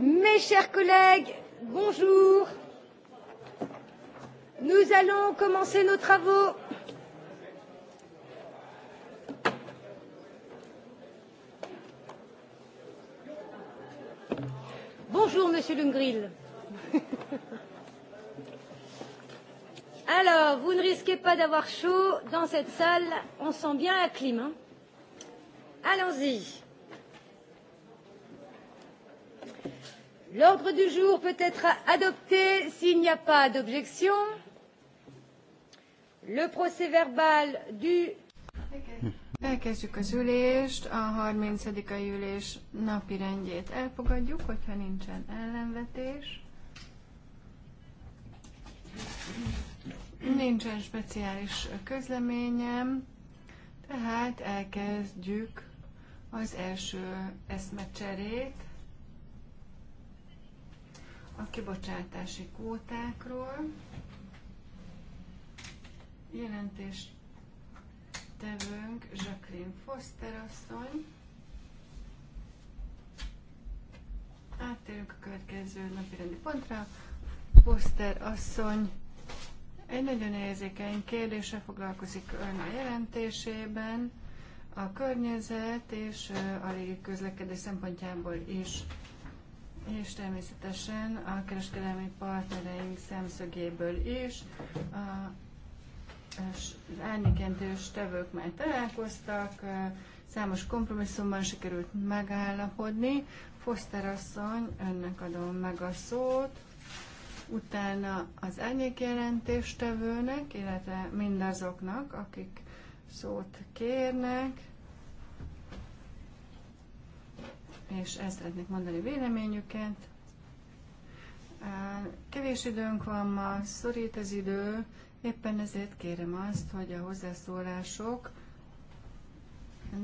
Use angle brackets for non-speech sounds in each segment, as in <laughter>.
Mes chers collègues, bonjour. Nous allons commencer nos travaux. Bonjour, Monsieur Lungril. <laughs> Alors, vous ne risquez pas d'avoir chaud dans cette salle. On sent bien la clim. Hein Allons-y. L'ordre du jour peut être adopté s'il n'y a pas d'objection. Le procès verbal du Elkezdjük az ülést, a 30. A ülés napi rendjét elfogadjuk, hogyha nincsen ellenvetés. Nincsen speciális közleményem, tehát elkezdjük az első eszmecserét a kibocsátási kvótákról. Jelentés tevőnk Jacqueline Foster asszony. Áttérünk a következő napirendi pontra. Foster asszony egy nagyon érzékeny kérdése foglalkozik ön a jelentésében. A környezet és a légi közlekedés szempontjából is és természetesen a kereskedelmi partnereink szemszögéből is. A, az árnyékentős tevők már találkoztak, számos kompromisszumban sikerült megállapodni. Foster asszony, önnek adom meg a szót, utána az árnyékjelentéstevőnek, illetve mindazoknak, akik szót kérnek. és el szeretnék mondani véleményüket. Kevés időnk van ma, szorít az idő, éppen ezért kérem azt, hogy a hozzászólások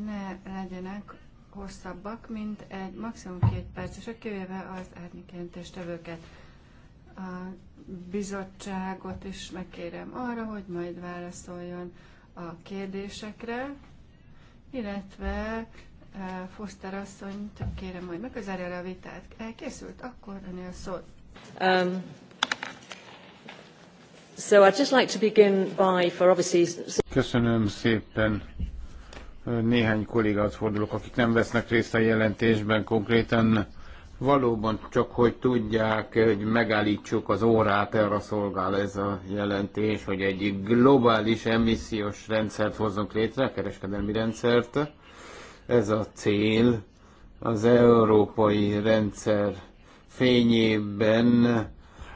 ne legyenek hosszabbak, mint egy maximum két perc. a kivéve az árnyékjelentéstevőket. A bizottságot is megkérem arra, hogy majd válaszoljon a kérdésekre, illetve Foster asszonyt kérem, hogy megközelje a vitát. Elkészült, akkor önél szól. Um, so I'd just like to begin by, for obviously... Köszönöm szépen. Néhány kollégát fordulok, akik nem vesznek részt a jelentésben konkrétan. Valóban csak, hogy tudják, hogy megállítsuk az órát, erre szolgál ez a jelentés, hogy egy globális emissziós rendszert hozzunk létre, kereskedelmi rendszert ez a cél az európai rendszer fényében,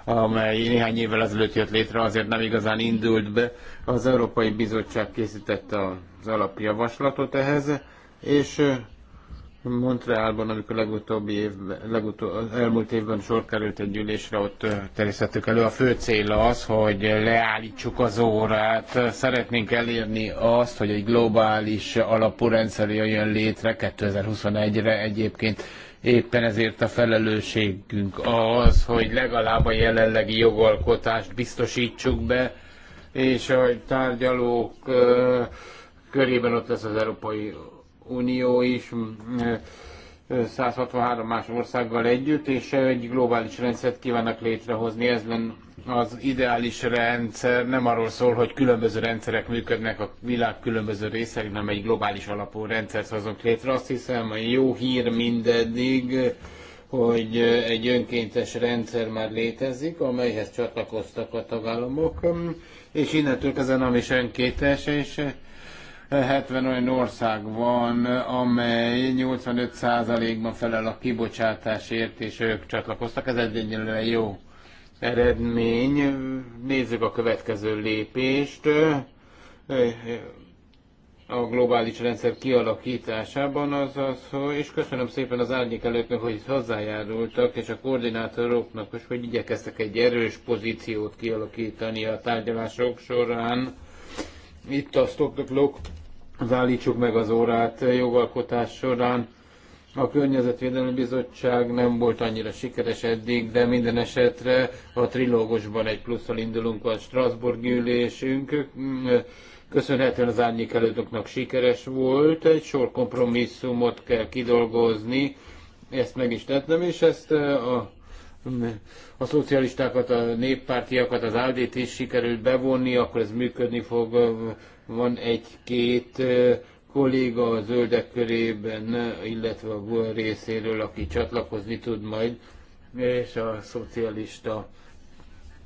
amely néhány évvel ezelőtt jött létre, azért nem igazán indult be. Az Európai Bizottság készítette az alapjavaslatot ehhez, és Montrealban, amikor legutóbbi évben, legutó, elmúlt évben sor került egy gyűlésre, ott terjesztettük elő. A fő cél az, hogy leállítsuk az órát. Szeretnénk elérni azt, hogy egy globális alapú rendszer jöjjön létre 2021-re egyébként. Éppen ezért a felelősségünk az, hogy legalább a jelenlegi jogalkotást biztosítsuk be, és a tárgyalók körében ott lesz az Európai Unió is 163 mm, mm, mm, más országgal együtt, és egy globális rendszert kívánnak létrehozni. Ez lenne az ideális rendszer, nem arról szól, hogy különböző rendszerek működnek a világ különböző részein, hanem egy globális alapú rendszert hozunk létre. Azt hiszem, hogy jó hír mindeddig, hogy egy önkéntes rendszer már létezik, amelyhez csatlakoztak a tagállamok, és innentől kezdve nem is önkéntes, és 70 olyan ország van, amely 85%-ban felel a kibocsátásért, és ők csatlakoztak. Ez egyelőre jó eredmény. Nézzük a következő lépést a globális rendszer kialakításában az az, és köszönöm szépen az árnyék előttnek, hogy hozzájárultak, és a koordinátoroknak is, hogy igyekeztek egy erős pozíciót kialakítani a tárgyalások során. Itt a Clock az állítsuk meg az órát jogalkotás során. A Környezetvédelmi Bizottság nem volt annyira sikeres eddig, de minden esetre a trilógosban egy plusszal indulunk a Strasbourg ülésünk. Köszönhetően az árnyék előttoknak sikeres volt, egy sor kompromisszumot kell kidolgozni, ezt meg is tettem, és ezt eh, a a szocialistákat, a néppártiakat, az áldét is sikerült bevonni, akkor ez működni fog. Eh, van egy-két kolléga a zöldek körében, illetve a GUL részéről, aki csatlakozni tud majd, és a szocialista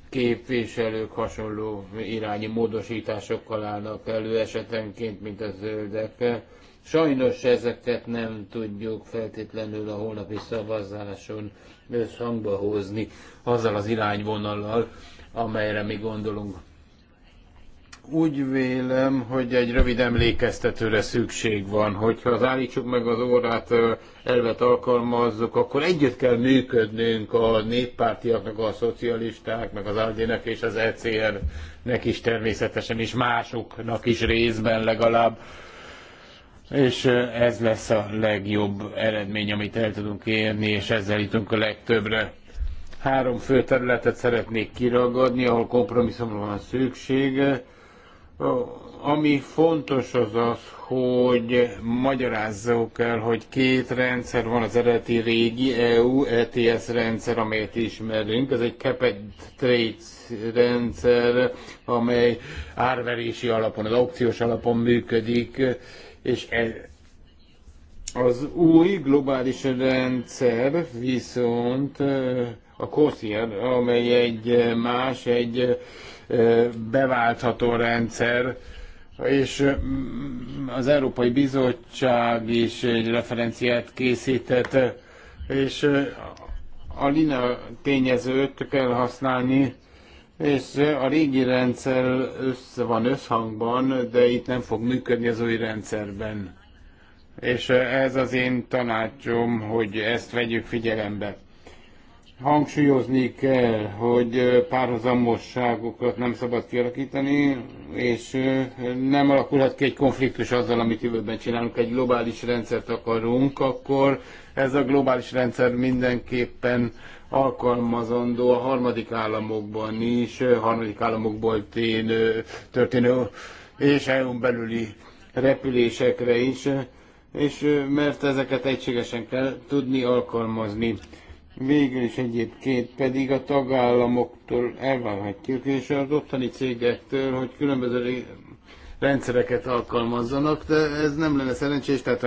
képviselők hasonló irányi módosításokkal állnak elő esetenként, mint a zöldek. Sajnos ezeket nem tudjuk feltétlenül a holnapi szavazáson összhangba hozni azzal az irányvonallal, amelyre mi gondolunk. Úgy vélem, hogy egy rövid emlékeztetőre szükség van, hogyha az állítsuk meg az órát elvet alkalmazzuk, akkor együtt kell működnünk a néppártiaknak, a meg az alde és az ECR-nek is természetesen, és másoknak is részben legalább és ez lesz a legjobb eredmény, amit el tudunk érni, és ezzel jutunk a legtöbbre. Három fő területet szeretnék kiragadni, ahol kompromisszumra van szüksége. Ami fontos az az, hogy magyarázzuk el, hogy két rendszer van, az eredeti régi EU ETS rendszer, amelyet ismerünk, ez egy Caped Trades rendszer, amely árverési alapon, az aukciós alapon működik, és ez, az új globális rendszer viszont a COSIR, amely egy más, egy beváltható rendszer, és mm, az Európai Bizottság is egy referenciát készített, és a lina tényezőt kell használni, és a régi rendszer össze van összhangban, de itt nem fog működni az új rendszerben. És ez az én tanácsom, hogy ezt vegyük figyelembe hangsúlyozni kell, hogy párhuzamosságokat nem szabad kialakítani, és nem alakulhat ki egy konfliktus azzal, amit jövőben csinálunk, egy globális rendszert akarunk, akkor ez a globális rendszer mindenképpen alkalmazandó a harmadik államokban is, harmadik államokból ténő, történő és EU-n belüli repülésekre is, és mert ezeket egységesen kell tudni alkalmazni. Végül is egyébként pedig a tagállamoktól elvárhatjuk, és az ottani cégektől, hogy különböző rendszereket alkalmazzanak, de ez nem lenne szerencsés, tehát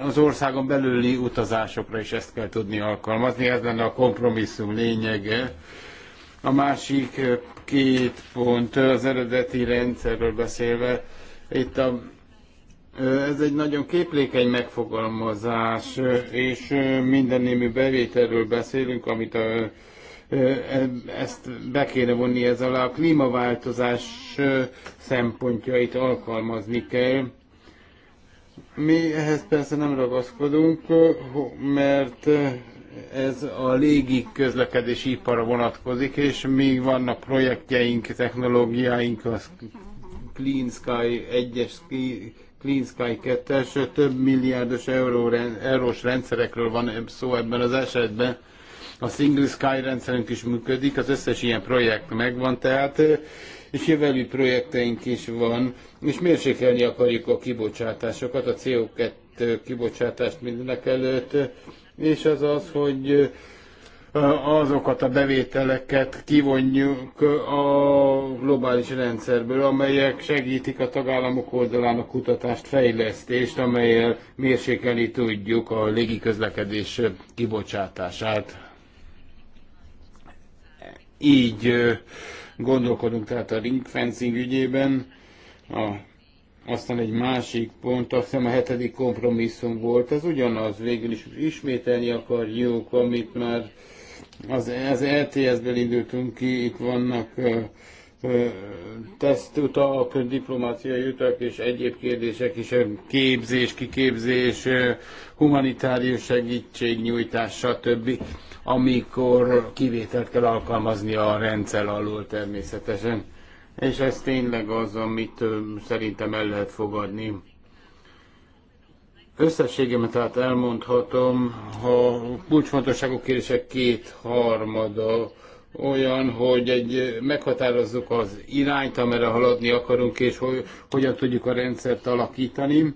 az országon belüli utazásokra is ezt kell tudni alkalmazni, ez lenne a kompromisszum lényege. A másik két pont az eredeti rendszerről beszélve, itt a ez egy nagyon képlékeny megfogalmazás, és minden némű bevételről beszélünk, amit a, e, ezt be kéne vonni ez alá. A klímaváltozás szempontjait alkalmazni kell. Mi ehhez persze nem ragaszkodunk, mert ez a légi közlekedési ipara vonatkozik, és még vannak projektjeink, technológiáink, az Clean Sky 1-es Clean Sky 2-es több milliárdos euró, eurós rendszerekről van szó ebben az esetben. A Single Sky rendszerünk is működik, az összes ilyen projekt megvan, tehát és jövelő projekteink is van, és mérsékelni akarjuk a kibocsátásokat, a CO2 kibocsátást mindenek előtt, és az az, hogy azokat a bevételeket kivonjuk a globális rendszerből, amelyek segítik a tagállamok oldalán a kutatást, fejlesztést, amelyel mérsékelni tudjuk a légiközlekedés kibocsátását. Így gondolkodunk tehát a ring fencing ügyében, a aztán egy másik pont, azt hiszem a hetedik kompromisszum volt, ez ugyanaz, végül is ismételni akarjuk, amit már az, az ETS-ből indultunk ki, itt vannak tesztutak, diplomáciai utak és egyéb kérdések is, képzés, kiképzés, humanitárius segítségnyújtás, stb. Amikor kivételt kell alkalmazni a rendszer alól természetesen. És ez tényleg az, amit szerintem el lehet fogadni. Összességében tehát elmondhatom, ha kulcsfontosságú kérdések kétharmada olyan, hogy egy, meghatározzuk az irányt, amire haladni akarunk, és hogy, hogyan tudjuk a rendszert alakítani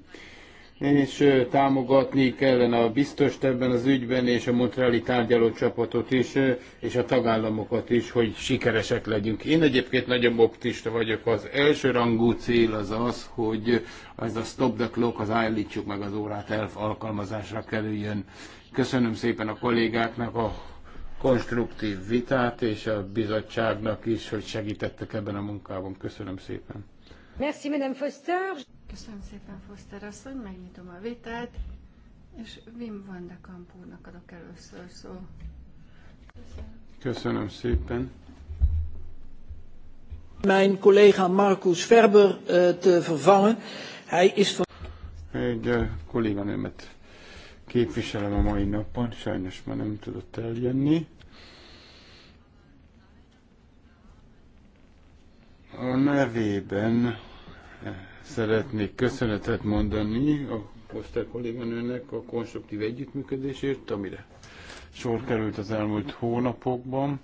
és támogatni kellene a biztos ebben az ügyben, és a Montreali tárgyalócsapatot is, és a tagállamokat is, hogy sikeresek legyünk. Én egyébként nagyon optista vagyok. Az első rangú cél az az, hogy ez a stop the clock, az állítsuk meg az órát elf alkalmazásra kerüljön. Köszönöm szépen a kollégáknak a konstruktív vitát, és a bizottságnak is, hogy segítettek ebben a munkában. Köszönöm szépen. Merci, Madame Foster. Köszönöm szépen, Foster asszony, megnyitom a vitát, és Wim van de Kampúrnak adok először szó. Köszönöm. Köszönöm szépen. Mijn collega Marcus Ferber eh, te vervangen. Hij is van... Egy eh, kolléganőmet képviselem a mai napon, sajnos már nem tudott eljönni. A nevében Szeretnék köszönetet mondani a Koszter kolléganőnek a konstruktív együttműködésért, amire sor került az elmúlt hónapokban.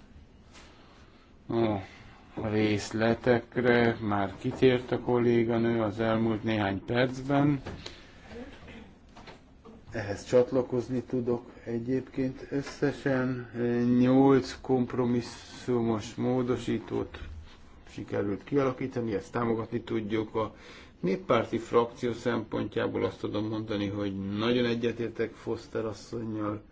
A részletekre már kitért a kolléganő az elmúlt néhány percben. Ehhez csatlakozni tudok egyébként. Összesen nyolc kompromisszumos módosítót sikerült kialakítani, ezt támogatni tudjuk a néppárti frakció szempontjából azt tudom mondani, hogy nagyon egyetértek Foster asszonynal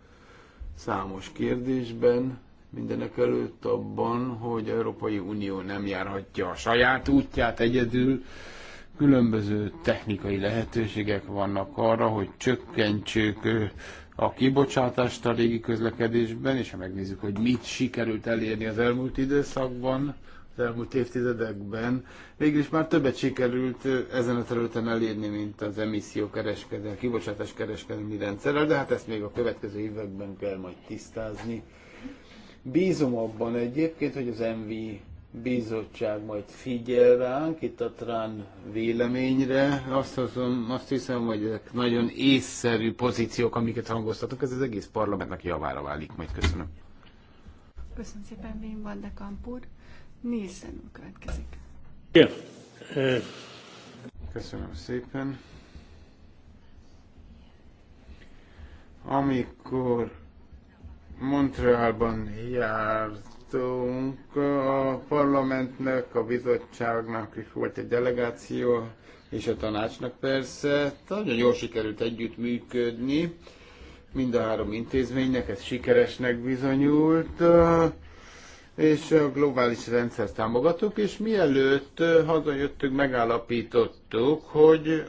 számos kérdésben, mindenek előtt abban, hogy Európai Unió nem járhatja a saját útját egyedül, különböző technikai lehetőségek vannak arra, hogy csökkentsük a kibocsátást a légi közlekedésben, és ha megnézzük, hogy mit sikerült elérni az elmúlt időszakban, az elmúlt évtizedekben. Végül is már többet sikerült ezen a területen elérni, mint az emisszió kereskedelmi, kibocsátás kereskedelmi rendszerrel, de hát ezt még a következő években kell majd tisztázni. Bízom abban egyébként, hogy az MV bizottság majd figyel ránk, itt a Trán véleményre. Azt, hozom, azt hiszem, hogy ezek nagyon észszerű pozíciók, amiket hangoztatok, ez az egész parlamentnek javára válik. Majd köszönöm. Köszönöm szépen, Vim Van de Kampur. Nielsen következik. Igen. Köszönöm szépen. Amikor Montrealban jártunk, a parlamentnek, a bizottságnak is volt egy delegáció, és a tanácsnak persze. Nagyon jól sikerült együttműködni mind a három intézménynek, ez sikeresnek bizonyult és a globális rendszer támogatók, és mielőtt hazajöttünk, megállapítottuk, hogy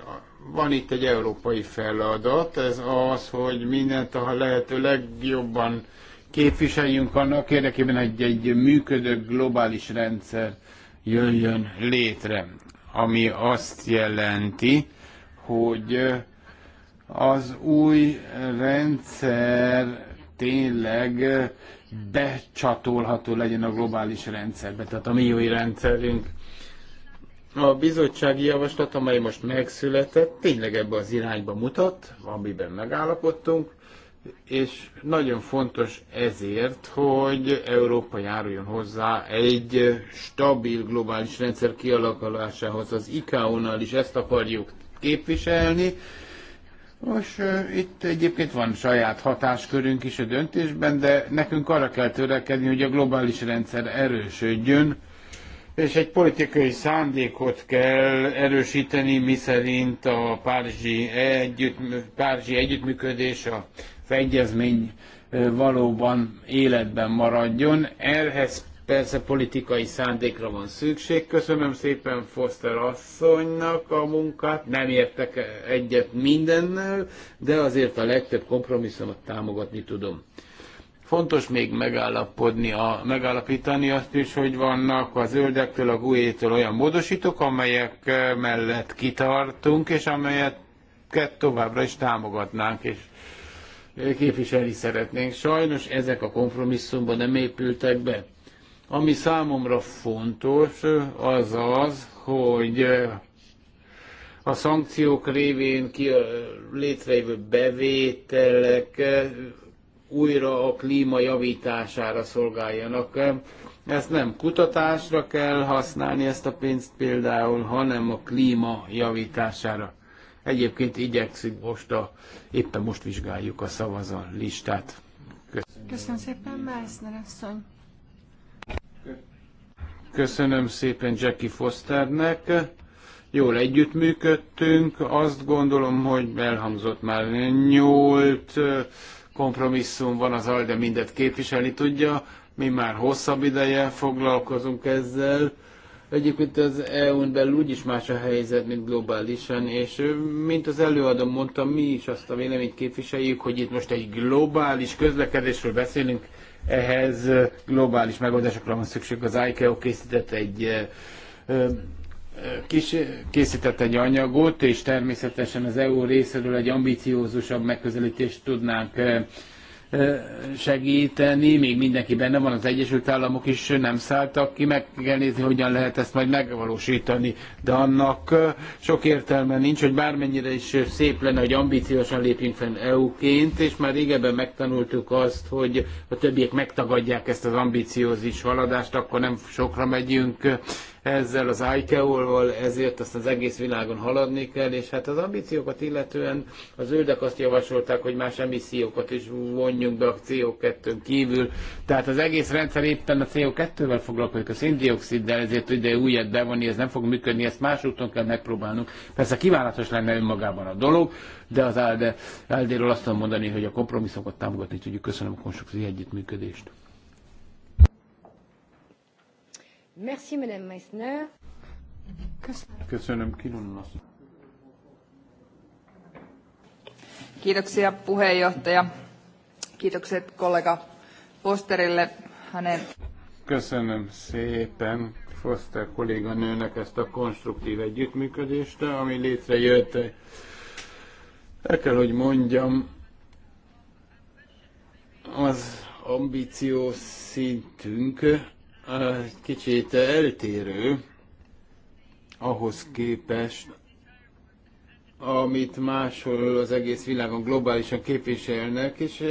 van itt egy európai feladat, ez az, hogy mindent a lehető legjobban képviseljünk annak érdekében, hogy egy, egy működő globális rendszer jöjjön létre, ami azt jelenti, hogy az új rendszer tényleg becsatolható legyen a globális rendszerbe, tehát a mi rendszerünk. A bizottsági javaslat, amely most megszületett, tényleg ebbe az irányba mutat, amiben megállapodtunk, és nagyon fontos ezért, hogy Európa járuljon hozzá egy stabil globális rendszer kialakulásához. Az ICAO-nál is ezt akarjuk képviselni, Nos, itt egyébként van saját hatáskörünk is a döntésben, de nekünk arra kell törekedni, hogy a globális rendszer erősödjön, és egy politikai szándékot kell erősíteni, miszerint a párizsi, együtt, párizsi együttműködés, a fegyezmény valóban életben maradjon. Ehhez Persze politikai szándékra van szükség. Köszönöm szépen Foster asszonynak a munkát. Nem értek egyet mindennel, de azért a legtöbb kompromisszumot támogatni tudom. Fontos még megállapodni, a, megállapítani azt is, hogy vannak a zöldektől, a gújétől olyan módosítók, amelyek mellett kitartunk, és amelyeket továbbra is támogatnánk, és képviselni szeretnénk. Sajnos ezek a kompromisszumban nem épültek be. Ami számomra fontos, az az, hogy a szankciók révén ki létrejövő bevételek újra a klíma javítására szolgáljanak. Ezt nem kutatásra kell használni ezt a pénzt például, hanem a klíma javítására. Egyébként igyekszik most a, éppen most vizsgáljuk a szavazan listát. Köszönöm, Köszönöm szépen, Mászner asszony. Köszönöm szépen Jackie Fosternek. Jól együttműködtünk. Azt gondolom, hogy elhangzott már nyolc kompromisszum van az ALDE, mindet képviselni tudja. Mi már hosszabb ideje foglalkozunk ezzel. Egyébként az EU-n belül úgyis más a helyzet, mint globálisan, és mint az előadó mondta, mi is azt a véleményt képviseljük, hogy itt most egy globális közlekedésről beszélünk, ehhez globális megoldásokra van szükség. Az ICAO e készített egy kis, készített egy anyagot, és természetesen az EU részéről egy ambiciózusabb megközelítést tudnánk segíteni, még mindenki benne van, az Egyesült Államok is nem szálltak ki, meg kell nézni, hogyan lehet ezt majd megvalósítani, de annak sok értelme nincs, hogy bármennyire is szép lenne, hogy ambíciósan lépjünk fel EU-ként, és már régebben megtanultuk azt, hogy a többiek megtagadják ezt az ambiciózis haladást, akkor nem sokra megyünk, ezzel az ICAO-val, ezért azt az egész világon haladni kell, és hát az ambíciókat illetően az zöldek azt javasolták, hogy más emissziókat is vonjunk be a CO2-n kívül. Tehát az egész rendszer éppen a CO2-vel foglalkozik, a széndioksziddel, ezért ide újat bevonni, ez nem fog működni, ezt más úton kell megpróbálnunk. Persze kívánatos lenne önmagában a dolog, de az ALDE, ALDE-ről azt tudom mondani, hogy a kompromisszokat támogatni tudjuk. Köszönöm a konstruktív együttműködést. Merci, Madame Meissner. Köszönöm. Köszönöm, Kiitoksia puheenjohtaja. Kiitokset kollega Fosterille hänen... Köszönöm szépen Foster kolléganőnek ezt a konstruktív együttműködést, ami létrejött. El kell, hogy mondjam, az ambíció szintünk kicsit eltérő ahhoz képest, amit máshol az egész világon globálisan képviselnek, és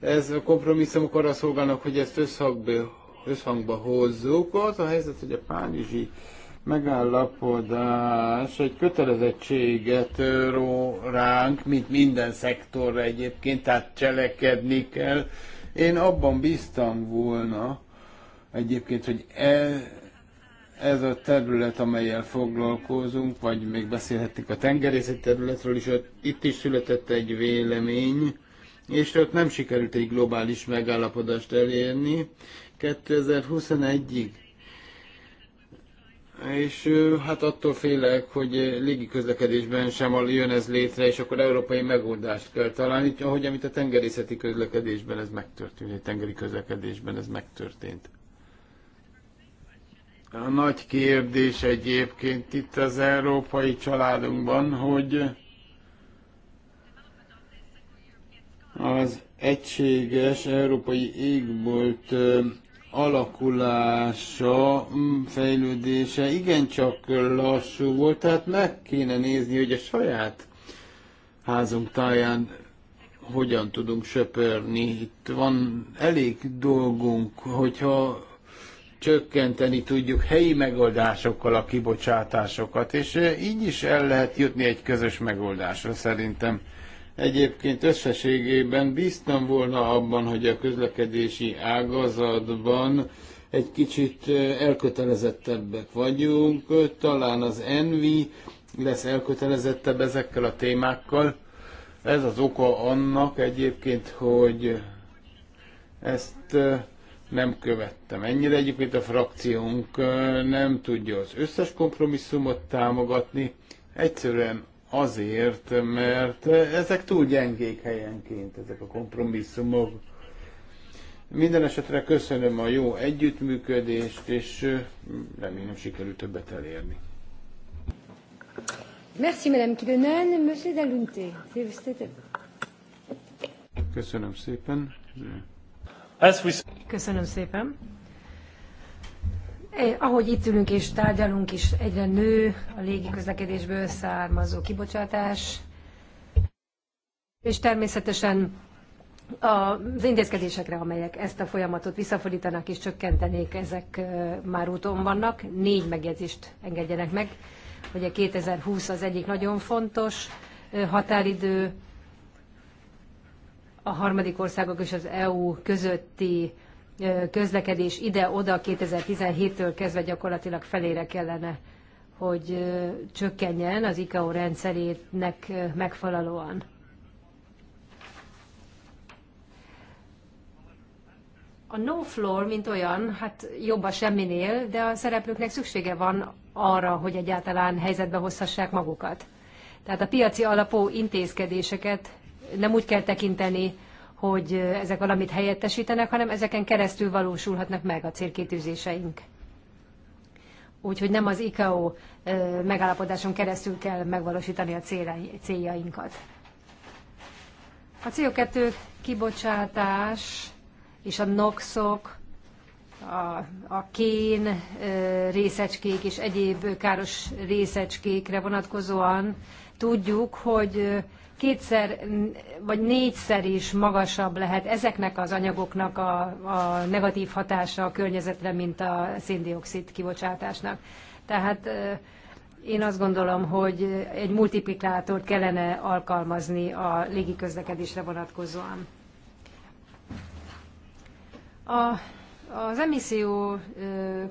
ez a kompromisszumok arra szolgálnak, hogy ezt összhangba, összhangba hozzuk. Az a helyzet, hogy a párizsi megállapodás egy kötelezettséget ró ránk, mint minden szektorra egyébként, tehát cselekedni kell. Én abban bíztam volna, egyébként, hogy e, ez a terület, amelyel foglalkozunk, vagy még beszélhetünk a tengerészeti területről is, itt is született egy vélemény, és ott nem sikerült egy globális megállapodást elérni 2021-ig. És hát attól félek, hogy légi közlekedésben sem jön ez létre, és akkor európai megoldást kell találni, ahogy amit a tengerészeti közlekedésben ez megtörtént, a tengeri közlekedésben ez megtörtént. A nagy kérdés egyébként itt az európai családunkban, hogy az egységes európai égbolt alakulása, fejlődése igencsak lassú volt, tehát meg kéne nézni, hogy a saját házunk táján hogyan tudunk söpörni. Itt van elég dolgunk, hogyha csökkenteni tudjuk helyi megoldásokkal a kibocsátásokat, és eh, így is el lehet jutni egy közös megoldásra szerintem. Egyébként összességében bíztam volna abban, hogy a közlekedési ágazatban egy kicsit eh, elkötelezettebbek vagyunk, talán az Envi lesz elkötelezettebb ezekkel a témákkal. Ez az oka annak egyébként, hogy ezt eh, nem követtem ennyire. Egyébként a frakciónk nem tudja az összes kompromisszumot támogatni, egyszerűen azért, mert ezek túl gyengék helyenként, ezek a kompromisszumok. Minden esetre köszönöm a jó együttműködést, és remélem sikerült többet elérni. Merci, Madame Kilonen. Monsieur Dalunte, Köszönöm szépen. Köszönöm szépen. Eh, ahogy itt ülünk és tárgyalunk is, egyre nő a légi közlekedésből származó kibocsátás, és természetesen az intézkedésekre, amelyek ezt a folyamatot visszafordítanak és csökkentenék, ezek eh, már úton vannak. Négy megjegyzést engedjenek meg. Ugye 2020 az egyik nagyon fontos eh, határidő, a harmadik országok és az EU közötti közlekedés ide-oda 2017-től kezdve gyakorlatilag felére kellene, hogy csökkenjen az ICAO e rendszerének megfelelően. A no floor, mint olyan, hát jobb a semminél, de a szereplőknek szüksége van arra, hogy egyáltalán helyzetbe hozhassák magukat. Tehát a piaci alapú intézkedéseket nem úgy kell tekinteni, hogy ezek valamit helyettesítenek, hanem ezeken keresztül valósulhatnak meg a célkitűzéseink. Úgyhogy nem az ICAO megállapodáson keresztül kell megvalósítani a céljainkat. A CO2 kibocsátás és a NOXok, a, a kén részecskék és egyéb káros részecskékre vonatkozóan tudjuk, hogy kétszer vagy négyszer is magasabb lehet ezeknek az anyagoknak a, a negatív hatása a környezetre, mint a széndiokszid kibocsátásnak. Tehát én azt gondolom, hogy egy multiplikátort kellene alkalmazni a légiközlekedésre vonatkozóan. A, az emisszió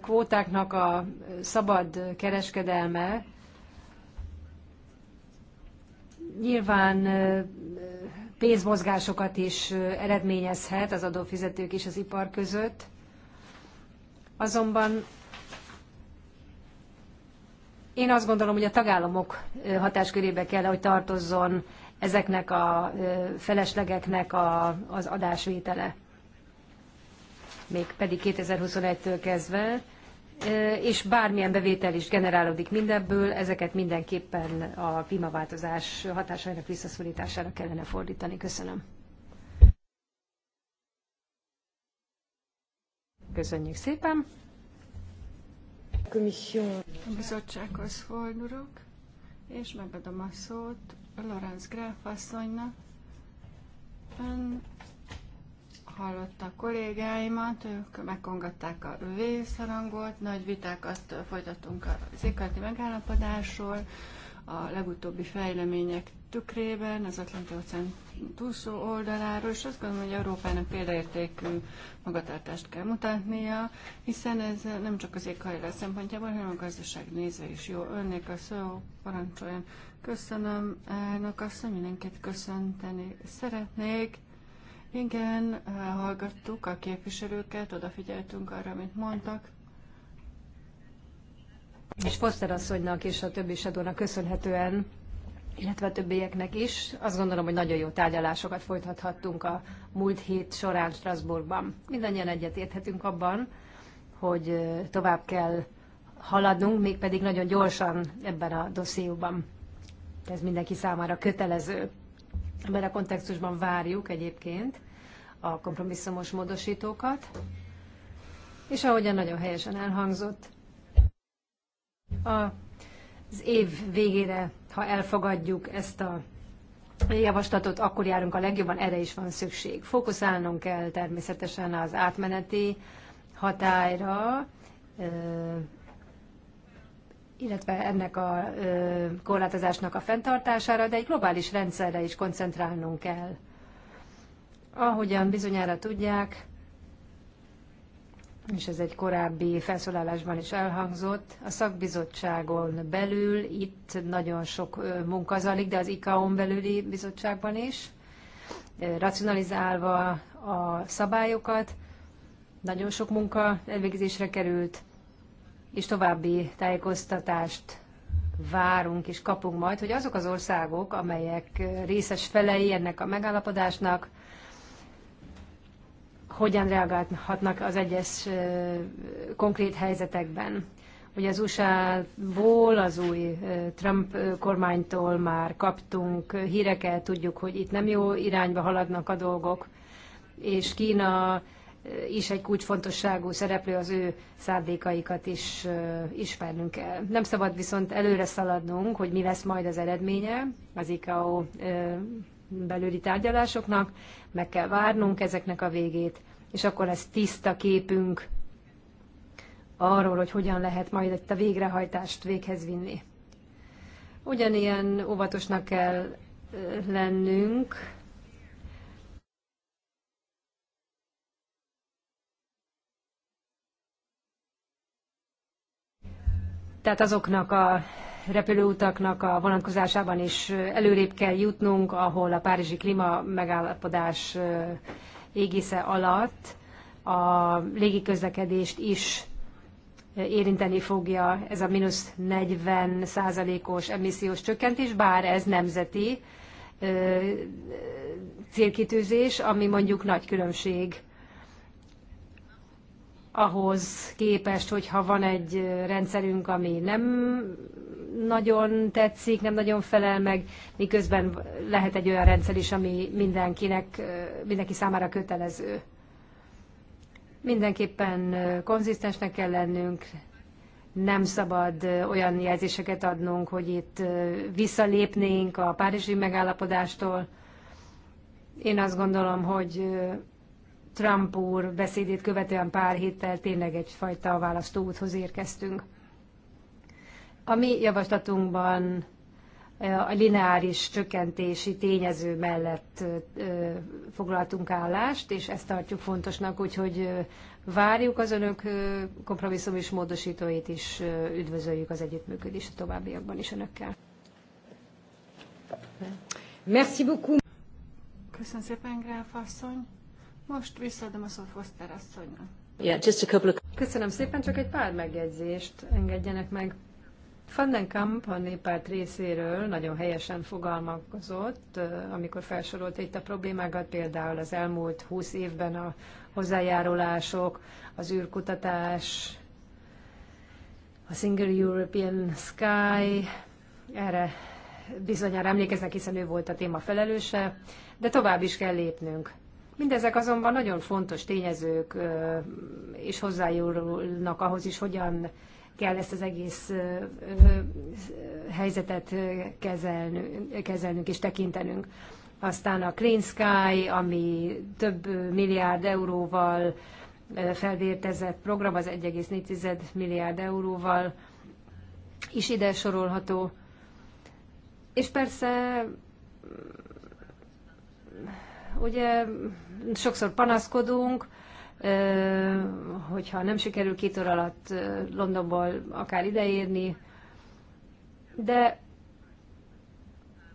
kvótáknak a szabad kereskedelme nyilván pénzmozgásokat is eredményezhet az adófizetők és az ipar között. Azonban én azt gondolom, hogy a tagállamok hatáskörébe kell, hogy tartozzon ezeknek a feleslegeknek a, az adásvétele. Még pedig 2021-től kezdve és bármilyen bevétel is generálódik mindebből, ezeket mindenképpen a klímaváltozás hatásainak visszaszorítására kellene fordítani. Köszönöm. Köszönjük szépen. A bizottsághoz fordulok, és megadom a szót Lorenz Gráf asszonynak. Ön hallotta a kollégáimat, ők megkongatták a vészharangot, nagy viták azt folytattunk a éghajlati megállapodásról, a legutóbbi fejlemények tükrében, az Atlanti-óceán túlszó oldaláról, és azt gondolom, hogy Európának példaértékű magatartást kell mutatnia, hiszen ez nem csak az éghajlás szempontjából, hanem a gazdaság nézve is jó. Önnék a szó, parancsoljon. Köszönöm, elnök asszony, mindenkit köszönteni szeretnék. Igen, hallgattuk a képviselőket, odafigyeltünk arra, amit mondtak. És Foster asszonynak és a többi sedónak köszönhetően, illetve a többieknek is, azt gondolom, hogy nagyon jó tárgyalásokat folytathattunk a múlt hét során Strasbourgban. Mindannyian egyetérthetünk abban, hogy tovább kell haladnunk, mégpedig nagyon gyorsan ebben a dosszióban. Ez mindenki számára kötelező. Ebben a kontextusban várjuk egyébként a kompromisszumos módosítókat, és ahogyan nagyon helyesen elhangzott, az év végére, ha elfogadjuk ezt a javaslatot, akkor járunk a legjobban, erre is van szükség. Fókuszálnunk kell természetesen az átmeneti hatályra, illetve ennek a korlátozásnak a fenntartására, de egy globális rendszerre is koncentrálnunk kell Ahogyan bizonyára tudják, és ez egy korábbi felszólalásban is elhangzott, a szakbizottságon belül itt nagyon sok munka zajlik, de az ICAO-n belüli bizottságban is, racionalizálva a szabályokat, nagyon sok munka elvégzésre került, és további tájékoztatást várunk és kapunk majd, hogy azok az országok, amelyek részes felei ennek a megállapodásnak, hogyan reagálhatnak az egyes konkrét helyzetekben. Ugye az USA-ból, az új Trump kormánytól már kaptunk híreket, tudjuk, hogy itt nem jó irányba haladnak a dolgok, és Kína is egy kulcsfontosságú szereplő, az ő szándékaikat is ismernünk kell. Nem szabad viszont előre szaladnunk, hogy mi lesz majd az eredménye az ICAO belüli tárgyalásoknak, meg kell várnunk ezeknek a végét, és akkor lesz tiszta képünk arról, hogy hogyan lehet majd ezt a végrehajtást véghez vinni. Ugyanilyen óvatosnak kell lennünk, tehát azoknak a repülőutaknak a vonatkozásában is előrébb kell jutnunk, ahol a Párizsi Klíma megállapodás égisze alatt a légiközlekedést is érinteni fogja ez a mínusz 40 százalékos emissziós csökkentés, bár ez nemzeti célkitűzés, ami mondjuk nagy különbség ahhoz képest, hogyha van egy rendszerünk, ami nem nagyon tetszik, nem nagyon felel meg, miközben lehet egy olyan rendszer is, ami mindenkinek, mindenki számára kötelező. Mindenképpen konzisztensnek kell lennünk, nem szabad olyan jelzéseket adnunk, hogy itt visszalépnénk a Párizsi megállapodástól. Én azt gondolom, hogy Trump úr beszédét követően pár héttel tényleg egyfajta választó úthoz érkeztünk. A mi javaslatunkban a lineáris csökkentési tényező mellett foglaltunk állást, és ezt tartjuk fontosnak, úgyhogy várjuk az önök kompromisszum és módosítóit is, üdvözöljük az együttműködést a továbbiakban is önökkel. Merci beaucoup. Köszönöm szépen, Gráf asszony. Most visszaadom a szót Foster asszonynak. Yeah, just a couple of... Köszönöm szépen, csak egy pár megjegyzést engedjenek meg. Fandenkamp a néppárt részéről nagyon helyesen fogalmazott, amikor felsorolt itt a problémákat, például az elmúlt húsz évben a hozzájárulások, az űrkutatás, a Single European Sky, erre bizonyára emlékeznek, hiszen ő volt a téma felelőse, de tovább is kell lépnünk. Mindezek azonban nagyon fontos tényezők, és hozzájárulnak ahhoz is, hogyan kell ezt az egész helyzetet kezelnünk, és tekintenünk. Aztán a Clean Sky, ami több milliárd euróval felvértezett program, az 1,4 milliárd euróval is ide sorolható. És persze ugye sokszor panaszkodunk, hogyha nem sikerül két óra alatt Londonból akár ideérni, de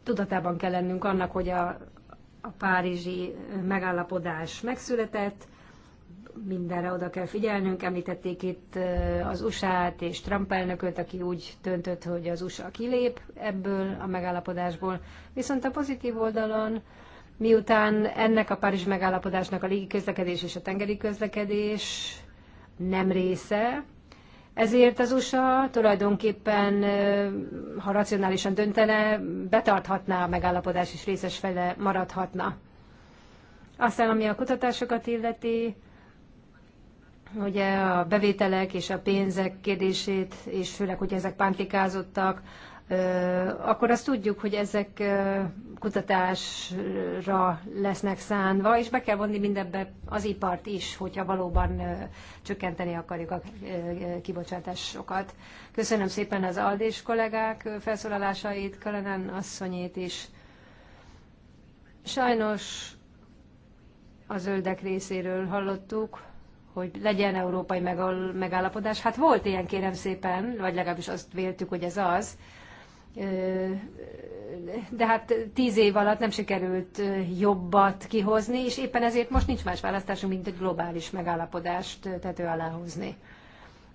tudatában kell lennünk annak, hogy a, a párizsi megállapodás megszületett, mindenre oda kell figyelnünk. Említették itt az USA-t és Trump elnököt, aki úgy döntött, hogy az USA kilép ebből a megállapodásból. Viszont a pozitív oldalon miután ennek a Párizs megállapodásnak a légi közlekedés és a tengeri közlekedés nem része, ezért az USA tulajdonképpen, ha racionálisan döntene, betarthatná a megállapodás és részes fele maradhatna. Aztán, ami a kutatásokat illeti, ugye a bevételek és a pénzek kérdését, és főleg, hogy ezek pántlikázottak, akkor azt tudjuk, hogy ezek kutatásra lesznek szánva, és be kell vonni mindebbe az ipart is, hogyha valóban csökkenteni akarjuk a kibocsátásokat. Köszönöm szépen az Aldés kollégák felszólalásait, Kalenen asszonyét is. Sajnos a zöldek részéről hallottuk, hogy legyen európai megállapodás. Hát volt ilyen, kérem szépen, vagy legalábbis azt véltük, hogy ez az, de hát tíz év alatt nem sikerült jobbat kihozni, és éppen ezért most nincs más választásunk, mint egy globális megállapodást tető alá húzni.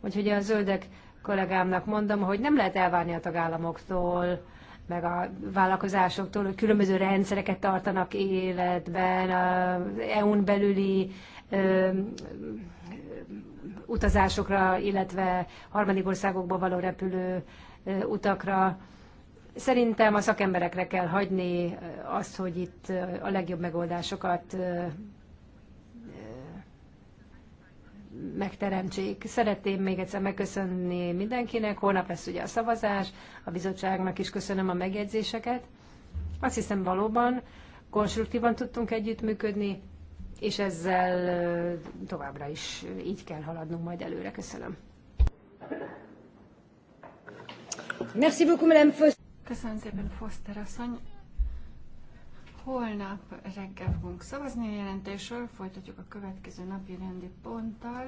Úgyhogy a zöldek kollégámnak mondom, hogy nem lehet elvárni a tagállamoktól, meg a vállalkozásoktól, hogy különböző rendszereket tartanak életben, az EU-n belüli ö, utazásokra, illetve harmadik országokba való repülő utakra Szerintem a szakemberekre kell hagyni eh, azt, hogy itt eh, a legjobb megoldásokat eh, megteremtsék. Szeretném még egyszer megköszönni mindenkinek. Holnap lesz ugye a szavazás, a bizottságnak is köszönöm a megjegyzéseket. Azt hiszem valóban konstruktívan tudtunk együttműködni, és ezzel továbbra is így kell haladnunk majd előre. Köszönöm. Merci beaucoup, Madame Foss. Köszönöm szépen, Foster asszony. Holnap reggel fogunk szavazni a jelentésről, folytatjuk a következő napi rendi ponttal.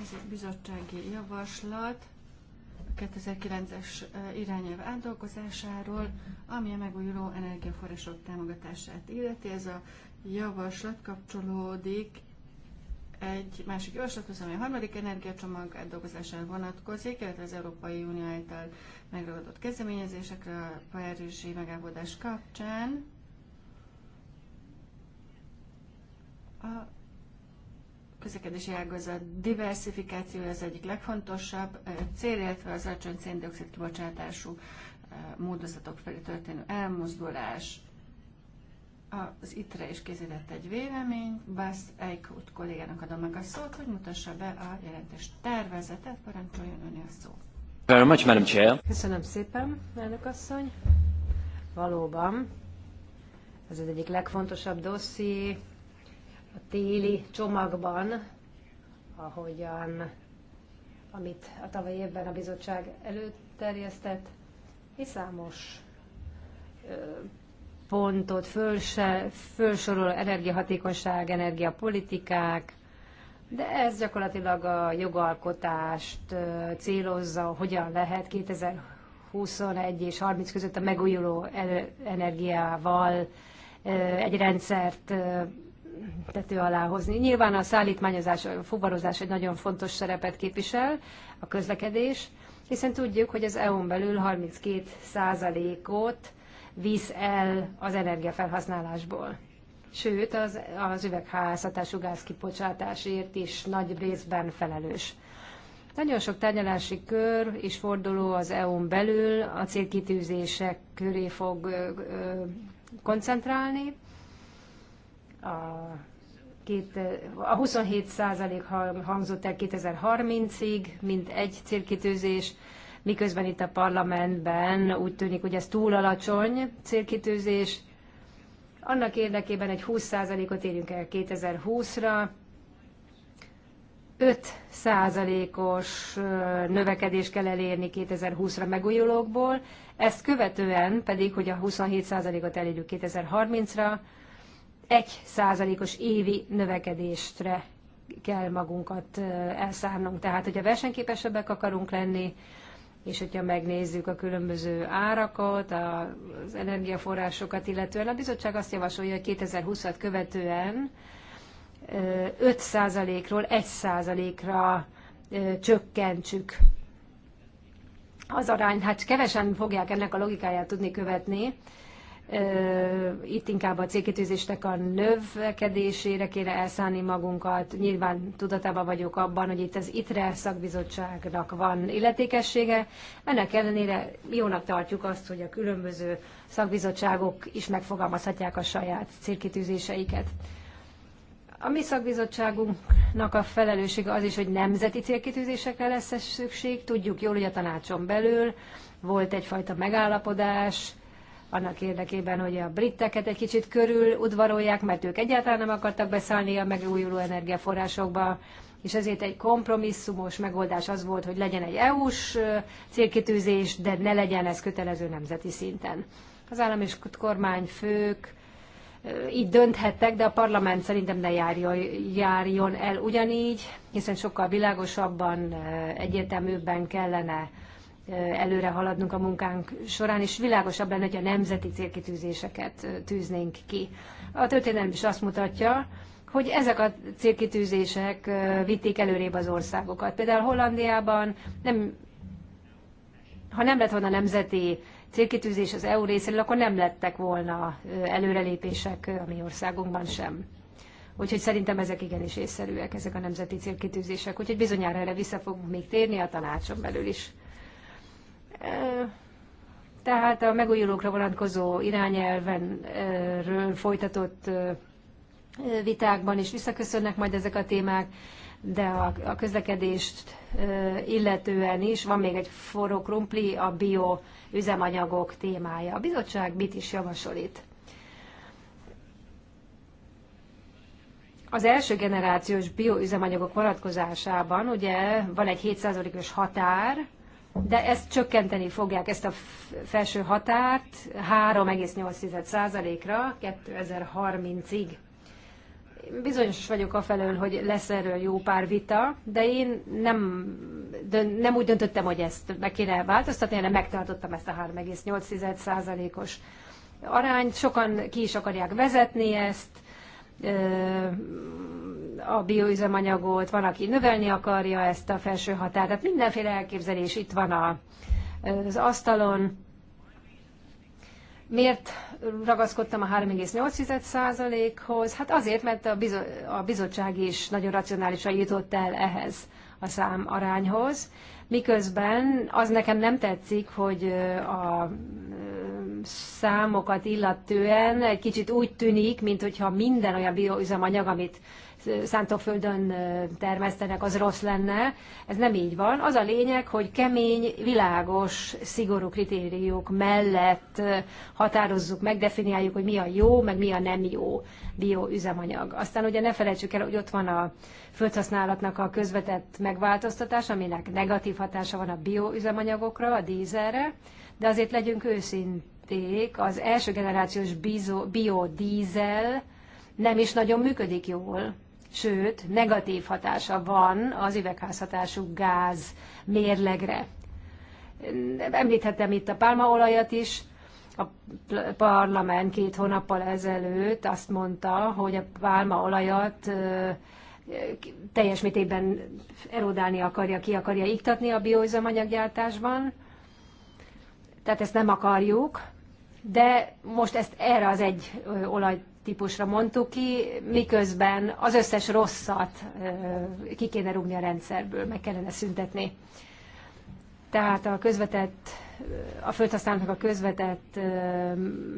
Ez egy bizottsági javaslat a 2009-es irányelv átdolgozásáról, ami a megújuló energiaforrások támogatását illeti. Ez a javaslat kapcsolódik egy másik javaslathoz, ami a harmadik energiacsomag átdolgozására vonatkozik, illetve az Európai Unió által megragadott kezdeményezésekre a Párizsi megállapodás kapcsán. A közlekedési ágazat diversifikáció az egyik legfontosabb cél, illetve az alacsony széndiokszid kibocsátású módozatok felé történő elmozdulás az ITRE is készített egy vélemény, Bász Eichhut kollégának adom meg a szót, hogy mutassa be a jelentés tervezetet, parancsoljon öné a szó. Very much, Madam Chair. Köszönöm szépen, elnök asszony. Valóban, ez az egyik legfontosabb dosszié a téli csomagban, ahogyan, amit a tavalyi évben a bizottság előterjesztett, és számos pontot fölse, fölsorol energiahatékonyság, energiapolitikák, de ez gyakorlatilag a jogalkotást célozza, hogyan lehet 2021 és 30 között a megújuló e-, energiával egy rendszert tető alá hozni. Nyilván a szállítmányozás, a fuvarozás egy nagyon fontos szerepet képvisel, a közlekedés, hiszen tudjuk, hogy az EU-n belül 32 százalékot visz el az energiafelhasználásból. Sőt, az, az üvegházhatású gázkibocsátásért is nagy részben felelős. Nagyon sok tárgyalási kör és forduló az EU-n belül a célkitűzések köré fog ö, ö, koncentrálni. A két, a 27 százalék hangzott el 2030-ig, mint egy célkitűzés, miközben itt a parlamentben úgy tűnik, hogy ez túl alacsony célkitűzés. Annak érdekében egy 20%-ot érjünk el 2020-ra, 5%-os növekedés kell elérni 2020-ra megújulókból, ezt követően pedig, hogy a 27%-ot elérjük 2030-ra, 1%-os évi növekedéstre kell magunkat elszárnunk. Tehát, hogyha versenyképesebbek akarunk lenni, és hogyha megnézzük a különböző árakat, az energiaforrásokat illetően, a bizottság azt javasolja, hogy 2020-at követően 5%-ról 1%-ra csökkentsük az arányt. Hát kevesen fogják ennek a logikáját tudni követni, itt inkább a célkitűzésnek a növekedésére kéne elszállni magunkat. Nyilván tudatában vagyok abban, hogy itt az ITRE szakbizottságnak van illetékessége. Ennek ellenére jónak tartjuk azt, hogy a különböző szakbizottságok is megfogalmazhatják a saját célkitűzéseiket. A mi szakbizottságunknak a felelőssége az is, hogy nemzeti célkitűzésekre lesz szükség. Tudjuk jól, hogy a tanácson belül volt egyfajta megállapodás, annak érdekében, hogy a britteket egy kicsit körül udvarolják, mert ők egyáltalán nem akartak beszállni a megújuló energiaforrásokba, és ezért egy kompromisszumos megoldás az volt, hogy legyen egy EU-s célkitűzés, de ne legyen ez kötelező nemzeti szinten. Az állam és kormányfők így dönthettek, de a parlament szerintem ne járjon, járjon el ugyanígy, hiszen sokkal világosabban, egyértelműbben kellene előre haladnunk a munkánk során, és világosabb lenne, hogy a nemzeti célkitűzéseket tűznénk ki. A történelem is azt mutatja, hogy ezek a célkitűzések vitték előrébb az országokat. Például Hollandiában, nem, ha nem lett volna nemzeti célkitűzés az EU részéről, akkor nem lettek volna előrelépések a mi országunkban sem. Úgyhogy szerintem ezek igenis észszerűek, ezek a nemzeti célkitűzések. Úgyhogy bizonyára erre vissza fogunk még térni a tanácson belül is. Tehát a megújulókra vonatkozó irányelvenről folytatott vitákban is visszaköszönnek majd ezek a témák, de a, a közlekedést illetően is van még egy forró krumpli, a bio üzemanyagok témája. A bizottság mit is javasol itt? Az első generációs bioüzemanyagok vonatkozásában ugye van egy 7%-os határ, de ezt csökkenteni fogják, ezt a felső határt 3,8%-ra 2030-ig. Bizonyos vagyok afelől, hogy lesz erről jó pár vita, de én nem, nem úgy döntöttem, hogy ezt meg kéne változtatni, hanem megtartottam ezt a 3,8%-os arányt. Sokan ki is akarják vezetni ezt, a bioüzemanyagot, van, aki növelni akarja ezt a felső határt. Tehát mindenféle elképzelés itt van a, az asztalon. Miért ragaszkodtam a 3,8%-hoz? Hát azért, mert a, bizo- a bizottság is nagyon racionálisan jutott el ehhez a szám arányhoz. Miközben az nekem nem tetszik, hogy a számokat illetően egy kicsit úgy tűnik, mint hogyha minden olyan bioüzemanyag, amit szántóföldön termesztenek, az rossz lenne. Ez nem így van. Az a lényeg, hogy kemény, világos, szigorú kritériumok mellett határozzuk, megdefiniáljuk, hogy mi a jó, meg mi a nem jó bioüzemanyag. Aztán ugye ne felejtsük el, hogy ott van a földhasználatnak a közvetett megváltoztatás, aminek negatív hatása van a bioüzemanyagokra, a dízelre, de azért legyünk őszinték, az első generációs biodízel, nem is nagyon működik jól sőt, negatív hatása van az üvegházhatású gáz mérlegre. Említhetem itt a pálmaolajat is, a parlament két hónappal ezelőtt azt mondta, hogy a pálmaolajat teljes mértékben erodálni akarja, ki akarja iktatni a bioüzemanyaggyártásban. Tehát ezt nem akarjuk, de most ezt erre az egy olaj típusra mondtuk ki, miközben az összes rosszat ki kéne rúgni a rendszerből, meg kellene szüntetni. Tehát a közvetett a földhasználóknak a közvetett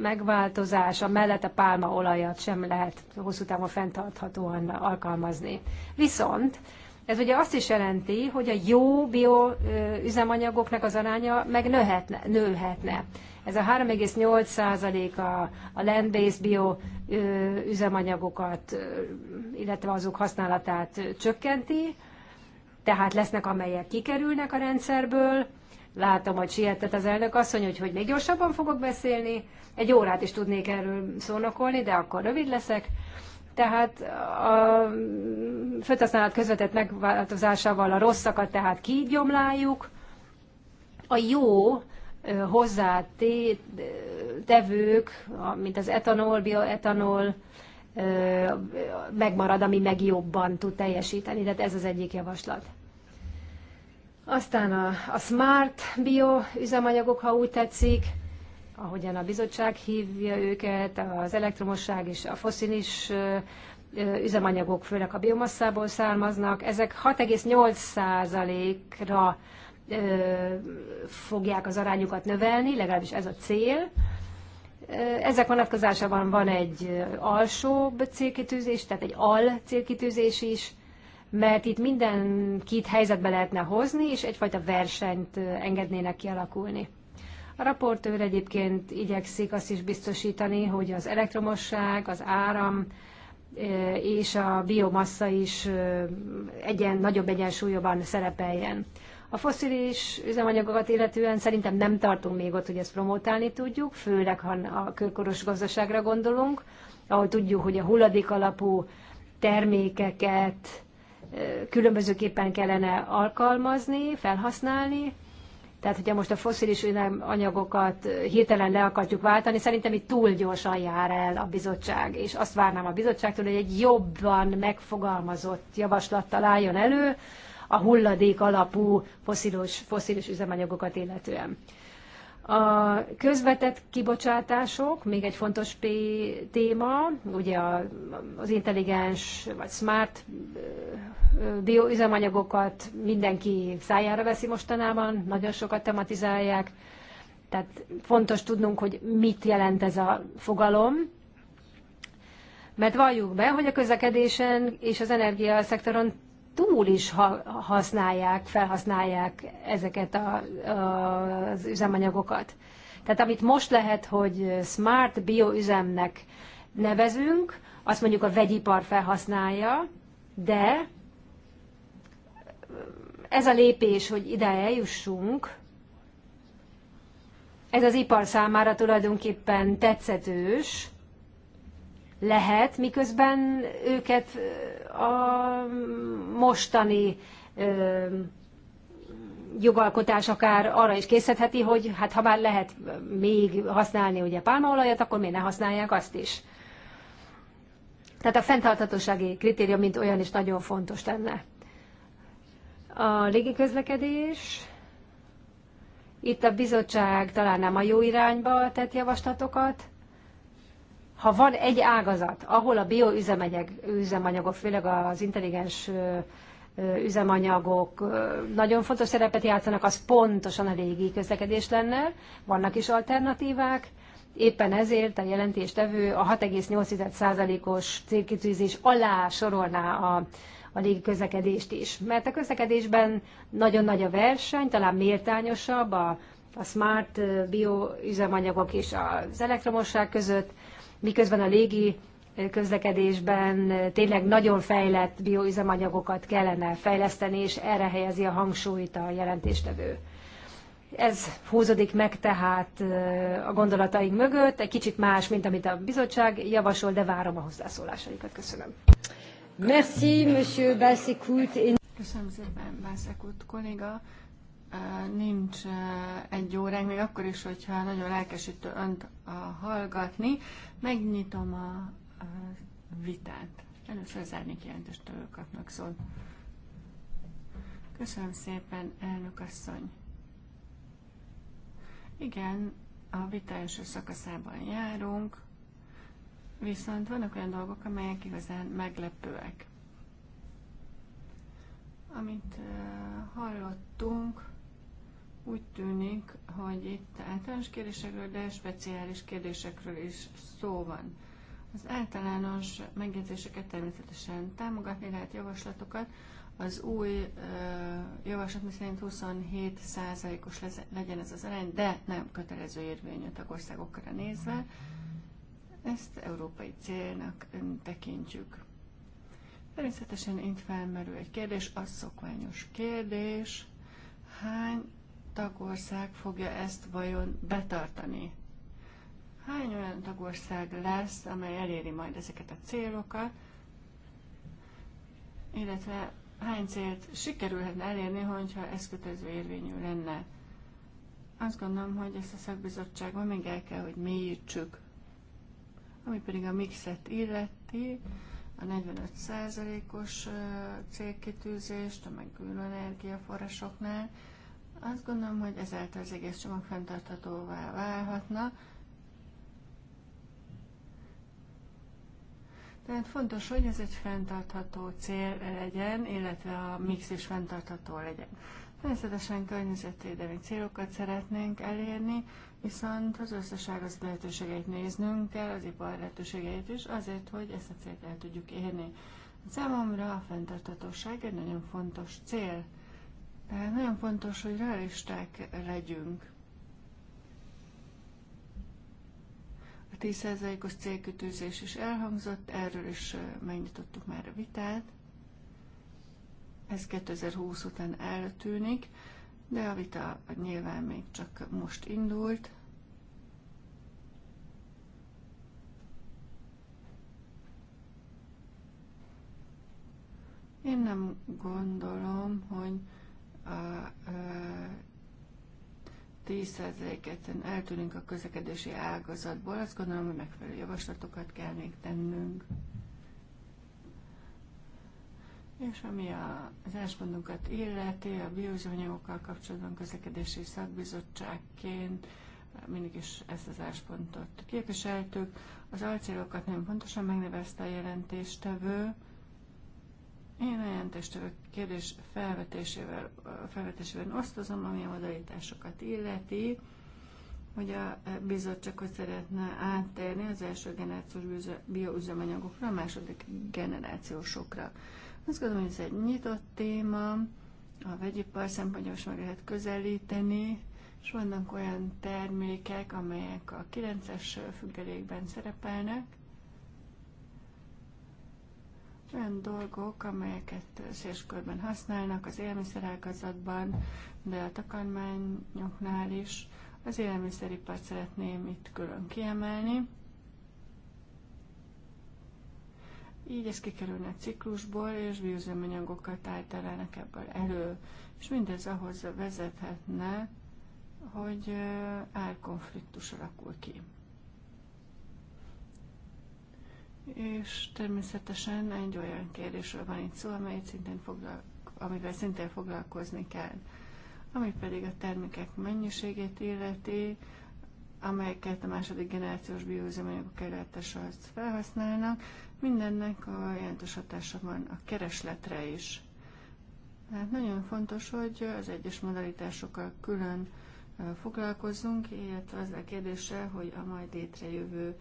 megváltozása mellett a pálmaolajat sem lehet hosszú távon fenntarthatóan alkalmazni. Viszont ez ugye azt is jelenti, hogy a jó bioüzemanyagoknak az aránya meg nőhetne. nőhetne. Ez a 3,8 százalék a, a land-based bio üzemanyagokat, illetve azok használatát csökkenti, tehát lesznek, amelyek kikerülnek a rendszerből. Látom, hogy sietett az elnök asszony, hogy, hogy még gyorsabban fogok beszélni. Egy órát is tudnék erről szónokolni, de akkor rövid leszek. Tehát a főtasználat közvetett megváltozásával a rosszakat tehát kigyomláljuk, a jó hozzátevők, mint az etanol, bioetanol, megmarad, ami meg jobban tud teljesíteni. Tehát ez az egyik javaslat. Aztán a, a smart bio üzemanyagok, ha úgy tetszik, ahogyan a bizottság hívja őket, az elektromosság és a foszilis üzemanyagok, főleg a biomasszából származnak, ezek 6,8%-ra fogják az arányukat növelni, legalábbis ez a cél. Ezek vonatkozásában van egy alsóbb célkitűzés, tehát egy al célkitűzés is, mert itt két helyzetbe lehetne hozni, és egyfajta versenyt engednének kialakulni. A raportőr egyébként igyekszik azt is biztosítani, hogy az elektromosság, az áram és a biomassa is egyen, nagyobb egyensúlyban szerepeljen. A foszilis üzemanyagokat illetően szerintem nem tartunk még ott, hogy ezt promotálni tudjuk, főleg ha a körkoros gazdaságra gondolunk, ahol tudjuk, hogy a hulladék alapú termékeket különbözőképpen kellene alkalmazni, felhasználni. Tehát, hogyha most a foszilis anyagokat hirtelen le akarjuk váltani, szerintem itt túl gyorsan jár el a bizottság, és azt várnám a bizottságtól, hogy egy jobban megfogalmazott javaslattal álljon elő, a hulladék alapú foszilos, foszilis üzemanyagokat illetően. A közvetett kibocsátások, még egy fontos téma, ugye az intelligens vagy smart bioüzemanyagokat mindenki szájára veszi mostanában, nagyon sokat tematizálják, tehát fontos tudnunk, hogy mit jelent ez a fogalom, mert valljuk be, hogy a közlekedésen és az energiaszektoron túl is használják, felhasználják ezeket a, a, az üzemanyagokat. Tehát amit most lehet, hogy smart bioüzemnek nevezünk, azt mondjuk a vegyipar felhasználja, de ez a lépés, hogy ide eljussunk, ez az ipar számára tulajdonképpen tetszetős, lehet, miközben őket a mostani jogalkotás akár arra is készítheti, hogy hát ha már lehet még használni ugye pálmaolajat, akkor miért ne használják azt is. Tehát a fenntarthatósági kritérium, mint olyan is nagyon fontos lenne. A légiközlekedés, itt a bizottság talán nem a jó irányba tett javaslatokat, ha van egy ágazat, ahol a bioüzemanyagok, üzemanyagok, főleg az intelligens üzemanyagok nagyon fontos szerepet játszanak, az pontosan a régi közlekedés lenne, vannak is alternatívák, Éppen ezért a jelentéstevő a 6,8%-os célkitűzés alá sorolná a, a közlekedést is. Mert a közlekedésben nagyon nagy a verseny, talán méltányosabb a, a smart bioüzemanyagok és az elektromosság között, miközben a légi közlekedésben tényleg nagyon fejlett bioüzemanyagokat kellene fejleszteni, és erre helyezi a hangsúlyt a jelentéstevő. Ez húzódik meg tehát a gondolataink mögött, egy kicsit más, mint amit a bizottság javasol, de várom a hozzászólásaikat. Köszönöm. Merci, monsieur Bassekut. Köszönöm szépen, Bassekut kolléga. Nincs egy óránk, még akkor is, hogyha nagyon lelkesítő önt hallgatni. Megnyitom a, a vitát. Először az árnyék jelentéstől kapnak szót. Köszönöm szépen, elnök asszony. Igen, a vita első szakaszában járunk, viszont vannak olyan dolgok, amelyek igazán meglepőek. Amit uh, hallottunk, úgy tűnik, hogy itt általános kérdésekről, de speciális kérdésekről is szó van. Az általános megjegyzéseket természetesen támogatni lehet javaslatokat. Az új uh, javaslat szerint 27%-os legyen ez az arány, de nem kötelező érvényű tagországokra nézve. Ezt európai célnak tekintjük. Természetesen itt felmerül egy kérdés, az szokványos kérdés, hány tagország fogja ezt vajon betartani? Hány olyan tagország lesz, amely eléri majd ezeket a célokat, illetve hány célt sikerülhetne elérni, hogyha ez kötelező érvényű lenne? Azt gondolom, hogy ezt a szakbizottságban még el kell, hogy mélyítsük. Ami pedig a mixet illeti, a 45%-os célkitűzést a megújuló energiaforrásoknál, azt gondolom, hogy ezáltal az egész csomag fenntarthatóvá válhatna. Tehát fontos, hogy ez egy fenntartható cél legyen, illetve a mix is fenntartható legyen. Természetesen környezetvédelmi célokat szeretnénk elérni, viszont az összeság az lehetőségeit néznünk kell, az ipar lehetőségeit is, azért, hogy ezt a célt el tudjuk érni. Számomra a fenntarthatóság egy nagyon fontos cél. De nagyon fontos, hogy realisták legyünk. A 10%-os célkütőzés is elhangzott, erről is megnyitottuk már a vitát. Ez 2020 után eltűnik, de a vita nyilván még csak most indult. Én nem gondolom, hogy a 10%-et eltűnünk a közlekedési ágazatból, azt gondolom, hogy megfelelő javaslatokat kell még tennünk. És ami a, az ásmondunkat illeti, a bioüzemanyagokkal kapcsolatban közlekedési szakbizottságként mindig is ezt az áspontot képviseltük. Az alcélokat nem pontosan megnevezte a jelentéstevő, én a jelentéstevő kérdés felvetésével, felvetésével osztozom, ami a modalitásokat illeti, hogy a bizottságot szeretne áttérni az első generációs bioüzemanyagokra, a második generációsokra. Azt gondolom, hogy ez egy nyitott téma, a vegyipar szempontjából is meg lehet közelíteni, és vannak olyan termékek, amelyek a 9-es függelékben szerepelnek, olyan dolgok, amelyeket szélskörben használnak, az élmiszerágazatban, de a takarmányoknál is. Az élelmiszeripart szeretném itt külön kiemelni. Így ez kikerülne a ciklusból, és bioüzemanyagokat állítanának ebből elő. És mindez ahhoz vezethetne, hogy árkonfliktus alakul ki. És természetesen egy olyan kérdésről van itt szó, amely szintén foglal, amivel szintén foglalkozni kell. Ami pedig a termékek mennyiségét illeti, amelyeket a második generációs bioüzemanyagok előállításához felhasználnak, mindennek a jelentős hatása van a keresletre is. Hát nagyon fontos, hogy az egyes modalitásokkal külön foglalkozzunk, illetve az a kérdéssel, hogy a majd létrejövő jövő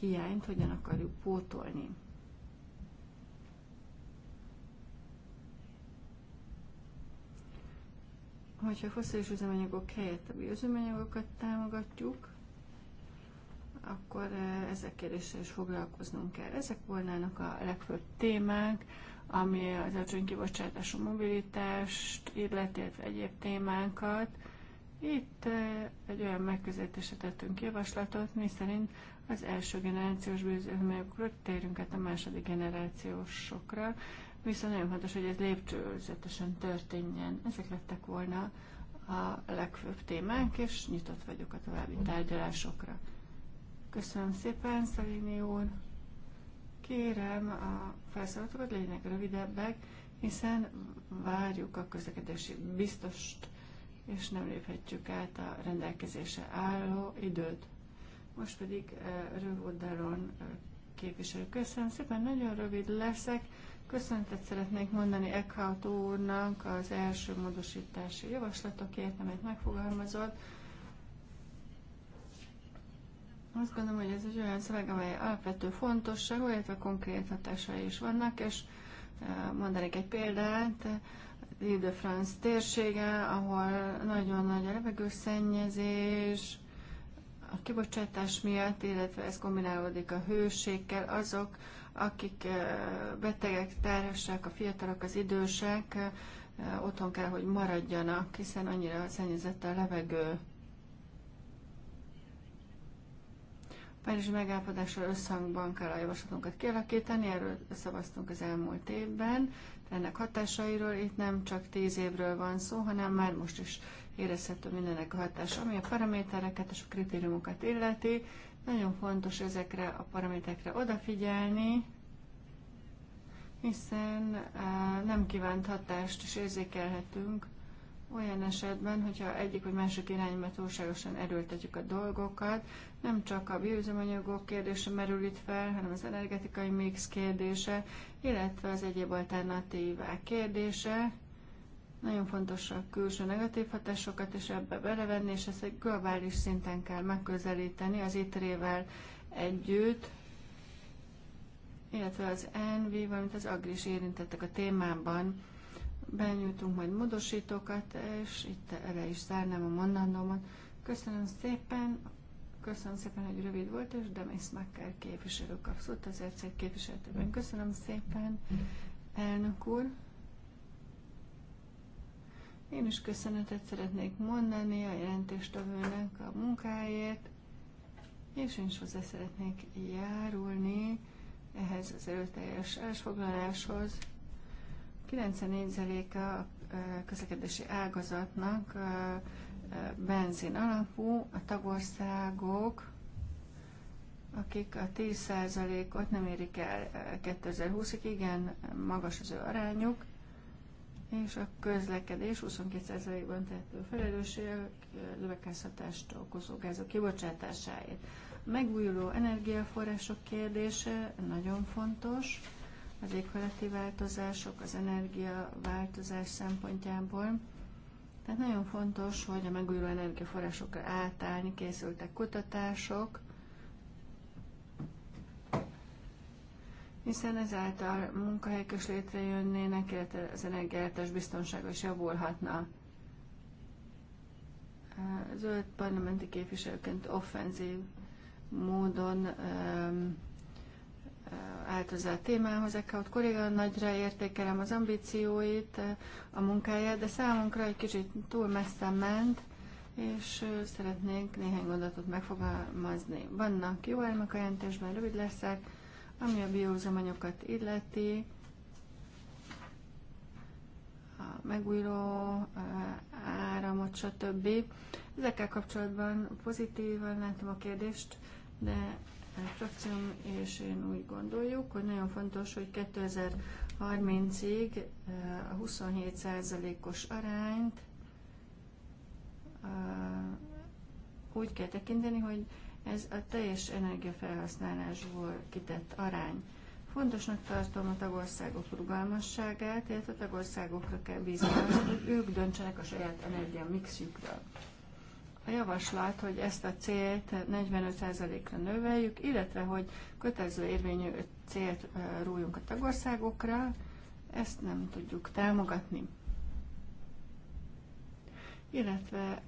hiányt hogyan akarjuk pótolni. Hogyha foszilis üzemanyagok helyett a bioüzemanyagokat támogatjuk, akkor eh, ezek kérdéssel is foglalkoznunk kell. Ezek volnának a legfőbb témák, ami az alacsony kibocsátású mobilitást, illeti, illetve egyéb témánkat. Itt eh, egy olyan megközelítésre tettünk javaslatot, mi szerint az első generációs bioüzemanyagokról térjünk át a második generációsokra, viszont nagyon fontos, hogy ez lépcsőzetesen történjen. Ezek lettek volna a legfőbb témánk, és nyitott vagyok a további tárgyalásokra. Köszönöm szépen, Szalini úr! Kérem a felszólalatokat legyenek rövidebbek, hiszen várjuk a közlekedési biztost, és nem léphetjük át a rendelkezésre álló időt. Most pedig eh, Rövoddalon eh, képviselő. Köszönöm szépen, nagyon rövid leszek. Köszöntet szeretnék mondani Eckhout úrnak az első módosítási javaslatokért, amit megfogalmazott. Azt gondolom, hogy ez egy olyan szöveg, amely alapvető fontosság, illetve konkrét hatásai is vannak, és eh, mondanék egy példát, Ile de France térsége, ahol nagyon nagy a levegőszennyezés, a kibocsátás miatt, illetve ez kombinálódik a hőségkel, azok, akik betegek, terhesek, a fiatalok, az idősek otthon kell, hogy maradjanak, hiszen annyira szennyezett a levegő. A Párizsi megállapodással összhangban kell a javaslatunkat kialakítani, erről szavaztunk az elmúlt évben. Ennek hatásairól itt nem csak tíz évről van szó, hanem már most is érezhető mindenek a hatása, ami a paramétereket és a kritériumokat illeti. Nagyon fontos ezekre a paraméterekre odafigyelni, hiszen nem kívánt hatást is érzékelhetünk olyan esetben, hogyha egyik vagy másik irányba túlságosan erőltetjük a dolgokat, nem csak a bioüzemanyagok kérdése merül itt fel, hanem az energetikai mix kérdése, illetve az egyéb alternatívák kérdése, nagyon fontos a külső negatív hatásokat is ebbe belevenni, és ezt egy globális szinten kell megközelíteni az ITRE-vel együtt, illetve az Nv, valamint az AGRI is érintettek a témában. Benyújtunk majd módosítókat, és itt erre is zárnám a mondandómat. Köszönöm szépen, köszönöm szépen, hogy rövid volt, és Demis Macker képviselő kapszott az ERC képviseletében. Köszönöm szépen, elnök úr. Én is köszönetet szeretnék mondani a jelentéstevőnek a munkáért, és én is hozzá szeretnék járulni ehhez az erőteljes elsfoglaláshoz. 94%-a a közlekedési ágazatnak benzin alapú, a tagországok, akik a 10%-ot nem érik el 2020-ig, igen, magas az ő arányuk, és a közlekedés 22%-ban tehető felelősségek lövegházhatást okozó gázok kibocsátásáért. A megújuló energiaforrások kérdése nagyon fontos az éghajlati változások, az energiaváltozás szempontjából. Tehát nagyon fontos, hogy a megújuló energiaforrásokra átállni készültek kutatások, hiszen ezáltal munkahelyek is létrejönnének, illetve az energiáltás biztonsága is javulhatna. Zöld parlamenti képviselőként offenzív módon állt hozzá a témához. Eckhout kolléga nagyra értékelem az ambícióit, a munkáját, de számunkra egy kicsit túl messze ment, és szeretnénk néhány gondolatot megfogalmazni. Vannak jó elmek a jelentésben, rövid leszek, ami a bioüzemanyagokat illeti, a megújuló áramot, stb. Ezekkel kapcsolatban pozitívan látom a kérdést, de a frakcióm és én úgy gondoljuk, hogy nagyon fontos, hogy 2030-ig a 27%-os arányt úgy kell tekinteni, hogy ez a teljes energiafelhasználásból kitett arány. Fontosnak tartom a tagországok rugalmasságát, illetve a tagországokra kell bízni hogy ők döntsenek a saját energia mixjükről. A javaslat, hogy ezt a célt 45%-ra növeljük, illetve hogy kötelező érvényű célt rújunk a tagországokra, ezt nem tudjuk támogatni. Illetve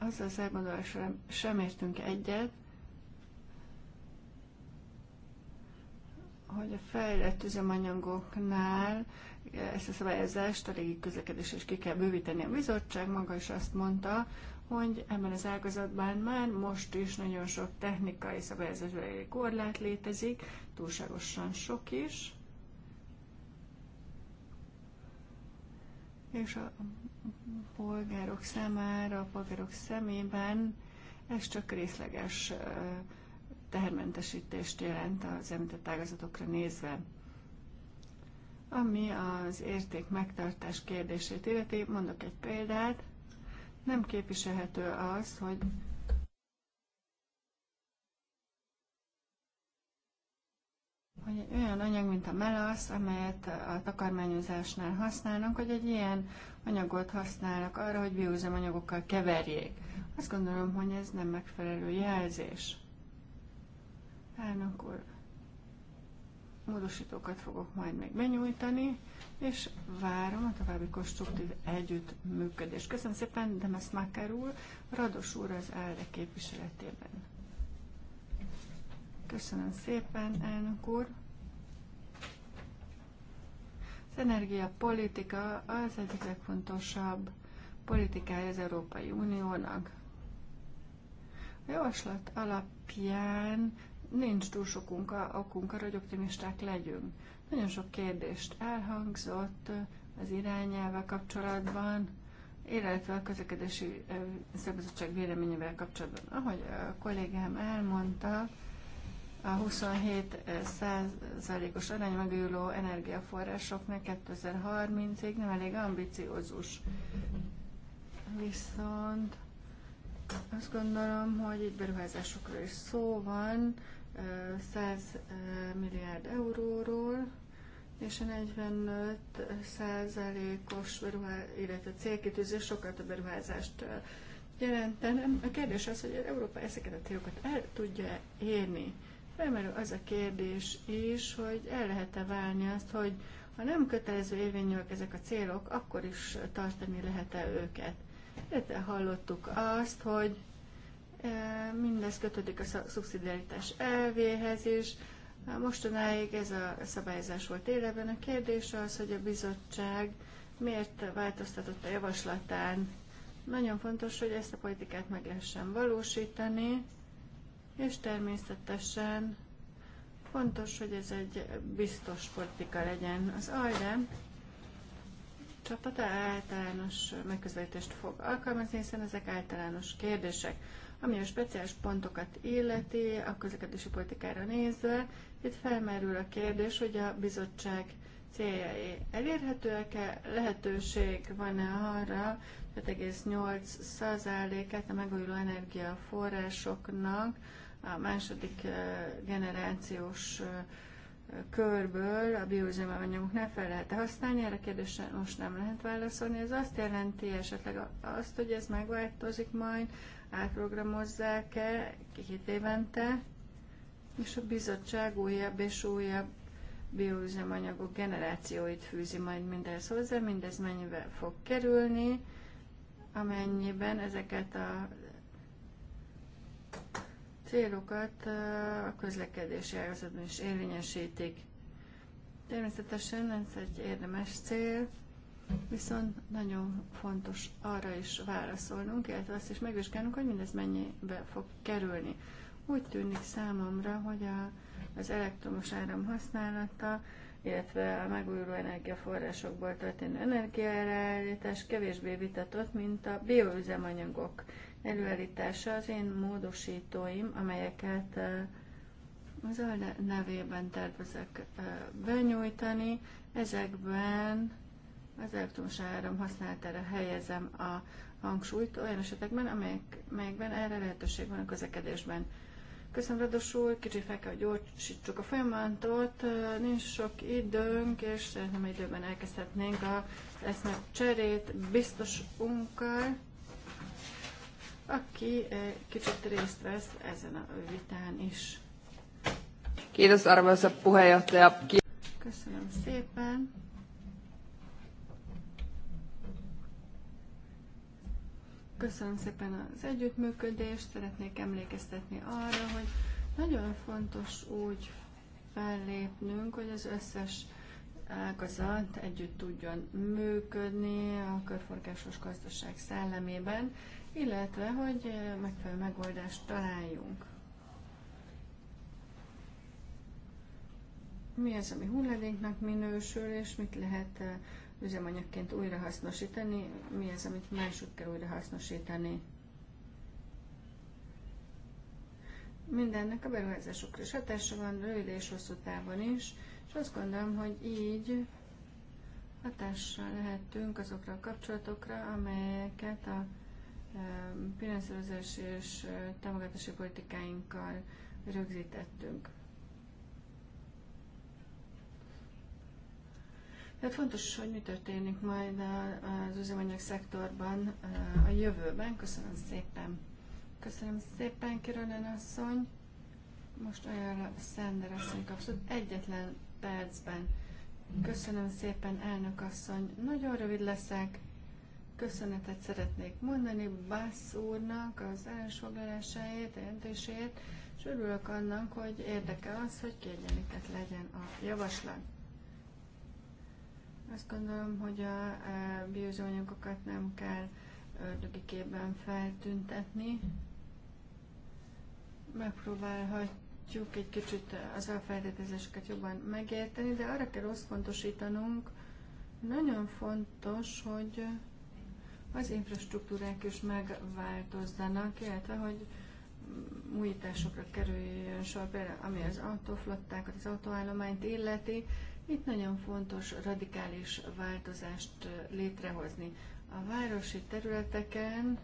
azzal az elgondolásra sem értünk egyet, hogy a fejlett üzemanyagoknál ezt a szabályozást a régi közlekedés is ki kell bővíteni. A bizottság maga is azt mondta, hogy ebben az ágazatban már most is nagyon sok technikai szabályozási korlát létezik, túlságosan sok is. És a polgárok számára, a polgárok szemében ez csak részleges tehermentesítést jelent az említett ágazatokra nézve. Ami az érték megtartás kérdését illeti, mondok egy példát, nem képviselhető az, hogy hogy egy olyan anyag, mint a melasz, amelyet a takarmányozásnál használnak, hogy egy ilyen anyagot használnak arra, hogy bioüzemanyagokkal keverjék. Azt gondolom, hogy ez nem megfelelő jelzés. Elnök akkor módosítókat fogok majd még benyújtani, és várom a további konstruktív együttműködést. Köszönöm szépen, Demes Máker úr, Rados úr az ELDE képviseletében. Köszönöm szépen, elnök úr. Az energiapolitika az egyik legfontosabb politikája az Európai Uniónak. A javaslat alapján nincs túl sok okunk arra, hogy optimisták legyünk. Nagyon sok kérdést elhangzott az irányával kapcsolatban, illetve a közlekedési szervezettség véleményével kapcsolatban. Ahogy a kollégám elmondta, a 27 os arány megújuló energiaforrásoknak 2030-ig nem elég ambiciózus. Viszont azt gondolom, hogy itt beruházásokról is szó van, 100 milliárd euróról, és a 45 százalékos beruházás, illetve célkitűzés sokkal több beruházást jelentene. A kérdés az, hogy Európa ezeket a célokat el tudja érni. Felmerül az a kérdés is, hogy el lehet-e válni azt, hogy ha nem kötelező érvényűek ezek a célok, akkor is tartani lehet-e őket illetve hallottuk azt, hogy e, mindez kötődik a szubszidiaritás elvéhez is. E, mostanáig ez a szabályozás volt éleben. A kérdés az, hogy a bizottság miért változtatott a javaslatán. Nagyon fontos, hogy ezt a politikát meg lehessen valósítani, és természetesen fontos, hogy ez egy biztos politika legyen. Az ALDE csapata általános megközelítést fog alkalmazni, hiszen ezek általános kérdések. Ami a speciális pontokat illeti, a közlekedési politikára nézve, itt felmerül a kérdés, hogy a bizottság céljai elérhetőek-e, lehetőség van-e arra, 58 százalékát a megújuló energiaforrásoknak a második eh, generációs eh, körből a ne fel lehet -e használni, erre kérdésre most nem lehet válaszolni. Ez azt jelenti esetleg azt, hogy ez megváltozik majd, átprogramozzák-e két évente, és a bizottság újabb és újabb bioüzemanyagok generációit fűzi majd mindez hozzá, mindez mennyibe fog kerülni, amennyiben ezeket a célokat a közlekedési ágazatban is érvényesítik. Természetesen ez egy érdemes cél, viszont nagyon fontos arra is válaszolnunk, illetve azt is megvizsgálnunk, hogy mindez mennyibe fog kerülni. Úgy tűnik számomra, hogy a, az elektromos áram használata, illetve a megújuló energiaforrásokból történő energiaellállítás kevésbé vitatott, mint a bioüzemanyagok előállítása. Az én módosítóim, amelyeket az a nevében tervezek benyújtani, ezekben az elektromos áram használatára helyezem a hangsúlyt olyan esetekben, amelyek, amelyekben erre lehetőség van a közlekedésben. Köszönöm, Rados úr, kicsit fel kell, hogy gyorsítsuk a folyamatot, nincs sok időnk, és szerintem időben elkezdhetnénk az eszmecserét cserét biztosunkkal aki eh, kicsit részt vesz ezen a vitán is. Kiitos arvoisa puheenjohtaja. Köszönöm szépen. Köszönöm szépen az együttműködést, szeretnék emlékeztetni arra, hogy nagyon fontos úgy fellépnünk, hogy az összes ágazat együtt tudjon működni a körforgásos gazdaság szellemében, illetve hogy megfelelő megoldást találjunk. Mi az, ami hulladéknak minősül, és mit lehet üzemanyagként újrahasznosítani, mi az, amit mások kell újrahasznosítani. Mindennek a beruházásokra is hatása van, rövid és hosszú távon is, és azt gondolom, hogy így hatással lehetünk azokra a kapcsolatokra, amelyeket a finanszírozás és támogatási politikáinkkal rögzítettünk. Tehát fontos, hogy mi történik majd az üzemanyag szektorban a jövőben. Köszönöm szépen. Köszönöm szépen, Kirolán asszony. Most olyan Szender asszony kapszott egyetlen percben. Köszönöm szépen, elnök asszony. Nagyon rövid leszek. Köszönetet szeretnék mondani Bász úrnak az elsoglalásáért, jelentéséért, és örülök annak, hogy érdeke az, hogy kiegyenlített legyen a javaslat. Azt gondolom, hogy a bioüzőanyagokat nem kell ördögikében feltüntetni. Megpróbálhatjuk egy kicsit az alfeltételezéseket jobban megérteni, de arra kell összpontosítanunk, nagyon fontos, hogy az infrastruktúrák is megváltozzanak, illetve hogy újításokra kerüljön sor, például ami az autóflottákat, az autóállományt illeti. Itt nagyon fontos radikális változást létrehozni. A városi területeken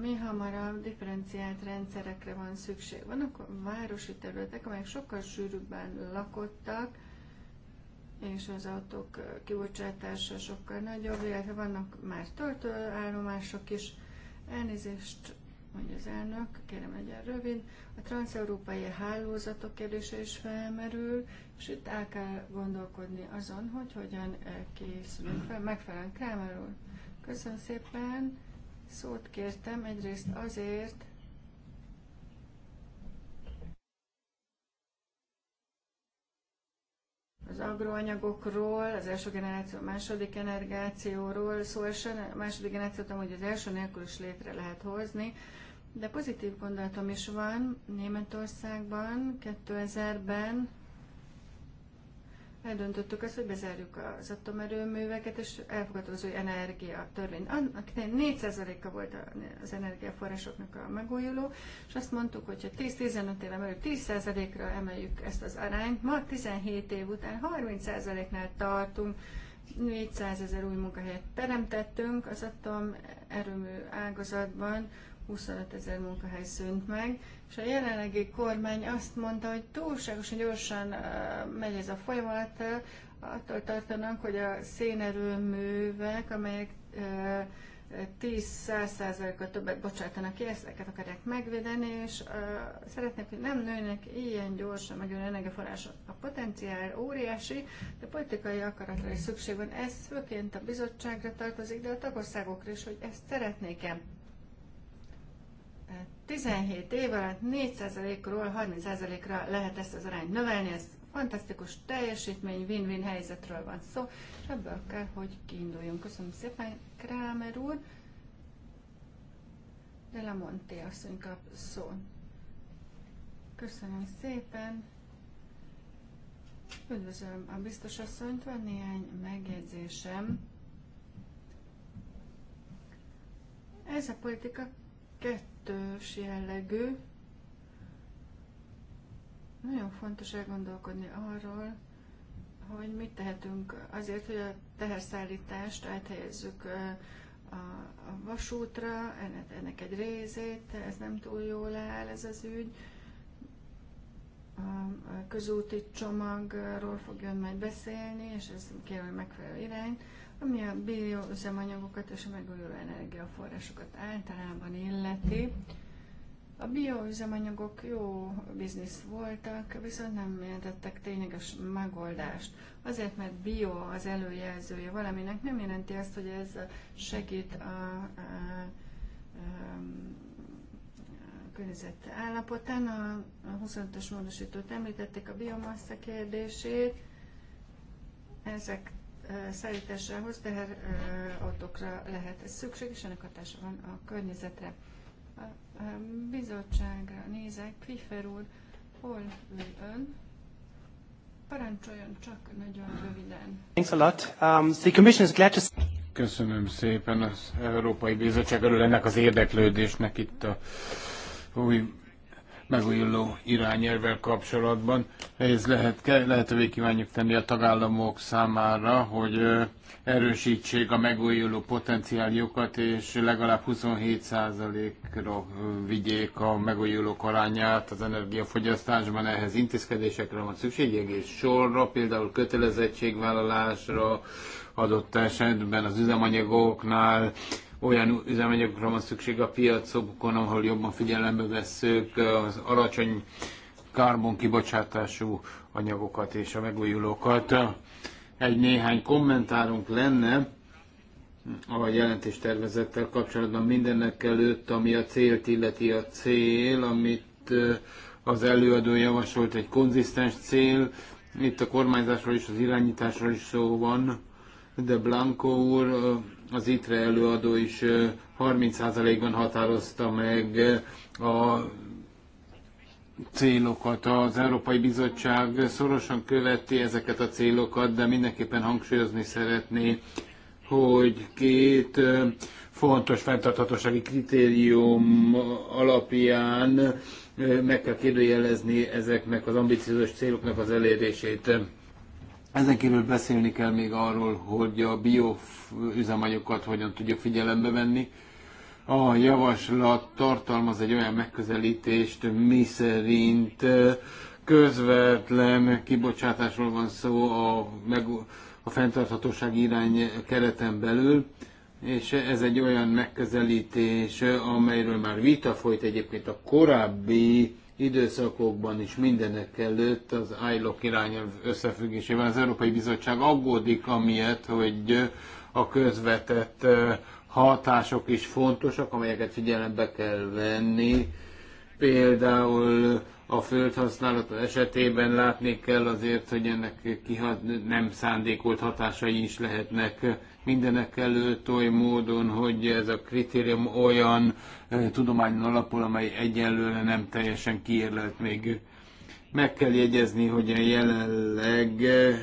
mi hamarabb differenciált rendszerekre van szükség. Vannak városi területek, amelyek sokkal sűrűbben lakottak, és az autók kibocsátása sokkal nagyobb, illetve vannak már töltőállomások is. Elnézést, mondja az elnök, kérem legyen rövid. A transeurópai hálózatok kérdése is felmerül, és itt el kell gondolkodni azon, hogy hogyan készülünk fel. Megfelelően Krámer úr. Köszönöm szépen. Szót kértem egyrészt azért, az agroanyagokról, az első generáció, második generációról szó esen, a második generációt amúgy az első nélkül is létre lehet hozni, de pozitív gondolatom is van Németországban 2000-ben eldöntöttük azt, hogy bezárjuk az atomerőműveket, és elfogadtuk az új energia törvény. Annak 4%-a volt az energiaforrásoknak a megújuló, és azt mondtuk, hogy ha 10-15 éve belül 10%-ra emeljük ezt az arányt, ma 17 év után 30%-nál tartunk, 400 ezer új munkahelyet teremtettünk az atomerőmű ágazatban, 25 ezer munkahely szűnt meg, és a jelenlegi kormány azt mondta, hogy túlságosan gyorsan megy ez a folyamat, attól tartanak, hogy a szénerőművek, amelyek 10-100%-kal többet bocsátanak ki, ezeket akarják megvédeni, és szeretnék, hogy nem nőnek ilyen gyorsan megülő energiaforrás. A potenciál óriási, de politikai akaratra is szükség van. Ez főként a bizottságra tartozik, de a tagországokra is, hogy ezt szeretnék-e. 17 év alatt 4%-ról 30%-ra lehet ezt az arányt növelni, ez fantasztikus teljesítmény, win-win helyzetről van szó, és ebből kell, hogy kiinduljunk. Köszönöm szépen, Krámer úr. De Lamonté asszony kap szó. Köszönöm szépen. Üdvözlöm a biztos asszonyt, van néhány megjegyzésem. Ez a politika kettő kettős jellegű. Nagyon fontos elgondolkodni arról, hogy mit tehetünk azért, hogy a teherszállítást áthelyezzük a vasútra, ennek egy részét, ez nem túl jól áll ez az ügy. A közúti csomagról fog majd beszélni, és ez kérem, megfelelő irányt ami a bioüzemanyagokat és a megújuló energiaforrásokat általában illeti. A bioüzemanyagok jó biznisz voltak, viszont nem jelentettek tényleges megoldást. Azért, mert bio az előjelzője valaminek, nem jelenti azt, hogy ez segít a, a, a, a környezet állapotán. A 25-ös módosítót említették a biomassa kérdését. Ezek szállításához teherautókra lehet szükség, és ennek hatása van a környezetre. A bizottságra nézek, Pfiffer úr, hol ül ön? Parancsoljon csak nagyon röviden. Thanks a lot. Um, the commission is glad to... Köszönöm szépen az Európai Bizottság örül ennek az érdeklődésnek itt a új megújuló irányelvvel kapcsolatban. Ez lehet, lehetővé kívánjuk tenni a tagállamok számára, hogy erősítsék a megújuló potenciáljukat, és legalább 27%-ra vigyék a megújulók arányát az energiafogyasztásban. Ehhez intézkedésekre van szükség, egész sorra, például kötelezettségvállalásra, adott esetben az üzemanyagoknál olyan üzemanyagokra van szükség a piacokon, ahol jobban figyelembe vesszük az alacsony kibocsátású anyagokat és a megújulókat. Egy néhány kommentárunk lenne a jelentéstervezettel kapcsolatban mindennek előtt, ami a célt illeti a cél, amit eh, az előadó javasolt, egy konzisztens cél. Itt a kormányzásról és az irányításról is szó van, de Blanco úr eh, az ITRE előadó is 30%-ban határozta meg a célokat. Az Európai Bizottság szorosan követi ezeket a célokat, de mindenképpen hangsúlyozni szeretné, hogy két fontos fenntarthatósági kritérium alapján meg kell kérdőjelezni ezeknek az ambiciózus céloknak az elérését. Ezen kívül beszélni kell még arról, hogy a bioüzemanyagokat hogyan tudja figyelembe venni. A javaslat tartalmaz egy olyan megközelítést, mi szerint eh, közvetlen kibocsátásról van szó a, meg, a fenntarthatóság irány kereten belül, és ez egy olyan megközelítés, amelyről már vita folyt egyébként a korábbi időszakokban is mindenek előtt az ILOC irányelv összefüggésében az Európai Bizottság aggódik amiatt, hogy a közvetett hatások is fontosak, amelyeket figyelembe kell venni. Például a földhasználat esetében látni kell azért, hogy ennek kihat, nem szándékolt hatásai is lehetnek mindenek előtt oly módon, hogy ez a kritérium olyan eh, tudomány alapul, amely egyelőre nem teljesen kiérlelt még. Meg kell jegyezni, hogy a jelenleg eh,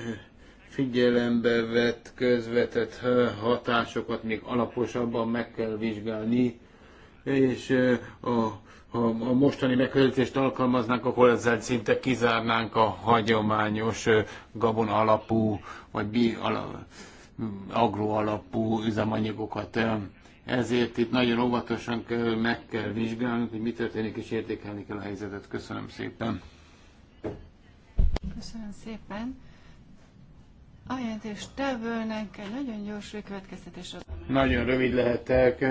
figyelembe vett közvetett eh, hatásokat még alaposabban meg kell vizsgálni, és a ha a mostani megközelítést alkalmaznánk, akkor ezzel szinte kizárnánk a hagyományos gabon alapú, vagy bi alapú agroalapú üzemanyagokat. Ezért itt nagyon óvatosan kell, meg kell vizsgálni, hogy mi történik, és értékelni kell a helyzetet. Köszönöm szépen. Köszönöm szépen. A jelentéstevőnek egy nagyon gyors következtetés. Nagyon rövid lehetek.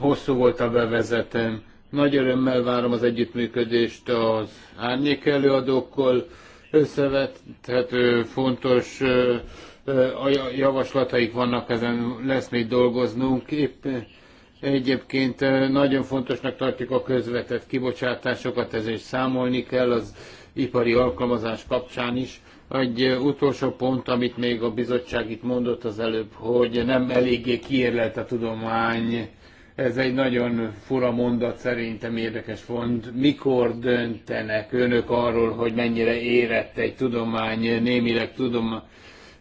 Hosszú volt a bevezetem. Nagy örömmel várom az együttműködést az árnyék előadókkal összevethető, fontos a javaslataik vannak, ezen lesz még dolgoznunk. Épp egyébként nagyon fontosnak tartjuk a közvetett kibocsátásokat, ezért számolni kell az ipari alkalmazás kapcsán is. Egy utolsó pont, amit még a bizottság itt mondott az előbb, hogy nem eléggé kiérlelt a tudomány ez egy nagyon fura mondat, szerintem érdekes font. Mikor döntenek önök arról, hogy mennyire érett egy tudomány, némileg tudom,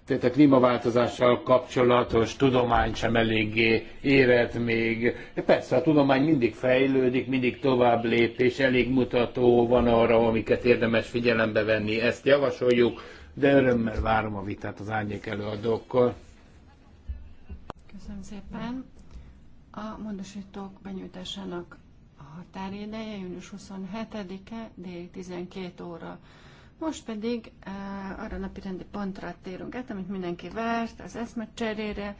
tehát a klímaváltozással kapcsolatos tudomány sem eléggé érett még. Persze a tudomány mindig fejlődik, mindig tovább lép, és elég mutató van arra, amiket érdemes figyelembe venni. Ezt javasoljuk, de örömmel várom a vitát az árnyék előadókkal. Köszönöm szépen. A módosítók benyújtásának a határideje június 27-e déli 12 óra. Most pedig uh, arra napi rendi pontra térünk át, amit mindenki várt, az eszmet cserére.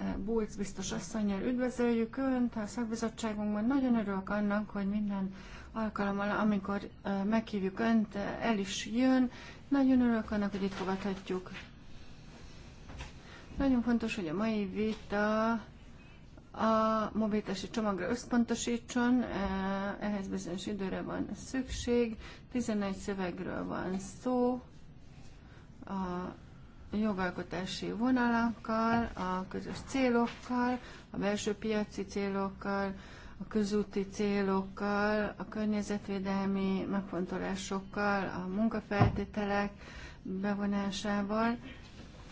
Uh, eh, Bulc biztos asszonyjal üdvözöljük Önt a szakbizottságunkban. Nagyon örülök annak, hogy minden alkalommal, amikor uh, meghívjuk Önt, el is jön. Nagyon örülök annak, hogy itt fogadhatjuk. Nagyon fontos, hogy a mai vita a mobilitási csomagra összpontosítson, e, ehhez bizonyos időre van szükség, 11 szövegről van szó, a jogalkotási vonalakkal, a közös célokkal, a belső piaci célokkal, a közúti célokkal, a környezetvédelmi megfontolásokkal, a munkafeltételek bevonásával.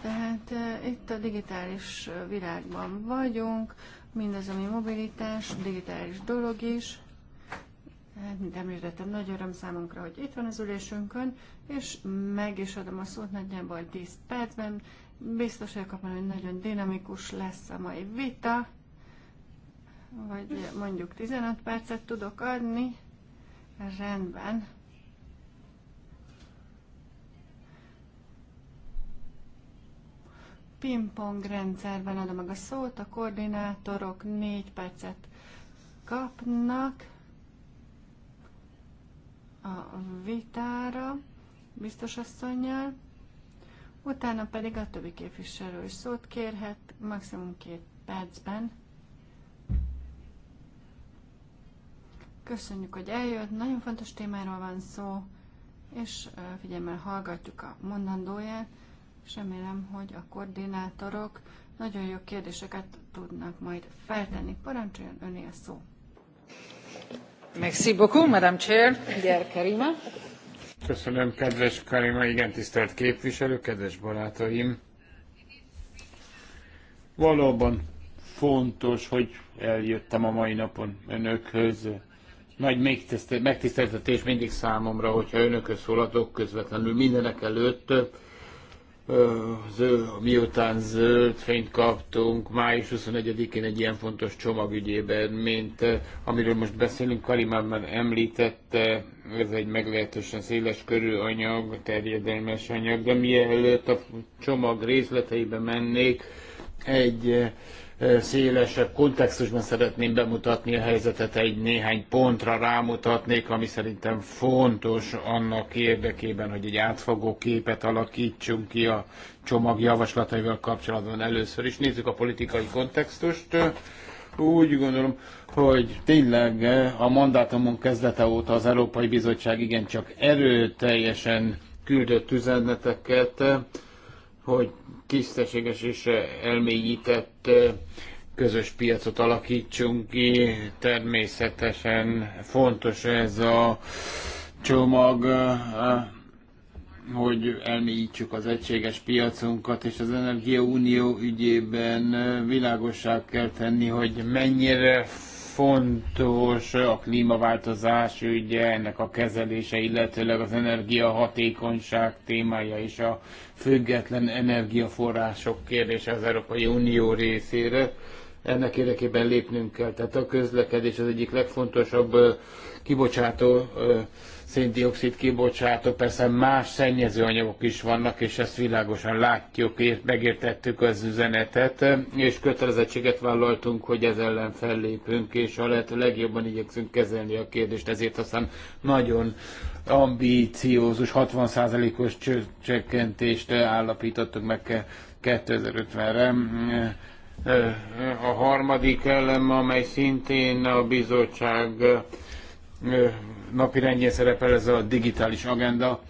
Tehát e, itt a digitális világban vagyunk, mindez, ami mobilitás, digitális dolog is. mint hát, említettem, nagy öröm számunkra, hogy itt van az ülésünkön, és meg is adom a szót nagyjából 10 percben. Biztos vagyok abban, hogy nagyon dinamikus lesz a mai vita, vagy mondjuk 15 percet tudok adni. Rendben. pingpong rendszerben adom meg a szót, a koordinátorok négy percet kapnak a vitára biztos asszonynál, utána pedig a többi képviselő is szót kérhet, maximum két percben. Köszönjük, hogy eljött, nagyon fontos témáról van szó, és figyelmel hallgatjuk a mondandóját és remélem, hogy a koordinátorok nagyon jó kérdéseket tudnak majd feltenni. Parancsoljon öné a szó. Merci beaucoup, Madame Chair. Dear Karima. Köszönöm, kedves Karima, igen, tisztelt képviselő, kedves barátaim. Valóban fontos, hogy eljöttem a mai napon önökhöz. Nagy megtiszteltetés mindig számomra, hogyha önökhöz szólatok közvetlenül mindenek előtt miután zöld fényt kaptunk május 21-én egy ilyen fontos csomag ügyében, mint amiről most beszélünk, Karimán már említette, ez egy meglehetősen széles körű anyag, terjedelmes anyag, de mielőtt a csomag részleteibe mennék, egy szélesebb kontextusban szeretném bemutatni a helyzetet, egy néhány pontra rámutatnék, ami szerintem fontos annak érdekében, hogy egy átfogó képet alakítsunk ki a csomag javaslataival kapcsolatban először is. Nézzük a politikai kontextust. Úgy gondolom, hogy tényleg a mandátumunk kezdete óta az Európai Bizottság igencsak erőteljesen küldött üzeneteket, hogy tisztességes és elmélyített közös piacot alakítsunk ki. Természetesen fontos ez a csomag, hogy elmélyítsük az egységes piacunkat, és az Energiaunió ügyében világosság kell tenni, hogy mennyire fontos a klímaváltozás ügye, ennek a kezelése, illetőleg az energiahatékonyság témája és a független energiaforrások kérdése az Európai Unió részére. Ennek érdekében lépnünk kell. Tehát a közlekedés az egyik legfontosabb kibocsátó széndiokszid kibocsátó, persze más szennyező anyagok is vannak, és ezt világosan látjuk, és megértettük az üzenetet, és kötelezettséget vállaltunk, hogy ez ellen fellépünk, és a lehető legjobban igyekszünk kezelni a kérdést, ezért aztán nagyon ambíciózus 60%-os csökkentést állapítottuk meg 2050-re. A harmadik elem, amely szintén a bizottság napi rendjén szerepel ez a digitális agenda.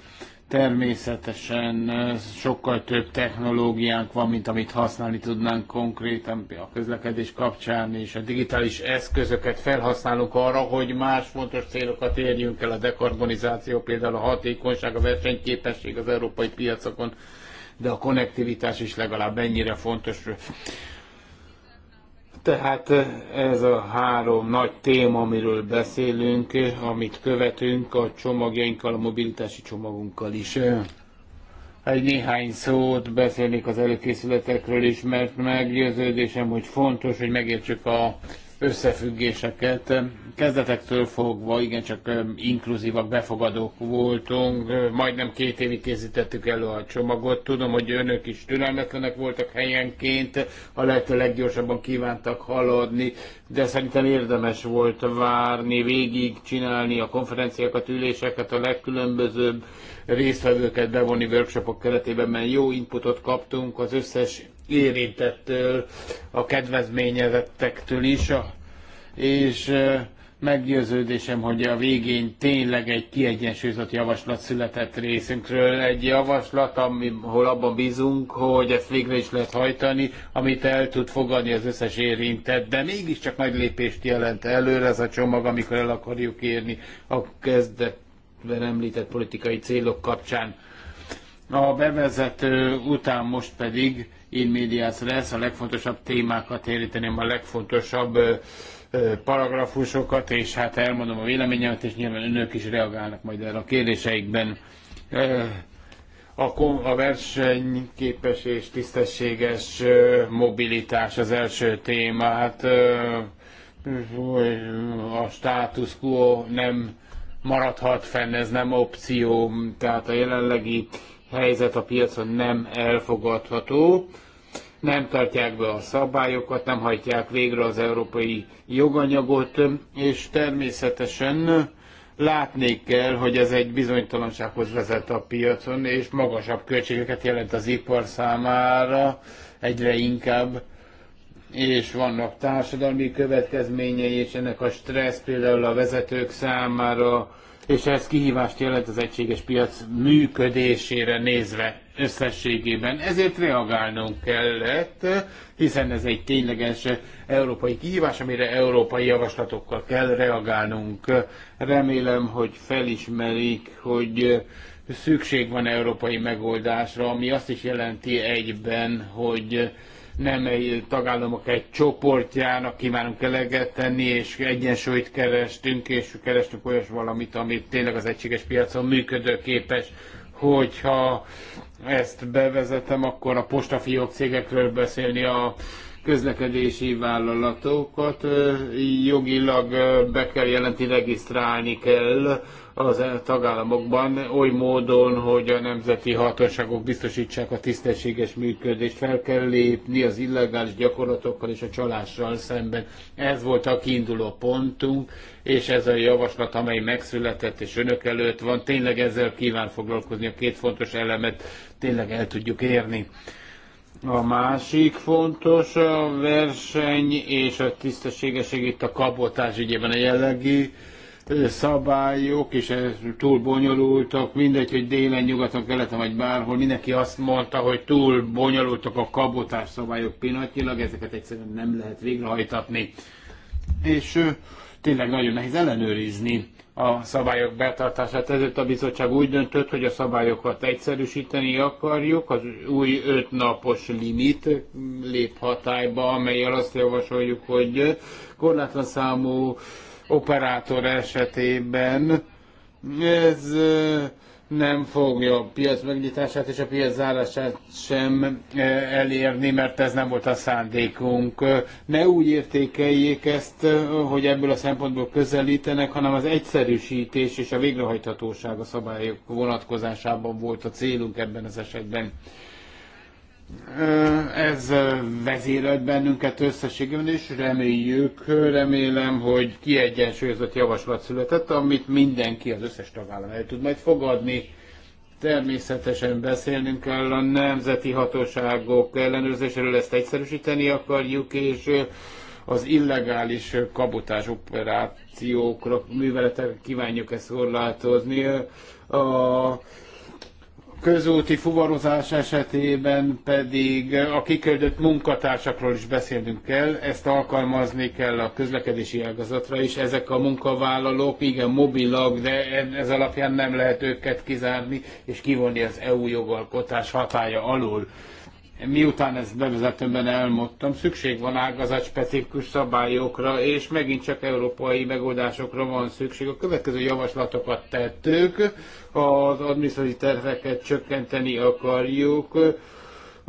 Természetesen sokkal több technológiánk van, mint amit használni tudnánk konkrétan a közlekedés kapcsán, és a digitális eszközöket felhasználunk arra, hogy más fontos célokat érjünk el, a dekarbonizáció, például a hatékonyság, a versenyképesség az európai piacokon, de a konnektivitás is legalább ennyire fontos. Tehát eh, ez a három nagy téma, amiről beszélünk, eh, amit követünk a csomagjainkkal, a mobilitási csomagunkkal is. Eh, egy néhány szót beszélnék az előkészületekről is, mert meggyőződésem, hogy fontos, hogy megértsük a összefüggéseket kezdetektől fogva igencsak inkluzívak, befogadók voltunk, majdnem két évig készítettük elő a csomagot, tudom, hogy önök is türelmetlenek voltak helyenként, a lehető leggyorsabban kívántak haladni, de szerintem érdemes volt várni, végig csinálni a konferenciákat, üléseket, a legkülönbözőbb résztvevőket bevonni workshopok keretében, mert jó inputot kaptunk az összes érintettől, a kedvezményezettektől is, és Meggyőződésem, hogy a végén tényleg egy kiegyensúlyozott javaslat született részünkről. Egy javaslat, ahol abban bízunk, hogy ezt végre is lehet hajtani, amit el tud fogadni az összes érintett, de mégiscsak nagy lépést jelent előre ez a csomag, amikor el akarjuk érni a kezdetben említett politikai célok kapcsán. A bevezető után most pedig in medias lesz, a legfontosabb témákat érinteném, a legfontosabb paragrafusokat, és hát elmondom a véleményemet, és nyilván önök is reagálnak majd erre a kérdéseikben. A, a versenyképes és tisztességes mobilitás az első téma. Hát a status quo nem maradhat fenn, ez nem opció, tehát a jelenlegi helyzet a piacon nem elfogadható nem tartják be a szabályokat, nem hajtják végre az európai joganyagot, és természetesen látni kell, hogy ez egy bizonytalansághoz vezet a piacon, és magasabb költségeket jelent az ipar számára egyre inkább, és vannak társadalmi következményei, és ennek a stressz például a vezetők számára, és ez kihívást jelent az egységes piac működésére nézve összességében. Ezért reagálnunk kellett, hiszen ez egy tényleges európai kihívás, amire európai javaslatokkal kell reagálnunk. Remélem, hogy felismerik, hogy szükség van európai megoldásra, ami azt is jelenti egyben, hogy nem egy tagállamok egy csoportjának kívánunk eleget tenni, és egyensúlyt kerestünk, és kerestünk olyas valamit, amit tényleg az egységes piacon működőképes, hogyha ezt bevezetem, akkor a postafiók cégekről beszélni a közlekedési vállalatokat jogilag be kell jelenti, regisztrálni kell, az e- tagállamokban oly módon, hogy a nemzeti hatóságok biztosítsák a tisztességes működést, fel kell lépni az illegális gyakorlatokkal és a csalással szemben. Ez volt a kiinduló pontunk, és ez a javaslat, amely megszületett és önök előtt van, tényleg ezzel kíván foglalkozni a két fontos elemet, tényleg el tudjuk érni. A másik fontos a verseny és a tisztességeség itt a kabotás ügyében a jellegi szabályok, és túl bonyolultak, mindegy, hogy délen, nyugaton, keleten vagy bárhol, mindenki azt mondta, hogy túl bonyolultak a kabotás szabályok pillanatnyilag, ezeket egyszerűen nem lehet végrehajtatni. És tényleg nagyon nehéz ellenőrizni a szabályok betartását. Ezért a bizottság úgy döntött, hogy a szabályokat egyszerűsíteni akarjuk. Az új ötnapos limit lép hatályba, amelyel azt javasoljuk, hogy korlátlan számú operátor esetében ez nem fogja a piac megnyitását és a piac zárását sem elérni, mert ez nem volt a szándékunk. Ne úgy értékeljék ezt, hogy ebből a szempontból közelítenek, hanem az egyszerűsítés és a végrehajthatóság a szabályok vonatkozásában volt a célunk ebben az esetben ez vezérelt bennünket összességében, és reméljük, remélem, hogy kiegyensúlyozott javaslat született, amit mindenki, az összes tagállam el tud majd fogadni. Természetesen beszélnünk kell a nemzeti hatóságok ellenőrzéséről, ezt egyszerűsíteni akarjuk, és az illegális kabotás operációkra, műveletekre kívánjuk ezt korlátozni. A közúti fuvarozás esetében pedig a kiküldött munkatársakról is beszélnünk kell, ezt alkalmazni kell a közlekedési ágazatra is. Ezek a munkavállalók igen mobilak, de ez alapján nem lehet őket kizárni és kivonni az EU jogalkotás hatája alól miután ezt bevezetőben elmondtam, szükség van specifikus szabályokra, és megint csak európai megoldásokra van szükség. A következő javaslatokat tettük, az adminisztratív terveket csökkenteni akarjuk,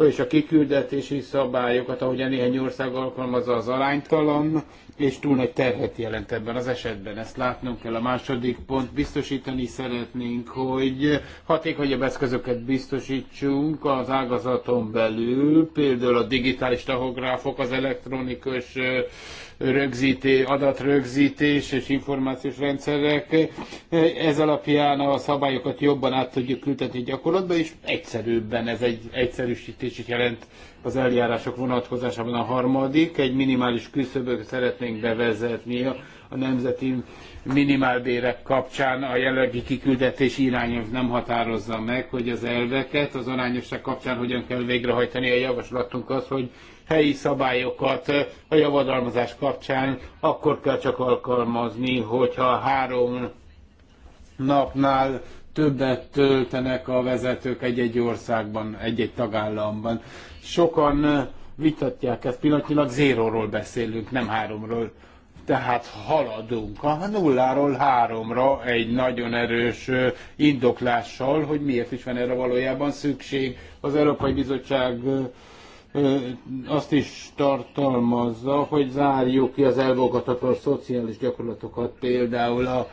és a kiküldetési szabályokat, ahogy a néhány ország alkalmazza, az aránytalan, és túl nagy terhet jelent ebben az esetben. Ezt látnunk kell. A második pont, biztosítani szeretnénk, hogy hatékonyabb eszközöket biztosítsunk az ágazaton belül, például a digitális tahográfok, az elektronikus rögzíté, adatrögzítés és információs rendszerek. Ez alapján a szabályokat jobban át tudjuk ültetni gyakorlatba, és egyszerűbben ez egy egyszerűsítés is jelent az eljárások vonatkozásában a harmadik. Egy minimális küszöböt szeretnénk bevezetni a, a nemzeti minimálbérek kapcsán a jelenlegi kiküldetés irányelv nem határozza meg, hogy az elveket az arányosság kapcsán hogyan kell végrehajtani. A javaslatunk az, hogy helyi szabályokat a javadalmazás kapcsán akkor kell csak alkalmazni, hogyha három napnál többet töltenek a vezetők egy-egy országban, egy-egy tagállamban. Sokan vitatják ezt, pillanatnyilag zéróról beszélünk, nem háromról. Tehát haladunk a nulláról háromra egy nagyon erős indoklással, hogy miért is van erre valójában szükség. Az Európai Bizottság azt is tartalmazza, hogy zárjuk ki az elfogadható szociális gyakorlatokat, például a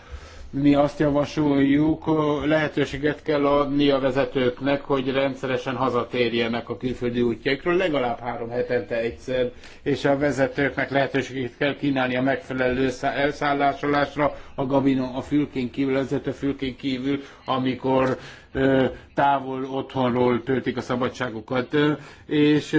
mi azt javasoljuk, lehetőséget kell adni a vezetőknek, hogy rendszeresen hazatérjenek a külföldi útjaikról, legalább három hetente egyszer, és a vezetőknek lehetőséget kell kínálni a megfelelő elszállásolásra a gabino a fülkén kívül, a vezető fülkén kívül, amikor távol otthonról töltik a szabadságukat, és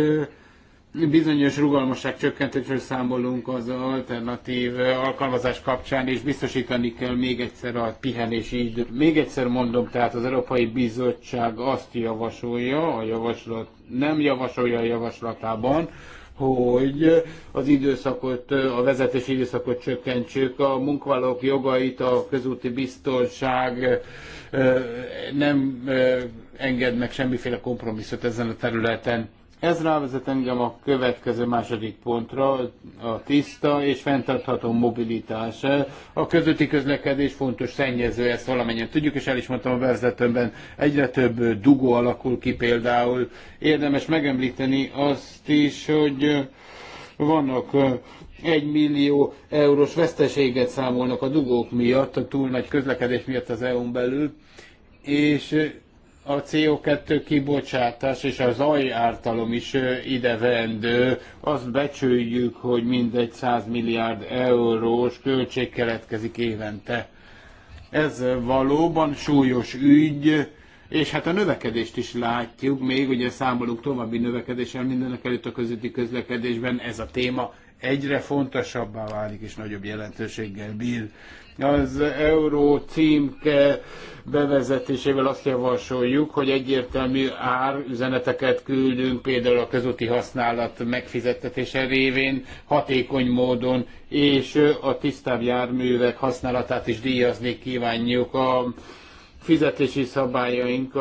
bizonyos rugalmasság csökkentésről számolunk az alternatív alkalmazás kapcsán, és biztosítani kell még egyszer a pihenési időt. Még egyszer mondom, tehát az Európai Bizottság azt javasolja, a javaslat, nem javasolja a javaslatában, hogy az időszakot, a vezetési időszakot csökkentsük, a munkavállalók jogait, a közúti biztonság nem enged meg semmiféle kompromisszot ezen a területen ez rávezet engem a következő második pontra, a tiszta és fenntartható mobilitás. A közötti közlekedés fontos szennyező, ezt valamennyien tudjuk, és el is mondtam a vezetőmben, egyre több dugó alakul ki például. Érdemes megemlíteni azt is, hogy vannak egy millió eurós veszteséget számolnak a dugók miatt, a túl nagy közlekedés miatt az EU-n belül, és a CO2 kibocsátás és a zajártalom is idevendő. Azt becsüljük, hogy mindegy 100 milliárd eurós költség keletkezik évente. Ez valóban súlyos ügy, és hát a növekedést is látjuk, még ugye számolunk további növekedéssel mindenek előtt a közötti közlekedésben ez a téma egyre fontosabbá válik és nagyobb jelentőséggel bír. Az euró címke bevezetésével azt javasoljuk, hogy egyértelmű ár üzeneteket küldünk, például a közúti használat megfizettetése révén hatékony módon, és a tisztább járművek használatát is díjazni kívánjuk. A fizetési szabályaink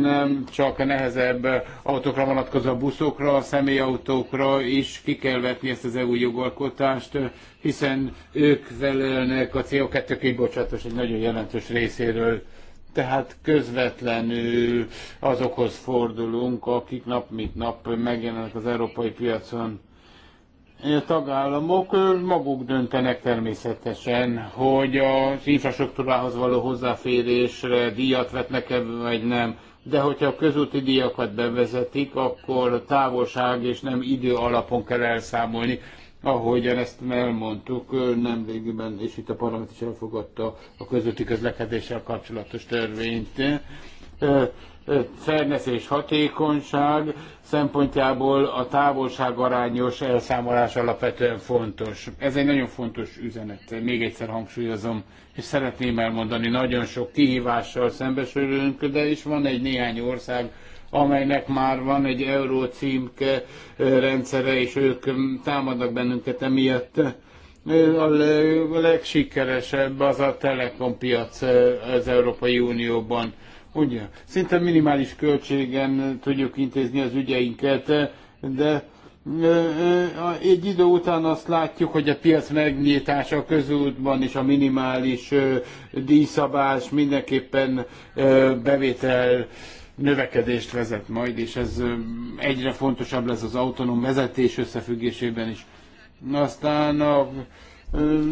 nem csak a nehezebb autókra vonatkozó buszokra, a személyautókra is ki kell vetni ezt az EU jogalkotást, hiszen ők felelnek a CO2 kibocsátás egy nagyon jelentős részéről. Tehát közvetlenül azokhoz fordulunk, akik nap mint nap megjelennek az európai piacon a tagállamok maguk döntenek természetesen, hogy az infrastruktúrához való hozzáférésre díjat vetnek-e vagy nem. De hogyha a közúti díjakat bevezetik, akkor távolság és nem idő alapon kell elszámolni, ahogyan ezt elmondtuk végülben, és itt a parlament is elfogadta a közúti közlekedéssel kapcsolatos törvényt fairness és hatékonyság szempontjából a távolságarányos elszámolás alapvetően fontos. Ez egy nagyon fontos üzenet, még egyszer hangsúlyozom, és szeretném elmondani, nagyon sok kihívással szembesülünk, de is van egy néhány ország, amelynek már van egy euró címke rendszere, és ők támadnak bennünket emiatt. A legsikeresebb az a telekompiac az Európai Unióban Ugye, szinte minimális költségen tudjuk intézni az ügyeinket, de egy idő után azt látjuk, hogy a piac megnyitása közútban és a minimális díjszabás mindenképpen bevétel növekedést vezet majd, és ez egyre fontosabb lesz az autonóm vezetés összefüggésében is. Aztán a,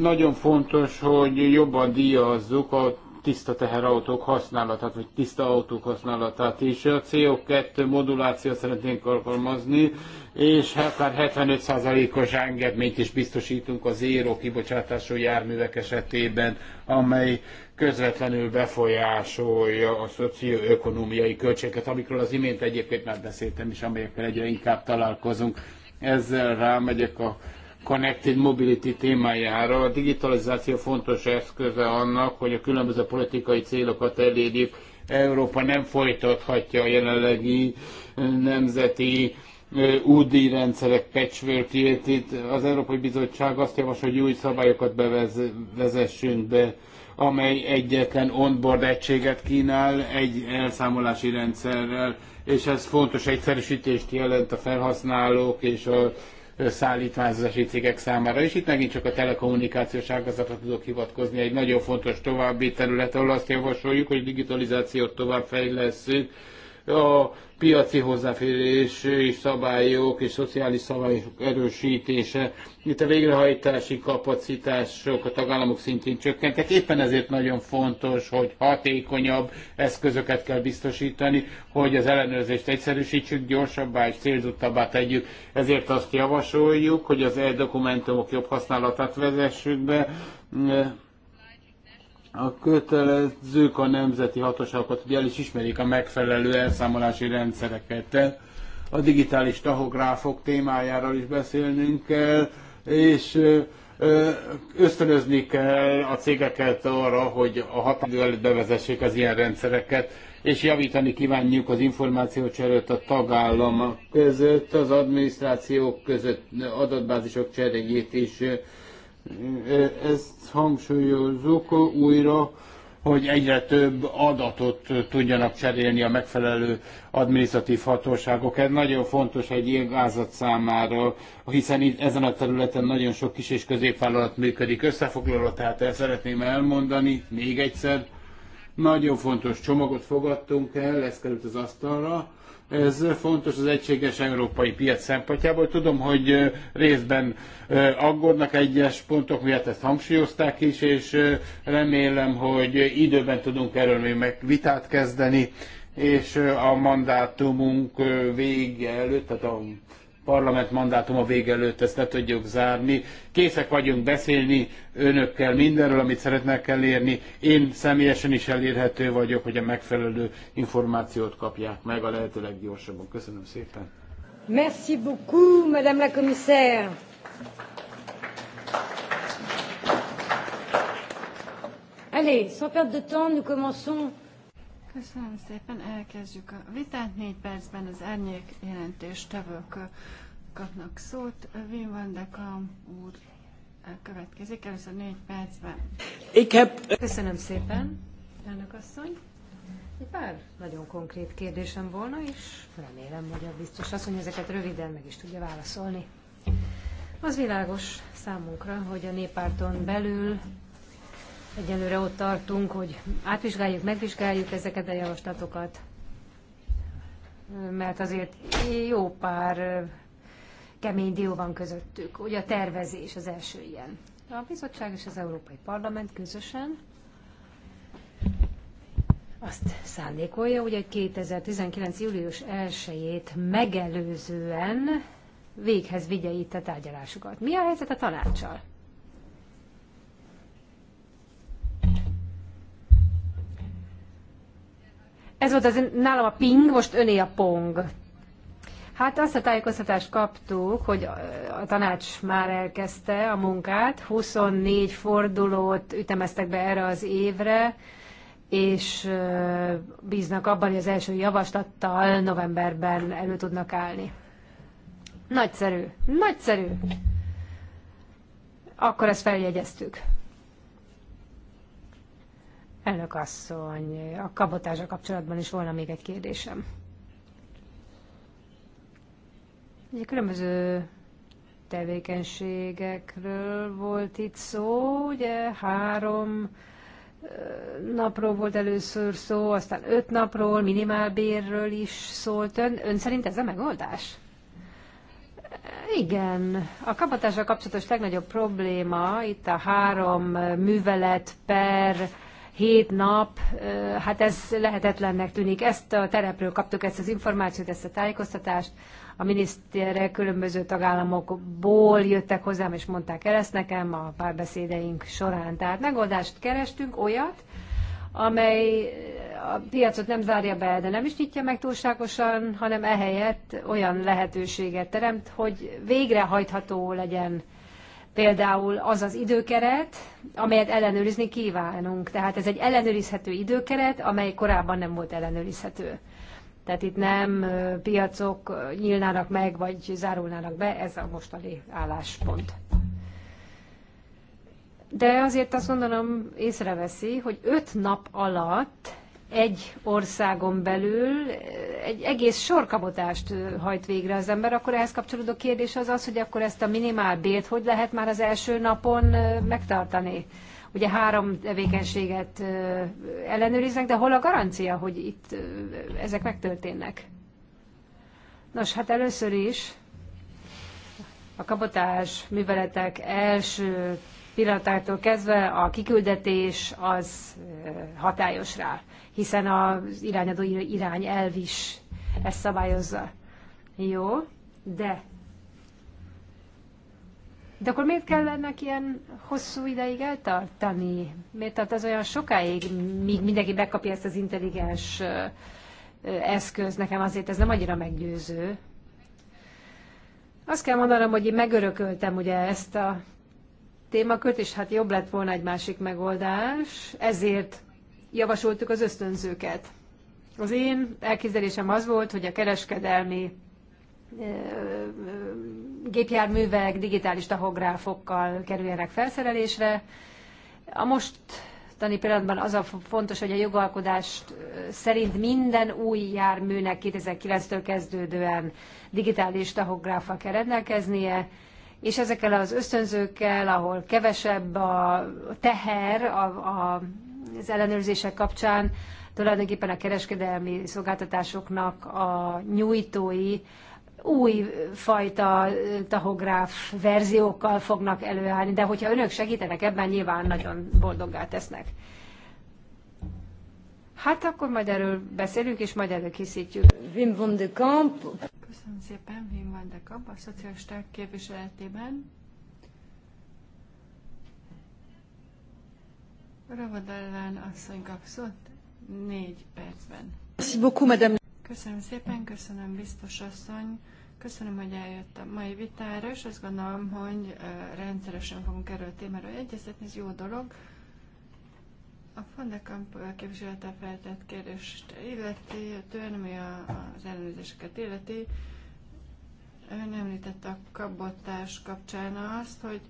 nagyon fontos, hogy jobban díjazzuk a tiszta teherautók használatát, vagy tiszta autók használatát is. A CO2 modulációt szeretnénk alkalmazni, és akár hát 75%-os engedményt is biztosítunk az éró kibocsátású járművek esetében, amely közvetlenül befolyásolja a szocioökonomiai költségeket, amikről az imént egyébként már beszéltem is, amelyekkel egyre inkább találkozunk. Ezzel rámegyek a Connected Mobility témájára. A digitalizáció fontos eszköze annak, hogy a különböző politikai célokat elérjük. Európa nem folytathatja a jelenlegi nemzeti údi rendszerek patchwork Itt az Európai Bizottság azt javasol, hogy új szabályokat bevezessünk be, amely egyetlen onboard egységet kínál egy elszámolási rendszerrel, és ez fontos egyszerűsítést jelent a felhasználók és a szállítmányozási cégek számára. És itt megint csak a telekommunikációs ágazatra tudok hivatkozni. Egy nagyon fontos további terület, ahol azt javasoljuk, hogy digitalizációt tovább a piaci hozzáférés és szabályok és szociális szabályok erősítése. Itt a végrehajtási kapacitások a tagállamok szintjén csökkentek. Éppen ezért nagyon fontos, hogy hatékonyabb eszközöket kell biztosítani, hogy az ellenőrzést egyszerűsítsük, gyorsabbá és célzottabbá tegyük. Ezért azt javasoljuk, hogy az e-dokumentumok jobb használatát vezessük be, a kötelezők a nemzeti hatóságokat, hogy el is ismerik a megfelelő elszámolási rendszereket. A digitális tahográfok témájáról is beszélnünk kell, és ösztönözni kell a cégeket arra, hogy a határidő előtt bevezessék az ilyen rendszereket, és javítani kívánjuk az információcserőt a tagállamok között, az adminisztrációk között adatbázisok cseréjét is ezt hangsúlyozzuk újra, hogy egyre több adatot tudjanak cserélni a megfelelő adminisztratív hatóságok. Ez nagyon fontos egy ilyen gázat számára, hiszen itt, ezen a területen nagyon sok kis és középvállalat működik. Összefoglalva, tehát ezt szeretném elmondani még egyszer. Nagyon fontos csomagot fogadtunk el, ez került az asztalra ez fontos az egységes európai piac szempontjából. Tudom, hogy részben aggódnak egyes pontok miatt, ezt hangsúlyozták is, és remélem, hogy időben tudunk erről még meg vitát kezdeni, és a mandátumunk vége előtt, tehát a parlament mandátuma vége előtt ezt le tudjuk zárni. Készek vagyunk beszélni önökkel mindenről, amit szeretnek elérni. Én személyesen is elérhető vagyok, hogy a megfelelő információt kapják meg a lehető leggyorsabban. Köszönöm szépen. Merci beaucoup, Madame la Commissaire. Allez, sans perdre de temps, nous commençons Köszönöm szépen, elkezdjük a vitát. Négy percben az árnyék tevők kapnak szót. Wim van de Kamp úr következik, először négy percben. Köszönöm szépen, elnök asszony. Egy pár nagyon konkrét kérdésem volna, és remélem, hogy a biztos asszony ezeket röviden meg is tudja válaszolni. Az világos számunkra, hogy a néppárton belül Egyelőre ott tartunk, hogy átvizsgáljuk, megvizsgáljuk ezeket a javaslatokat, mert azért jó pár kemény dió van közöttük. Ugye a tervezés az első ilyen. A bizottság és az Európai Parlament közösen azt szándékolja, hogy egy 2019. július 1-ét megelőzően véghez vigye itt a tárgyalásukat. Mi a helyzet a tanácssal? Ez volt az nálam a ping, most öné a pong. Hát azt a tájékoztatást kaptuk, hogy a tanács már elkezdte a munkát, 24 fordulót ütemeztek be erre az évre, és bíznak abban, hogy az első javaslattal novemberben elő tudnak állni. Nagyszerű, nagyszerű. Akkor ezt feljegyeztük. Elnök asszony, a kabotázsa kapcsolatban is volna még egy kérdésem. Ugye különböző tevékenységekről volt itt szó, ugye három napról volt először szó, aztán öt napról, minimálbérről is szólt ön. Ön szerint ez a megoldás? Igen. A kabotással kapcsolatos legnagyobb probléma itt a három művelet per hét nap, hát ez lehetetlennek tűnik. Ezt a terepről kaptuk ezt az információt, ezt a tájékoztatást. A miniszterek különböző tagállamokból jöttek hozzám, és mondták el ezt nekem a párbeszédeink során. Tehát megoldást kerestünk, olyat, amely a piacot nem zárja be, de nem is nyitja meg túlságosan, hanem ehelyett olyan lehetőséget teremt, hogy végrehajtható legyen például az az időkeret, amelyet ellenőrizni kívánunk. Tehát ez egy ellenőrizhető időkeret, amely korábban nem volt ellenőrizhető. Tehát itt nem piacok nyílnának meg, vagy zárulnának be, ez a mostani álláspont. De azért azt gondolom észreveszi, hogy öt nap alatt egy országon belül egy egész sorkabotást hajt végre az ember, akkor ehhez kapcsolódó kérdés az az, hogy akkor ezt a minimálbért hogy lehet már az első napon megtartani? Ugye három tevékenységet ellenőriznek, de hol a garancia, hogy itt ezek megtörténnek? Nos, hát először is a kabotás műveletek első pillanatától kezdve a kiküldetés az hatályos rá hiszen az irányadó irány elv is ezt szabályozza. Jó, de de akkor miért kell ennek ilyen hosszú ideig eltartani? Miért tart az olyan sokáig, míg mindenki bekapja ezt az intelligens eszköz? Nekem azért ez nem annyira meggyőző. Azt kell mondanom, hogy én megörököltem ugye ezt a témakört, és hát jobb lett volna egy másik megoldás, ezért javasoltuk az ösztönzőket. Az én elképzelésem az volt, hogy a kereskedelmi gépjárművek digitális tahográfokkal kerüljenek felszerelésre. A most mostani pillanatban az a fontos, hogy a jogalkodást szerint minden új járműnek 2009-től kezdődően digitális tahográfa kell rendelkeznie, és ezekkel az ösztönzőkkel, ahol kevesebb a teher, a, a az ellenőrzések kapcsán tulajdonképpen a kereskedelmi szolgáltatásoknak a nyújtói új fajta tahográf verziókkal fognak előállni, de hogyha önök segítenek ebben, nyilván nagyon boldoggá tesznek. Hát akkor majd erről beszélünk, és majd előkészítjük. Wim van de Kamp. Köszönöm szépen, Wim van de Kamp, a szociális képviseletében. Ravadallán asszony kap négy percben. Köszönöm szépen, köszönöm biztos asszony. Köszönöm, hogy eljött a mai vitára, és azt gondolom, hogy rendszeresen fogunk erről témáról egyeztetni, ez jó dolog. A Fondekamp képviselete feltett kérdést illeti, a törnömi az ellenőrzéseket illeti. Ön említette a kabottás kapcsán azt, hogy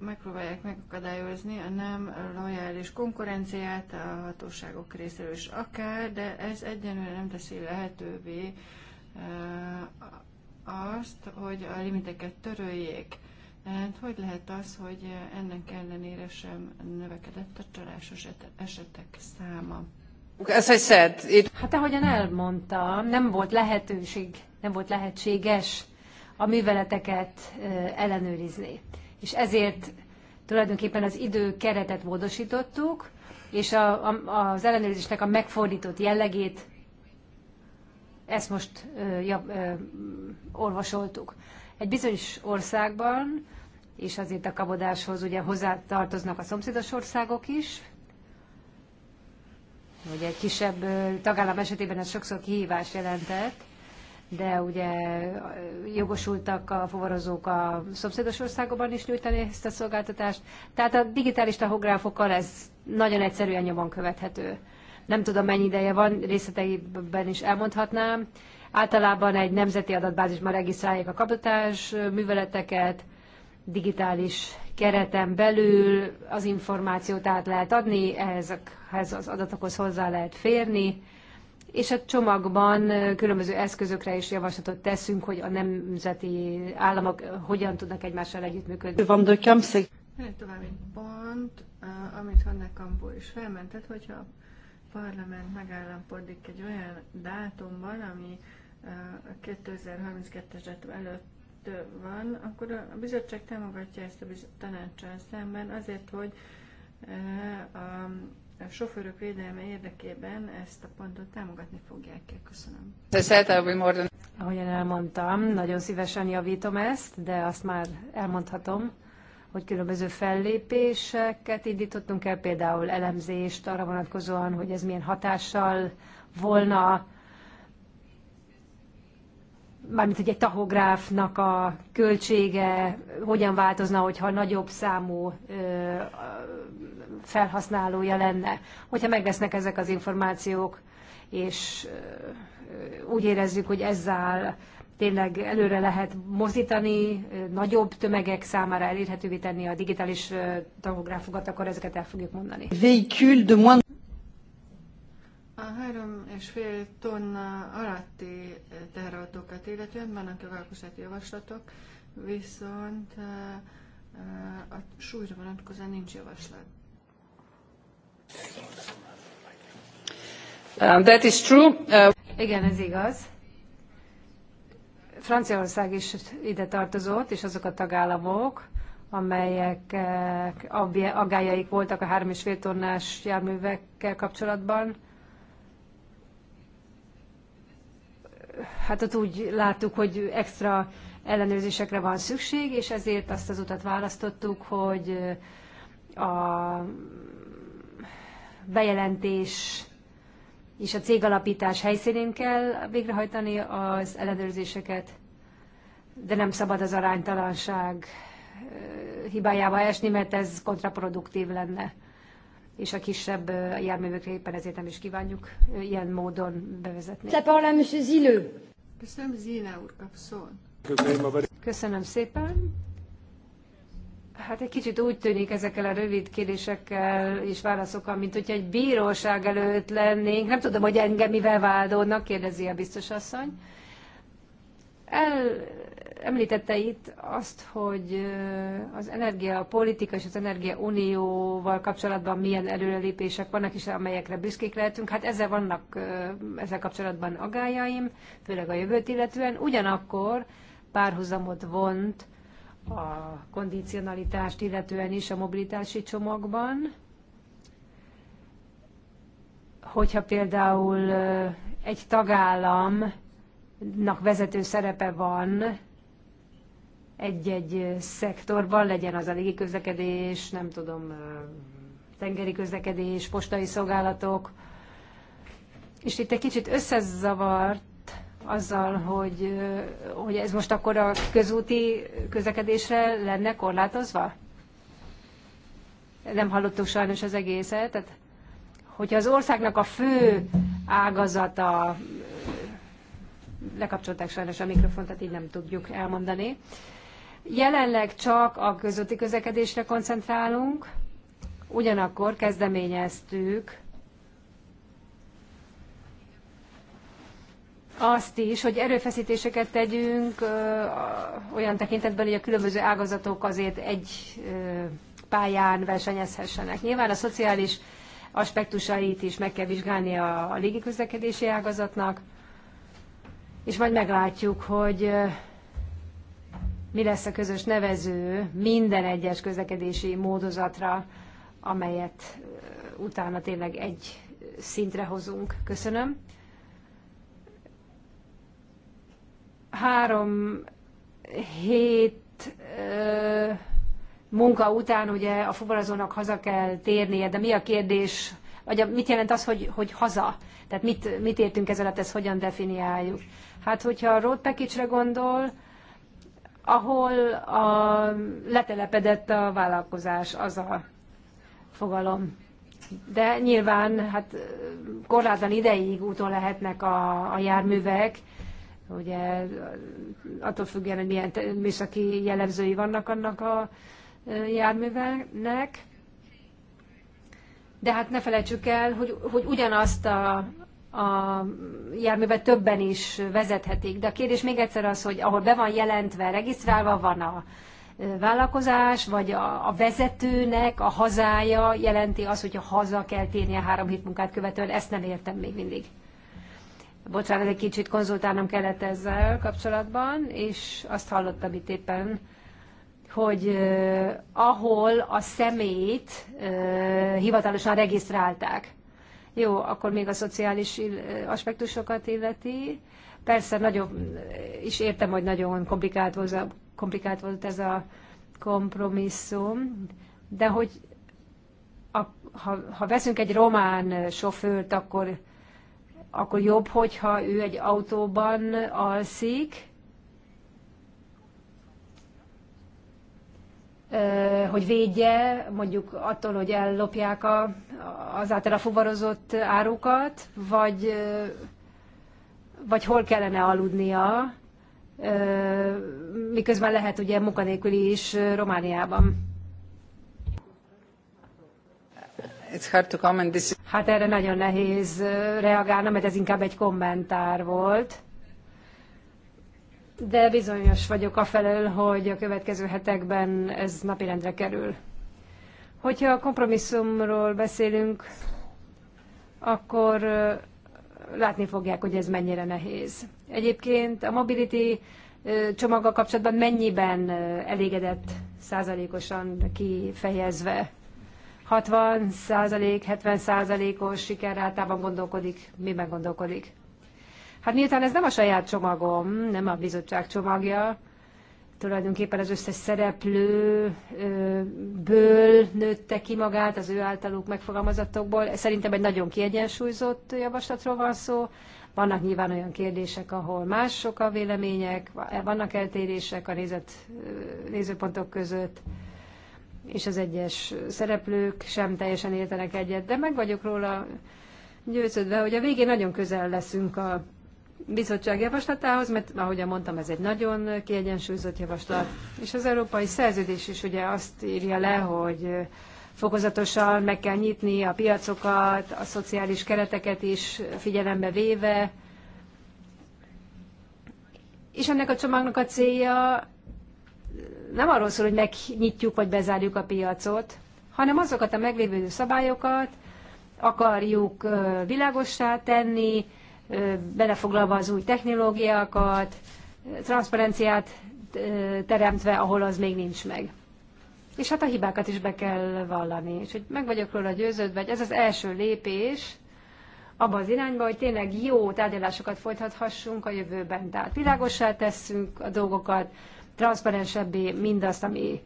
megpróbálják megakadályozni a nem lojális konkurenciát a hatóságok részéről is akár, de ez egyenlőre nem teszi lehetővé eh, azt, hogy a limiteket töröljék. Hát, hogy lehet az, hogy ennek ellenére sem növekedett a csalásos esetek száma? As I said, it... Hát ahogyan elmondtam, nem volt lehetőség, nem volt lehetséges a műveleteket eh, ellenőrizni és ezért tulajdonképpen az idő keretet módosítottuk, és a, a, az ellenőrzésnek a megfordított jellegét, ezt most ö, ja, ö, orvosoltuk. Egy bizonyos országban, és azért a kabodáshoz ugye hozzátartoznak a szomszédos országok is, hogy egy kisebb tagállam esetében ez sokszor kihívást jelentett, de ugye jogosultak a fuvarozók a szomszédos országokban is nyújtani ezt a szolgáltatást. Tehát a digitális tahográfokkal ez nagyon egyszerűen nyomon követhető. Nem tudom, mennyi ideje van, részleteiben is elmondhatnám. Általában egy nemzeti adatbázisban regisztrálják a kapatás műveleteket, digitális kereten belül az információt át lehet adni, ehhez az adatokhoz hozzá lehet férni, és a csomagban különböző eszközökre is javaslatot teszünk, hogy a nemzeti államok hogyan tudnak egymással együttműködni. Van de Kamszik. Egy további pont, amit Hanna Kampó is felmentett, hogyha a parlament megállapodik egy olyan dátumban, ami 2032-es dátum előtt van, akkor a bizottság támogatja ezt a tanácssal szemben azért, hogy a a sofőrök védelme érdekében ezt a pontot támogatni fogják -e? Köszönöm. Ahogyan elmondtam, nagyon szívesen javítom ezt, de azt már elmondhatom, hogy különböző fellépéseket indítottunk el, például elemzést arra vonatkozóan, hogy ez milyen hatással volna, mármint hogy egy tahográfnak a költsége hogyan változna, hogyha nagyobb számú ö, felhasználója lenne. Hogyha megvesznek ezek az információk, és úgy érezzük, hogy ezzel tényleg előre lehet mozdítani, nagyobb tömegek számára elérhetővé tenni a digitális tahográfokat, akkor ezeket el fogjuk mondani. de A három és fél tonna alatti teherautókat illetően vannak jogalkotási javaslatok, viszont a súlyra vonatkozóan nincs javaslat. Um, uh, Igen, ez igaz. Franciaország is ide tartozott, és azok a tagállamok, amelyek eh, aggájaik voltak a 3,5 tonnás járművekkel kapcsolatban. Hát ott úgy láttuk, hogy extra ellenőrzésekre van szükség, és ezért azt az utat választottuk, hogy eh, a bejelentés és a cégalapítás helyszínén kell végrehajtani az ellenőrzéseket, de nem szabad az aránytalanság hibájába esni, mert ez kontraproduktív lenne. És a kisebb járművekre éppen ezért nem is kívánjuk ilyen módon bevezetni. Köszönöm, Zina úr kap Köszönöm szépen. Hát egy kicsit úgy tűnik ezekkel a rövid kérdésekkel és válaszokkal, mint hogyha egy bíróság előtt lennénk. Nem tudom, hogy engem mivel vádolnak, kérdezi a biztos asszony. El, említette itt azt, hogy az energia politika és az energia unióval kapcsolatban milyen előrelépések vannak, és amelyekre büszkék lehetünk. Hát ezzel vannak ezzel kapcsolatban agályaim, főleg a jövőt illetően. Ugyanakkor párhuzamot vont a kondicionalitást illetően is a mobilitási csomagban. Hogyha például egy tagállamnak vezető szerepe van egy-egy szektorban, legyen az a légiközlekedés, nem tudom, tengeri közlekedés, postai szolgálatok, és itt egy kicsit összezavart azzal, hogy, hogy ez most akkor a közúti közlekedésre lenne korlátozva? Nem hallottuk sajnos az egészet. Tehát, hogyha az országnak a fő ágazata, lekapcsolták sajnos a mikrofont, tehát így nem tudjuk elmondani. Jelenleg csak a közúti közlekedésre koncentrálunk, ugyanakkor kezdeményeztük azt is, hogy erőfeszítéseket tegyünk olyan tekintetben, hogy a különböző ágazatok azért egy pályán versenyezhessenek. Nyilván a szociális aspektusait is meg kell vizsgálni a, a légiközlekedési ágazatnak, és majd meglátjuk, hogy mi lesz a közös nevező minden egyes közlekedési módozatra, amelyet utána tényleg egy szintre hozunk. Köszönöm. három hét ö, munka után ugye a fuvarozónak haza kell térnie, de mi a kérdés, vagy a, mit jelent az, hogy, hogy haza? Tehát mit, mit értünk ezzel, Tehát ezt hogyan definiáljuk? Hát, hogyha a road package-re gondol, ahol a, letelepedett a vállalkozás, az a fogalom. De nyilván hát korlátlan ideig úton lehetnek a, a járművek, Ugye attól függően, hogy milyen műszaki jellemzői vannak annak a járművelnek. De hát ne felejtsük el, hogy, hogy ugyanazt a, a járművet többen is vezethetik. De a kérdés még egyszer az, hogy ahol be van jelentve, regisztrálva van a, vállalkozás, vagy a, a vezetőnek a hazája jelenti az, hogy a haza kell térnie három hét munkát követően, ezt nem értem még mindig. Bocsánat, egy kicsit konzultálnom kellett ezzel kapcsolatban, és azt hallottam itt éppen, hogy eh, ahol a szemét eh, hivatalosan regisztrálták. Jó, akkor még a szociális aspektusokat illeti. Persze, nagyon, és értem, hogy nagyon komplikált volt, komplikált volt ez a kompromisszum, de hogy a, ha, ha veszünk egy román sofőrt, akkor akkor jobb, hogyha ő egy autóban alszik, hogy védje mondjuk attól, hogy ellopják a, az általa fuvarozott árukat, vagy, vagy hol kellene aludnia, miközben lehet ugye munkanélküli is Romániában. Hát erre nagyon nehéz reagálnom, mert ez inkább egy kommentár volt. De bizonyos vagyok afelől, hogy a következő hetekben ez napirendre kerül. Hogyha a kompromisszumról beszélünk, akkor látni fogják, hogy ez mennyire nehéz. Egyébként a mobility csomaggal kapcsolatban mennyiben elégedett százalékosan kifejezve 60 százalék, 70 százalékos sikerrátában gondolkodik, miben gondolkodik. Hát miután ez nem a saját csomagom, nem a bizottság csomagja, tulajdonképpen az összes szereplőből nőtte ki magát az ő általuk megfogalmazatokból. Szerintem egy nagyon kiegyensúlyozott javaslatról van szó. Vannak nyilván olyan kérdések, ahol mások a vélemények, vannak eltérések a nézet, nézőpontok között és az egyes szereplők sem teljesen értenek egyet, de meg vagyok róla győződve, hogy a végén nagyon közel leszünk a bizottság javaslatához, mert ahogyan mondtam, ez egy nagyon kiegyensúlyozott javaslat. És az európai szerződés is ugye azt írja le, hogy fokozatosan meg kell nyitni a piacokat, a szociális kereteket is figyelembe véve. És ennek a csomagnak a célja nem arról szól, hogy megnyitjuk vagy bezárjuk a piacot, hanem azokat a meglévő szabályokat akarjuk világossá tenni, belefoglalva az új technológiákat, transzparenciát teremtve, ahol az még nincs meg. És hát a hibákat is be kell vallani. És hogy meg vagyok róla győződve, hogy ez az első lépés abba az irányba, hogy tényleg jó tárgyalásokat folytathassunk a jövőben. Tehát világossá tesszünk a dolgokat, transzparensebbé mindazt, ami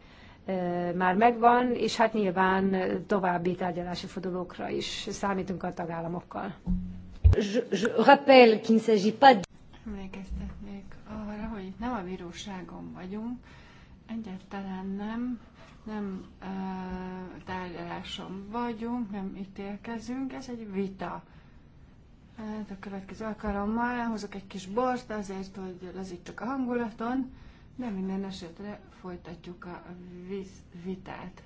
már megvan, és hát nyilván további tárgyalási fordulókra is számítunk a tagállamokkal. Emlékeztetnék arra, hogy itt nem a bíróságon vagyunk, egyáltalán nem, nem uh, tárgyaláson vagyunk, nem ítélkezünk, ez egy vita. Hát a következő alkalommal hozok egy kis bort azért, hogy lazítsuk a hangulaton de minden esetre folytatjuk a vitát.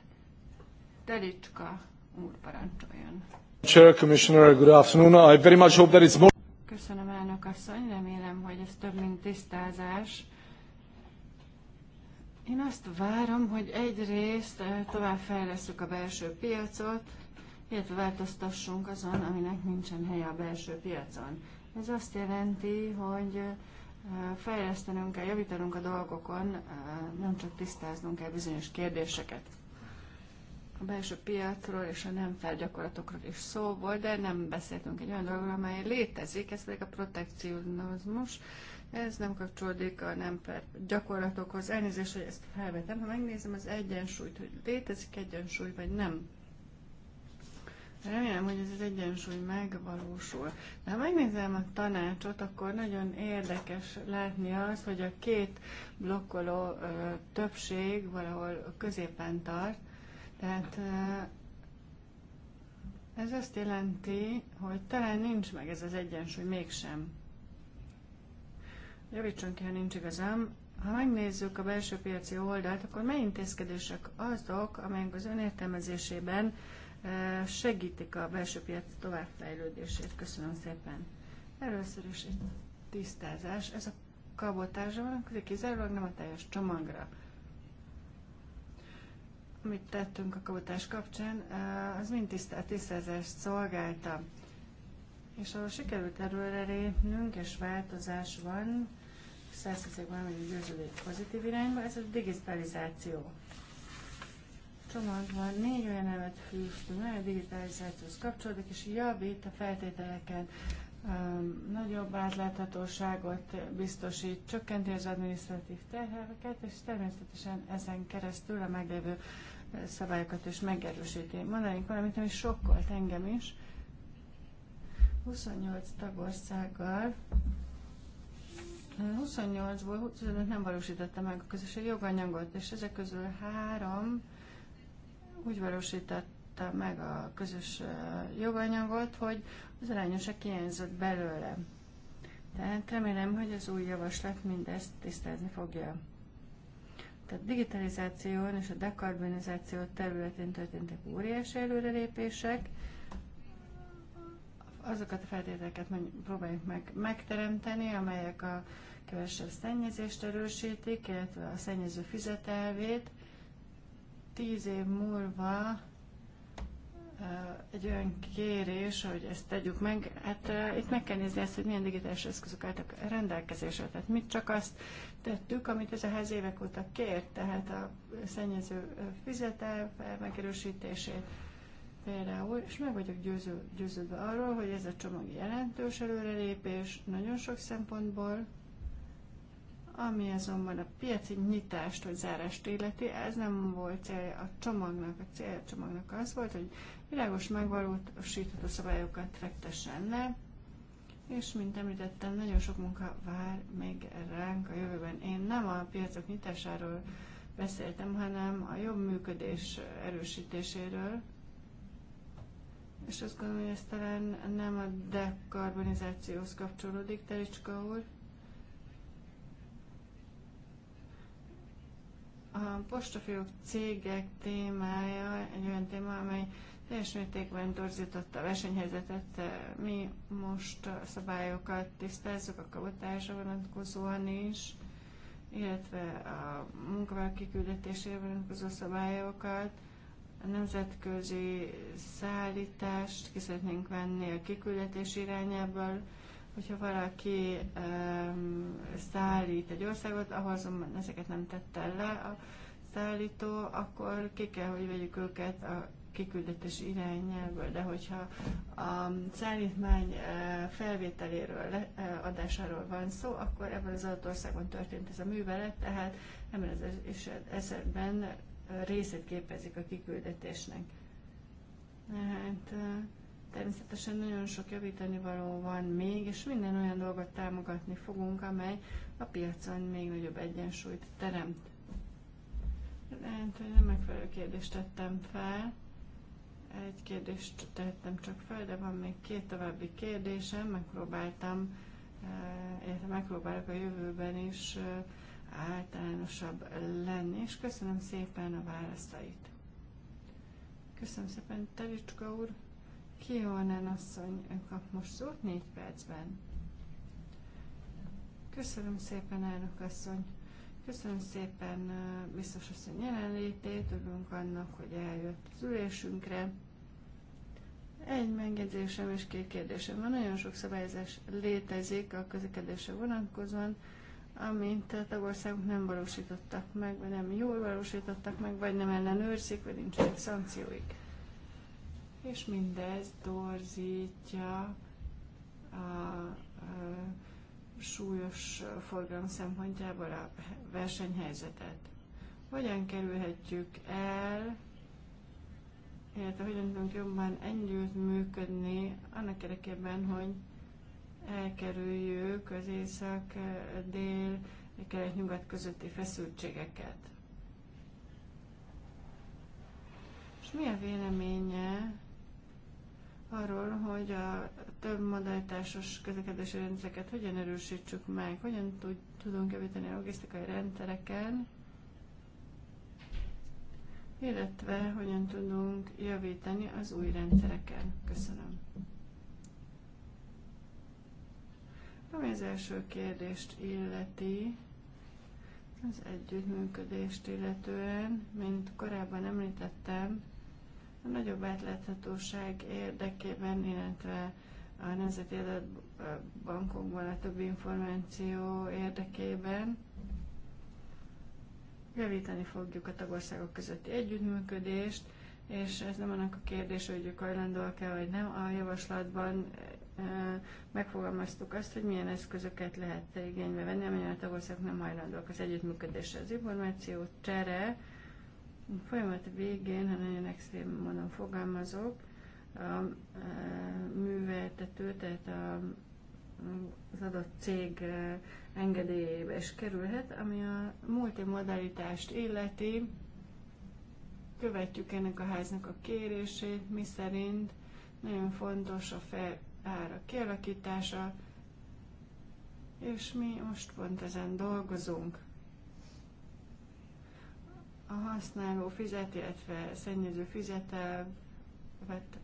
Telicska úr parancsoljon. Chair, Commissioner, good afternoon. I very much hope that it's more... Köszönöm, elnök asszony. Remélem, hogy ez több, mint tisztázás. Én azt várom, hogy egyrészt eh, tovább fejleszünk a belső piacot, illetve változtassunk azon, aminek nincsen helye a belső piacon. Ez azt jelenti, hogy eh, fejlesztenünk kell, javítanunk a dolgokon, nem csak tisztáznunk kell bizonyos kérdéseket. A belső piacról és a nem felgyakorlatokról is szó volt, de nem beszéltünk egy olyan dologról, amely létezik, ez pedig a protekcionizmus. Ez nem kapcsolódik a nem fair gyakorlatokhoz. Elnézést, hogy ezt felvetem. Ha megnézem az egyensúlyt, hogy létezik egyensúly, vagy nem Remélem, hogy ez az egyensúly megvalósul. De ha megnézem a tanácsot, akkor nagyon érdekes látni az, hogy a két blokkoló ö, többség valahol középen tart. Tehát ö, ez azt jelenti, hogy talán nincs meg ez az egyensúly mégsem. Javítson ki, ha nincs igazam. Ha megnézzük a belső piaci oldalt, akkor mely intézkedések azok, amelyek az önértelmezésében értelmezésében segítik a belső piac továbbfejlődését. Köszönöm szépen. Először is egy tisztázás. Ez a kabotázsa vonatkozik kizárólag nem a teljes csomagra. Amit tettünk a kabotás kapcsán, az mind tisztá, tisztázást szolgálta. És ahol sikerült erőre lépnünk, és változás van, 100%-ban győződik pozitív irányba, ez a digitalizáció csomagban négy olyan elemet fűztünk, a digitalizációhoz kapcsolódik, és javít a feltételeken, um, nagyobb átláthatóságot biztosít, csökkenti az adminisztratív terheket, és természetesen ezen keresztül a meglévő eh, szabályokat is megerősíti. Mondanék valamit, ami sokkolt engem is. 28 tagországgal 28-ból eh, 25 nem valósította meg a közösségi joganyagot, és ezek közül három úgy valósította meg a közös joganyagot, hogy az arányosak hiányzott belőle. Tehát remélem, hogy az új javaslat mindezt tisztázni fogja. Tehát digitalizáción és a dekarbonizáció területén történtek óriási előrelépések. Azokat a feltételeket próbáljuk meg megteremteni, amelyek a kevesebb szennyezést erősítik, illetve a szennyező fizetelvét, tíz év múlva egy olyan kérés, hogy ezt tegyük meg, hát uh, itt meg kell nézni ezt, hogy milyen digitális eszközök álltak rendelkezésre. Tehát mit csak azt tettük, amit ez a ház évek óta kért, tehát a szennyező fizete megerősítését például, és meg vagyok győző, győződve arról, hogy ez a csomag jelentős előrelépés nagyon sok szempontból, ami azonban a piaci nyitást vagy zárást illeti, ez nem volt célja a csomagnak. A célja a csomagnak az volt, hogy világos a szabályokat fektessen le, és mint említettem, nagyon sok munka vár még ránk a jövőben. Én nem a piacok nyitásáról beszéltem, hanem a jobb működés erősítéséről, és azt gondolom, hogy ez talán nem a dekarbonizációhoz kapcsolódik, Tericska úr, A postafiók cégek témája egy olyan téma, amely teljes mértékben torzította a versenyhelyzetet. Mi most a szabályokat tisztázzuk a kabotásra vonatkozóan is, illetve a munkavállalók kiküldetésére vonatkozó szabályokat, a nemzetközi szállítást ki szeretnénk venni a kiküldetés irányából, hogyha valaki um, szállít egy országot, ahol azonban ezeket nem tette le a szállító, akkor ki kell, hogy vegyük őket a kiküldetés irányelvből, de hogyha a szállítmány eh, felvételéről, le, eh, adásáról van szó, akkor ebben az adott országban történt ez a művelet, tehát ebben az esetben részét képezik a kiküldetésnek. Hát, eh, Természetesen nagyon sok javítani való van még, és minden olyan dolgot támogatni fogunk, amely a piacon még nagyobb egyensúlyt teremt. Lehet, hogy nem megfelelő kérdést tettem fel. Egy kérdést tettem csak fel, de van még két további kérdésem. Megpróbáltam, eh, illetve megpróbálok a jövőben is eh, általánosabb lenni, és köszönöm szépen a válaszait. Köszönöm szépen, Telicska úr! Kihornán asszony kap most szót négy percben. Köszönöm szépen, elnök asszony. Köszönöm szépen biztos asszony jelenlétét, örülünk annak, hogy eljött az ülésünkre. Egy megjegyzésem és két kérdésem van. Nagyon sok szabályozás létezik a közlekedésre vonatkozóan, amint a tagországok nem valósítottak meg, vagy nem jól valósítottak meg, vagy nem ellenőrzik, vagy nincsenek szankcióik és mindez torzítja a, a súlyos forgalom szempontjából a versenyhelyzetet. Hogyan kerülhetjük el, illetve hogyan tudunk jobban együtt működni annak érdekében, hogy elkerüljük az észak-dél, kelet-nyugat közötti feszültségeket. És mi a véleménye arról, hogy a több modalitásos közlekedési rendszereket hogyan erősítsük meg, hogyan tud, tudunk javítani a logisztikai rendszereken, illetve hogyan tudunk javítani az új rendszereken. Köszönöm. Ami az első kérdést illeti, az együttműködést illetően, mint korábban említettem, a nagyobb átláthatóság érdekében, illetve a nemzeti adatbankokban a több információ érdekében javítani fogjuk a tagországok közötti együttműködést, és ez nem annak a kérdés, hogy ők hajlandóak-e vagy nem. A javaslatban megfogalmaztuk azt, hogy milyen eszközöket lehet igénybe venni, amennyire a tagországok nem hajlandóak az együttműködésre. Az információ csere, folyamat végén, ha nagyon extrém módon fogalmazok, a műveltető, tehát a, az adott cég e, engedélyébe is kerülhet, ami a multimodalitást illeti. Követjük ennek a háznak a kérését, mi szerint nagyon fontos a fel ára kialakítása, és mi most pont ezen dolgozunk a használó fizet, illetve szennyező fizetelvet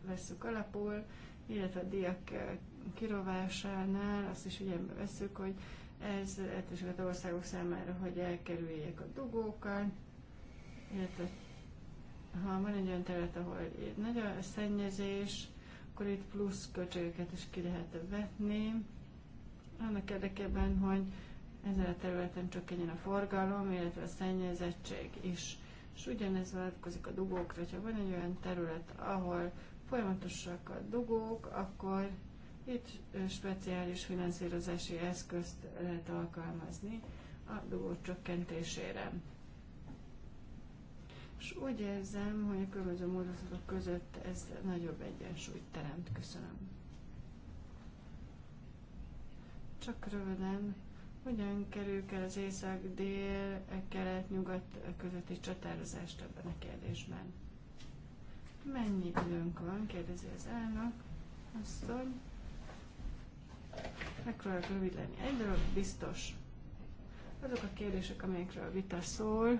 veszük alapul, illetve a diák eh, kirovásánál azt is ugye veszük, hogy ez lehetőséget országok számára, hogy elkerüljék a dugókat, illetve ha van egy olyan terület, ahol nagy a szennyezés, akkor itt plusz költségeket is ki lehet vetni. Annak érdekében, hogy ezen a területen csökkenjen a forgalom, illetve a szennyezettség is. És ugyanez vonatkozik a dugókra, hogyha van egy olyan terület, ahol folyamatosak a dugók, akkor itt speciális finanszírozási eszközt lehet alkalmazni a dugó csökkentésére. És úgy érzem, hogy a különböző módozatok között ez nagyobb egyensúlyt teremt. Köszönöm. Csak röviden hogyan kerül el az észak-dél-kelet-nyugat közötti csatározást ebben a kérdésben? Mennyi időnk van? kérdezi az elnök. Azt Megpróbálok rövid lenni. Egy dolog biztos. Azok a kérdések, amelyekről a vita szól,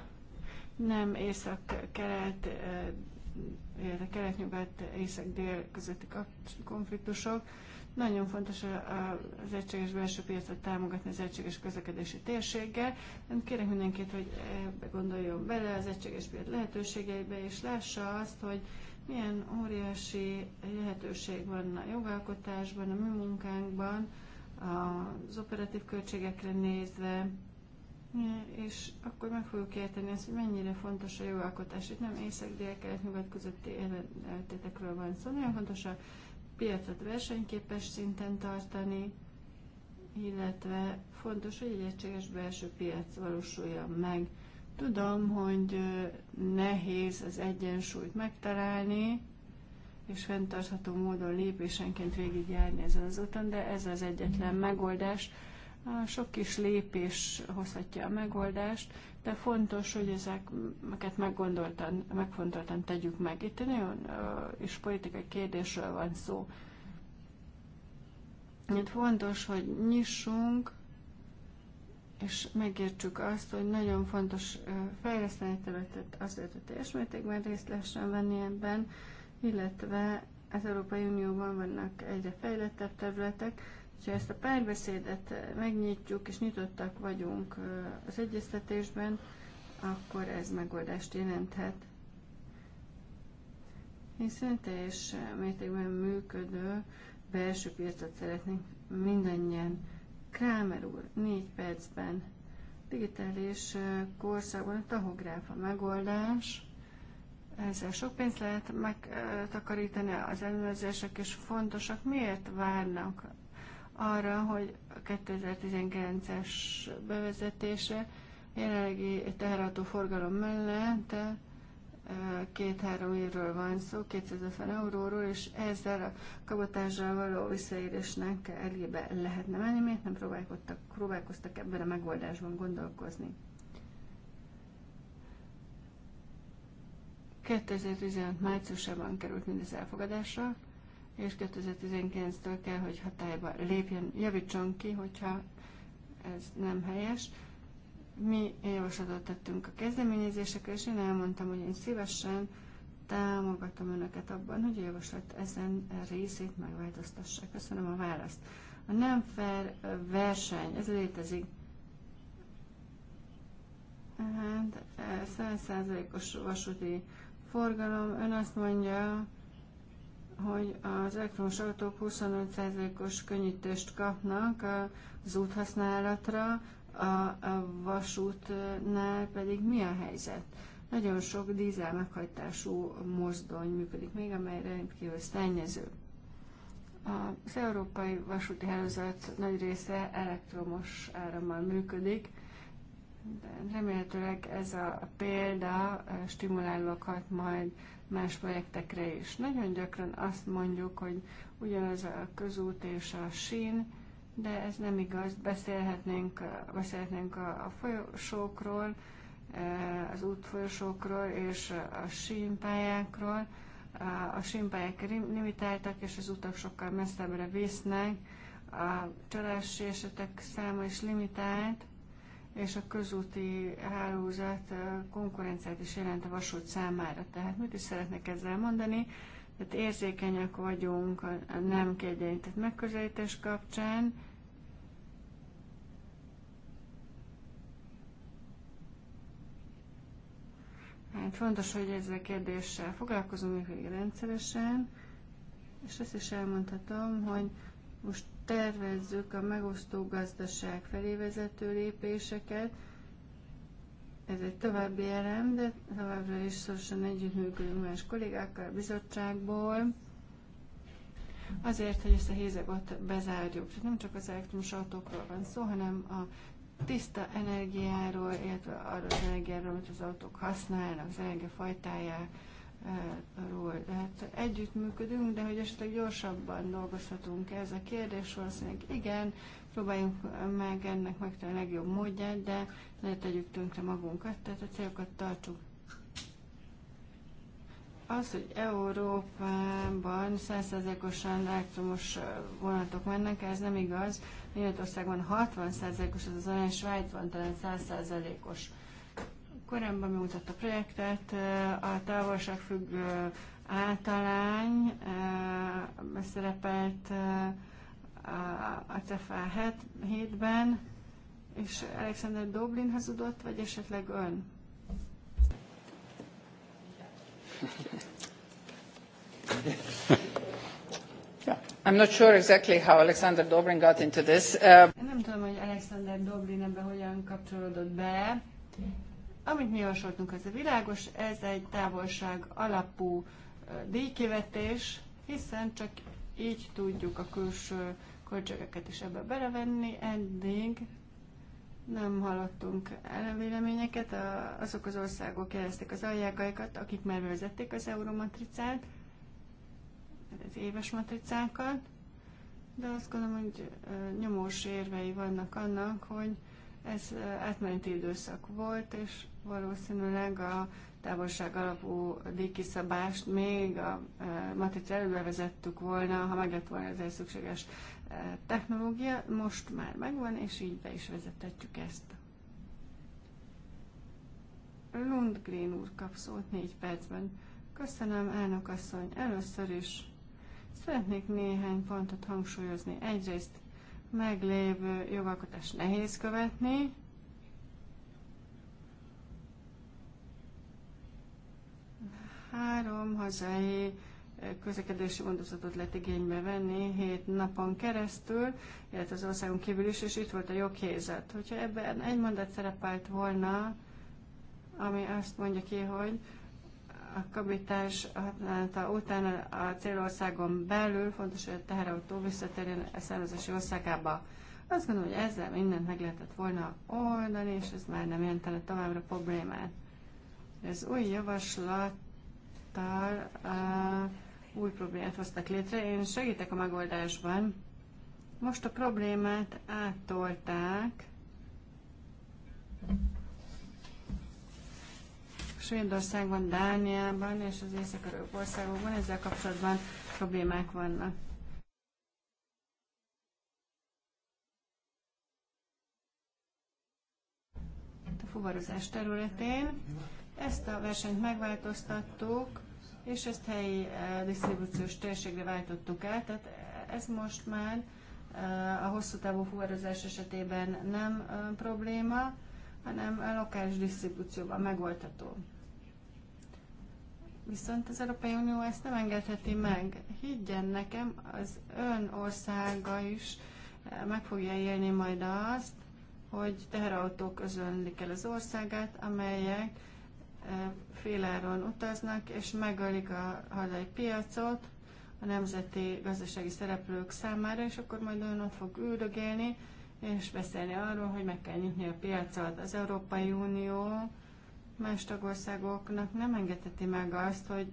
nem észak-kelet, eh, illetve kelet-nyugat, észak-dél közötti konfliktusok, nagyon fontos az egységes belső piacot támogatni az egységes közlekedési térséggel. Én kérek mindenkit, hogy ebbe gondoljon bele az egységes piac lehetőségeibe, és lássa azt, hogy milyen óriási lehetőség van a jogalkotásban, a mi munkánkban, az operatív költségekre nézve, és akkor meg fogjuk érteni azt, hogy mennyire fontos a jogalkotás. Itt nem észak dél kelet nyugat közötti van szó, szóval nagyon fontos a piacot versenyképes szinten tartani, illetve fontos, hogy egy egységes belső piac valósuljon meg. Tudom, hogy nehéz az egyensúlyt megtalálni, és fenntartható módon lépésenként végigjárni ezen az úton, de ez az egyetlen megoldás. A sok kis lépés hozhatja a megoldást, de fontos, hogy ezeket meggondoltan, megfontoltan tegyük meg. Itt egy nagyon uh, is politikai kérdésről van szó. Itt fontos, hogy nyissunk, és megértsük azt, hogy nagyon fontos fejleszteni területet azért, hogy teljes mértékben részt lehessen venni ebben, illetve az Európai Unióban vannak egyre fejlettebb területek, hogyha ezt a párbeszédet eh, megnyitjuk, és nyitottak vagyunk eh, az egyeztetésben, akkor ez megoldást jelenthet. Hiszen teljes eh, mértékben működő belső piacot szeretnénk mindannyian. Krámer úr, négy percben digitális korszakban a tahográf a megoldás. Ezzel sok pénzt lehet megtakarítani, az előzések is fontosak. Miért várnak arra, hogy a 2019-es bevezetése jelenlegi teherautó forgalom mellett két-három évről van szó, 250 euróról, és ezzel a kabotással való visszaérésnek elébe lehetne menni. Miért nem próbálkoztak, próbálkoztak ebben a megoldásban gondolkozni? 2016 márciusában került mindez elfogadásra, és 2019-től kell, hogy hatályba lépjen, javítson ki, hogyha ez nem helyes. Mi javaslatot tettünk a kezdeményezésekre, és én elmondtam, hogy én szívesen támogatom Önöket abban, hogy a javaslat ezen részét megváltoztassák. Köszönöm a választ. A nem fair verseny, ez létezik. Hát, 100%-os vasúti forgalom, ön azt mondja, hogy az elektromos autók 25%-os könnyítést kapnak az úthasználatra, a, a vasútnál pedig mi a helyzet? Nagyon sok dízel meghajtású mozdony működik még, amely rendkívül szennyező. Az európai vasúti hálózat nagy része elektromos árammal működik, remélhetőleg ez a példa stimulálva majd más projektekre is. Nagyon gyakran azt mondjuk, hogy ugyanaz a közút és a sín, de ez nem igaz. Beszélhetnénk, beszélhetnénk a, a folyosókról, az útfolyosókról és a sínpályákról. A sínpályák limitáltak, és az utak sokkal messzebbre visznek. A csalási esetek száma is limitált és a közúti hálózat konkurenciát is jelent a vasút számára. Tehát mit is szeretnék ezzel mondani? Tehát érzékenyek vagyunk a nem kiegyenlített megközelítés kapcsán, Hát fontos, hogy ezzel a kérdéssel foglalkozunk még rendszeresen, és azt is elmondhatom, hogy most tervezzük a megosztó gazdaság felé vezető lépéseket. Ez egy további elem, de továbbra is szorosan együttműködünk más kollégákkal a bizottságból. Azért, hogy ezt a hézegot bezárjuk. Tehát nem csak az elektromos autókról van szó, hanem a tiszta energiáról, illetve arról az energiáról, amit az autók használnak, az energiafajtájáról ról. Tehát együttműködünk, de hogy esetleg gyorsabban dolgozhatunk ez a kérdés, valószínűleg igen, próbáljunk meg ennek megtalálni a legjobb módját, de ne tegyük tönkre magunkat, tehát a célokat tartsuk. Az, hogy Európában százszerzékosan elektromos vonatok mennek, ez nem igaz. Németországban 60%-os az az arány, Svájcban talán 100%-os. Korábban bemutatta a projektet, a távolságfüggő általány szerepelt a CFA 7-ben, és Alexander Dublin hazudott, vagy esetleg ön? <laughs> I'm not sure exactly how Alexander Dobrin got into this. Uh... Nem tudom, hogy Alexander Dobrin ebbe hogyan kapcsolódott be. Amit mi javasoltunk, az a világos, ez egy távolság alapú díjkivetés, hiszen csak így tudjuk a külső költségeket is ebbe belevenni. Eddig nem hallottunk ellenvéleményeket, Azok az országok jelezték az aljágaikat, akik már vezették az euromatricát, az éves matricákat, de azt gondolom, hogy nyomós érvei vannak annak, hogy ez átmeneti időszak volt, és valószínűleg a távolság alapú díjkiszabást még a előbe vezettük volna, ha meg lett volna ez szükséges technológia. Most már megvan, és így be is vezetetjük ezt. Lundgren úr kap szót négy percben. Köszönöm, elnök asszony. Először is szeretnék néhány pontot hangsúlyozni. Egyrészt meglévő jogalkotás nehéz követni, három hazai eh, közlekedési gondozatot lehet igénybe venni hét napon keresztül, illetve az országon kívül is, és itt volt a joghézet. Hogyha ebben egy mondat szerepelt volna, ami azt mondja ki, hogy a kabitás használata után a célországon belül fontos, hogy a teherautó visszatérjen a származási országába. Azt gondolom, hogy ezzel mindent meg lehetett volna oldani, és ez már nem jelentene továbbra problémát. Az új javaslattal a új problémát hoztak létre. Én segítek a megoldásban. Most a problémát áttolták. Svédországban, Dániában és az észak országokban ezzel kapcsolatban problémák vannak. A fuvarozás területén ezt a versenyt megváltoztattuk, és ezt helyi eh, disztribúciós térségre váltottuk át, tehát ez most már eh, a hosszú távú fuvarozás esetében nem eh, probléma, hanem a lokális disztribúcióban megoldható. Viszont az Európai Unió ezt nem engedheti meg. Higgyen nekem, az ön országa is eh, meg fogja élni majd azt, hogy teherautók özönlik el az országát, amelyek eh, féláron utaznak, és megölik a hazai piacot a nemzeti gazdasági szereplők számára, és akkor majd ön ott fog üldögélni, és beszélni arról, hogy meg kell nyitni a piacot. Az Európai Unió más tagországoknak nem engedheti meg azt, hogy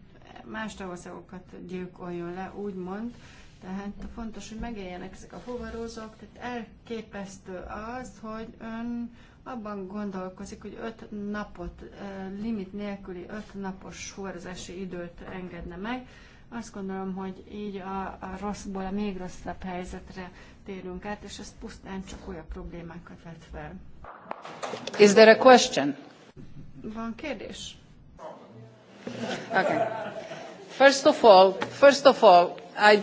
más tagországokat gyilkoljon le, úgymond. Tehát fontos, hogy megéljenek ezek a fuvarozók, tehát elképesztő az, hogy ön abban gondolkozik, hogy öt napot, limit nélküli öt napos fuvarozási időt engedne meg. Azt gondolom, hogy így a, a rosszból a még rosszabb helyzetre térünk át, és ez pusztán csak olyan problémákat vet fel. Is there a question? Van kérdés? Okay. First of all, first of all, I...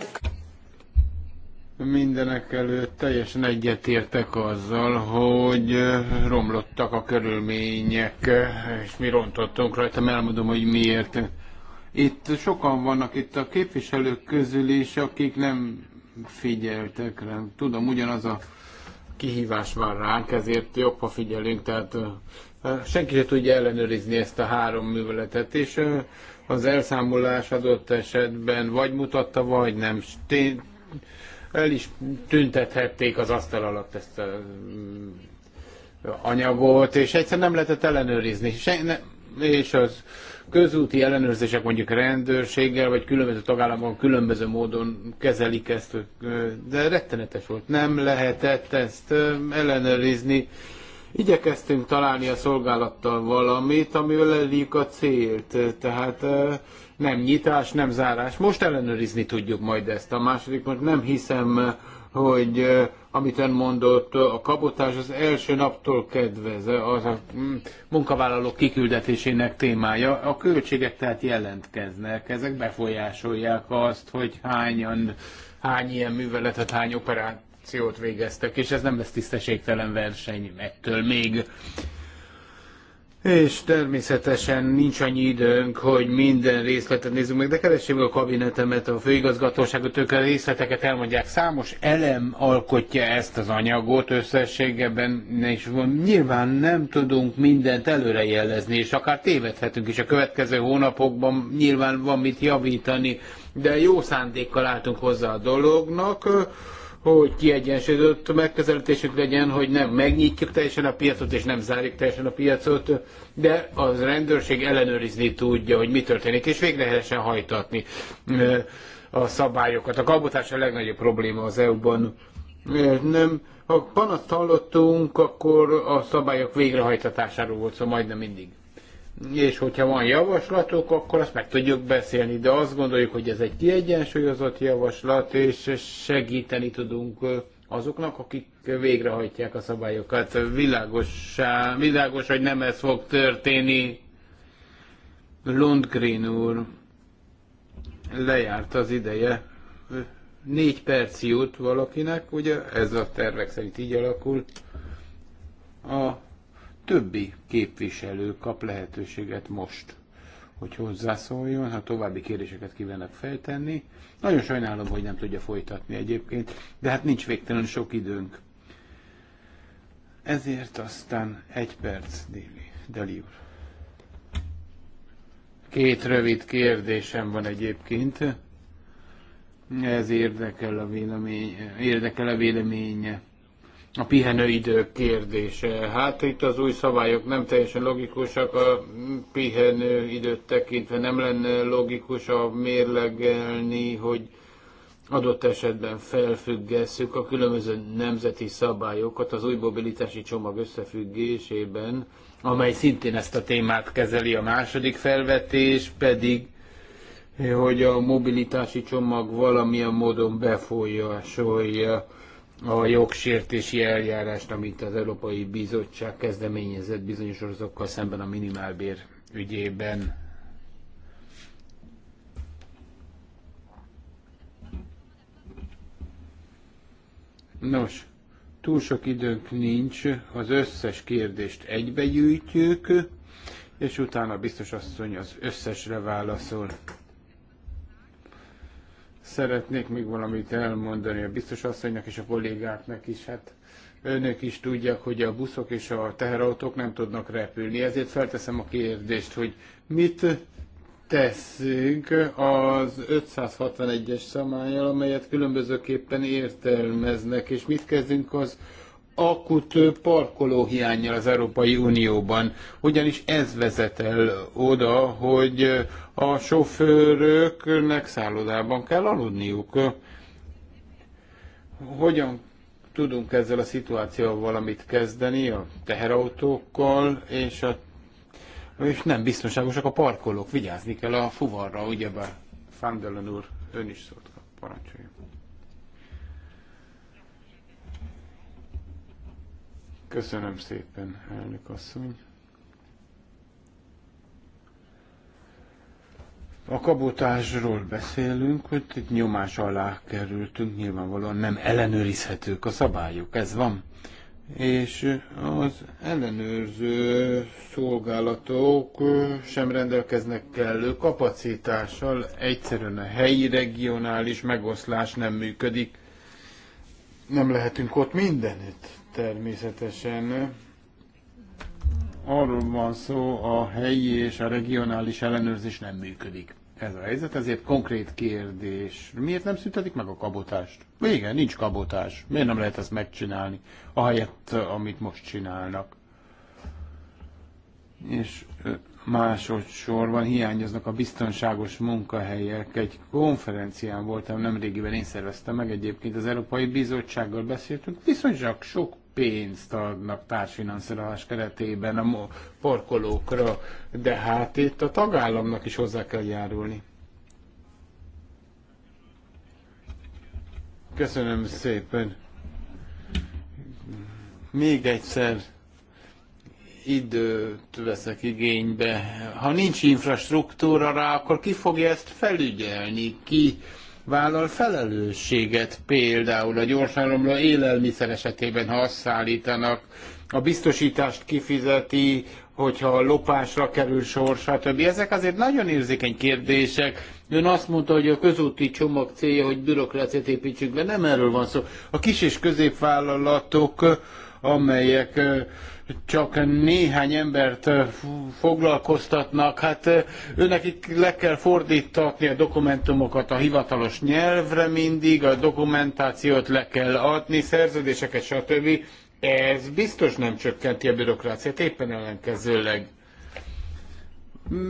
Mindenek előtt teljesen egyetértek azzal, hogy romlottak a körülmények, és mi rontottunk rajta, elmondom, hogy miért. Itt sokan vannak itt a képviselők közül is, akik nem figyeltek rám. Tudom, ugyanaz a kihívás van ránk, ezért jobb, ha figyelünk, tehát senki se tudja ellenőrizni ezt a három műveletet, és az elszámolás adott esetben vagy mutatta, vagy nem. el is tüntethették az asztal alatt ezt a mm, anyagot, és egyszer nem lehetett ellenőrizni. és az közúti ellenőrzések mondjuk rendőrséggel, vagy különböző tagállamban különböző módon kezelik ezt, de rettenetes volt. Nem lehetett ezt ellenőrizni Igyekeztünk találni a szolgálattal valamit, amivel elérjük a célt. Tehát nem nyitás, nem zárás. Most ellenőrizni tudjuk majd ezt. A második, mert nem hiszem, hogy amit ön mondott, a kabotás az első naptól kedvez, az a mm, munkavállalók kiküldetésének témája. A költségek tehát jelentkeznek, ezek befolyásolják azt, hogy hányan, hány ilyen műveletet, hány operát akciót végeztek, és ez nem lesz tisztességtelen verseny ettől még. És természetesen nincs annyi időnk, hogy minden részletet nézzük meg, de keressék meg a kabinetemet, a főigazgatóságot, ők a részleteket elmondják. Számos elem alkotja ezt az anyagot összességében, és nyilván nem tudunk mindent előrejelezni, és akár tévedhetünk is a következő hónapokban, nyilván van mit javítani, de jó szándékkal álltunk hozzá a dolognak hogy kiegyensúlyozott megközelítésük legyen, hogy nem megnyitjuk teljesen a piacot, és nem zárjuk teljesen a piacot, de az rendőrség ellenőrizni tudja, hogy mi történik, és végre lehessen hajtatni eh, a szabályokat. A kabotás a legnagyobb probléma az EU-ban. Eh, nem, ha panaszt hallottunk, akkor a szabályok végrehajtatásáról volt szó szóval majdnem mindig és hogyha van javaslatok, akkor azt meg tudjuk beszélni, de azt gondoljuk, hogy ez egy kiegyensúlyozott javaslat, és segíteni tudunk azoknak, akik végrehajtják a szabályokat. Világos, világos hogy nem ez fog történni. Lundgren úr, lejárt az ideje. Négy perc jut valakinek, ugye ez a tervek szerint így alakul. A többi képviselő kap lehetőséget most, hogy hozzászóljon, ha további kérdéseket kívánnak feltenni. Nagyon sajnálom, hogy nem tudja folytatni egyébként, de hát nincs végtelen sok időnk. Ezért aztán egy perc, Déli, Deli úr. Két rövid kérdésem van egyébként. Ez érdekel a, vélemény, érdekel a véleménye a pihenőidő kérdése. Hát itt az új szabályok nem teljesen logikusak, a pihenőidőt tekintve nem lenne logikus a mérlegelni, hogy adott esetben felfüggesszük a különböző nemzeti szabályokat az új mobilitási csomag összefüggésében, amely szintén ezt a témát kezeli. A második felvetés pedig, hogy a mobilitási csomag valamilyen módon befolyásolja a jogsértési eljárást, amit az Európai Bizottság kezdeményezett bizonyos országokkal szemben a minimálbér ügyében. Nos, túl sok időnk nincs, az összes kérdést egybegyűjtjük, és utána biztos asszony az összesre válaszol. Szeretnék még valamit elmondani a biztos asszonynak és a kollégáknak is. Hát önök is tudják, hogy a buszok és a teherautók nem tudnak repülni. Ezért felteszem a kérdést, hogy mit teszünk az 561-es szamájjal, amelyet különbözőképpen értelmeznek, és mit kezdünk az akut parkolóhiányjal az Európai Unióban, ugyanis ez vezet el oda, hogy a sofőröknek szállodában kell aludniuk. Hogyan tudunk ezzel a szituációval valamit kezdeni, a teherautókkal, és, a, és nem biztonságosak a parkolók, vigyázni kell a fuvarra, ugyebár Fandelen úr, ön is szólt, parancsoljon. Köszönöm szépen, elnök asszony. A kabotásról beszélünk, hogy itt nyomás alá kerültünk, nyilvánvalóan nem ellenőrizhetők a szabályok, ez van. És az ellenőrző szolgálatok sem rendelkeznek kellő kapacitással, egyszerűen a helyi regionális megoszlás nem működik. Nem lehetünk ott mindenütt természetesen. Arról van szó, a helyi és a regionális ellenőrzés nem működik. Ez a helyzet, ezért konkrét kérdés. Miért nem szüntetik meg a kabotást? Igen, nincs kabotás. Miért nem lehet ezt megcsinálni? Ahelyett, amit most csinálnak. És másodszorban hiányoznak a biztonságos munkahelyek. Egy konferencián voltam nemrégiben, én szerveztem meg egyébként az Európai Bizottsággal beszéltünk, viszonylag sok pénzt adnak társfinanszírozás keretében a parkolókra, de hát itt a tagállamnak is hozzá kell járulni. Köszönöm szépen. Még egyszer időt veszek igénybe. Ha nincs infrastruktúra rá, akkor ki fogja ezt felügyelni? Ki vállal felelősséget például a gyorsáramló élelmiszer esetében, ha azt szállítanak, a biztosítást kifizeti, hogyha a lopásra kerül sor, stb. Ezek azért nagyon érzékeny kérdések. Ön azt mondta, hogy a közúti csomag célja, hogy bürokráciát építsünk be, nem erről van szó. A kis és középvállalatok, amelyek csak néhány embert foglalkoztatnak, hát őnekik le kell fordítatni a dokumentumokat a hivatalos nyelvre mindig, a dokumentációt le kell adni, szerződéseket, stb. Ez biztos nem csökkenti a bürokráciát, éppen ellenkezőleg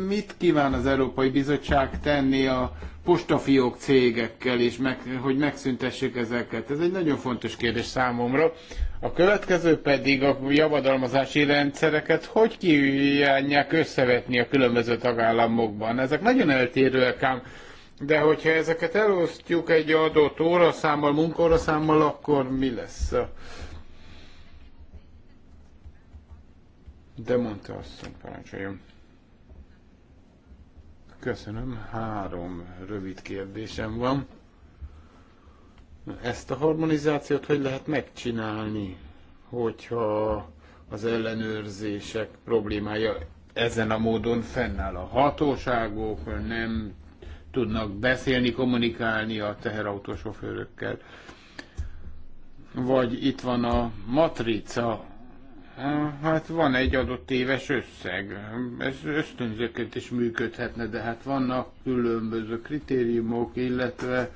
Mit kíván az Európai Bizottság tenni a postafiók cégekkel, és meg, hogy megszüntessék ezeket? Ez egy nagyon fontos kérdés számomra. A következő pedig a javadalmazási rendszereket hogy kívánják összevetni a különböző tagállamokban? Ezek nagyon eltérőek ám, de hogyha ezeket elosztjuk egy adott óraszámmal, munkaóraszámmal, akkor mi lesz? De mondta azt, parancsoljon. Köszönöm. Három rövid kérdésem van. Ezt a harmonizációt hogy lehet megcsinálni, hogyha az ellenőrzések problémája ezen a módon fennáll a hatóságok, nem tudnak beszélni, kommunikálni a teherautósofőrökkel. Vagy itt van a matrica Hát van egy adott éves összeg. Ez ösztönzőként is működhetne, de hát vannak különböző kritériumok, illetve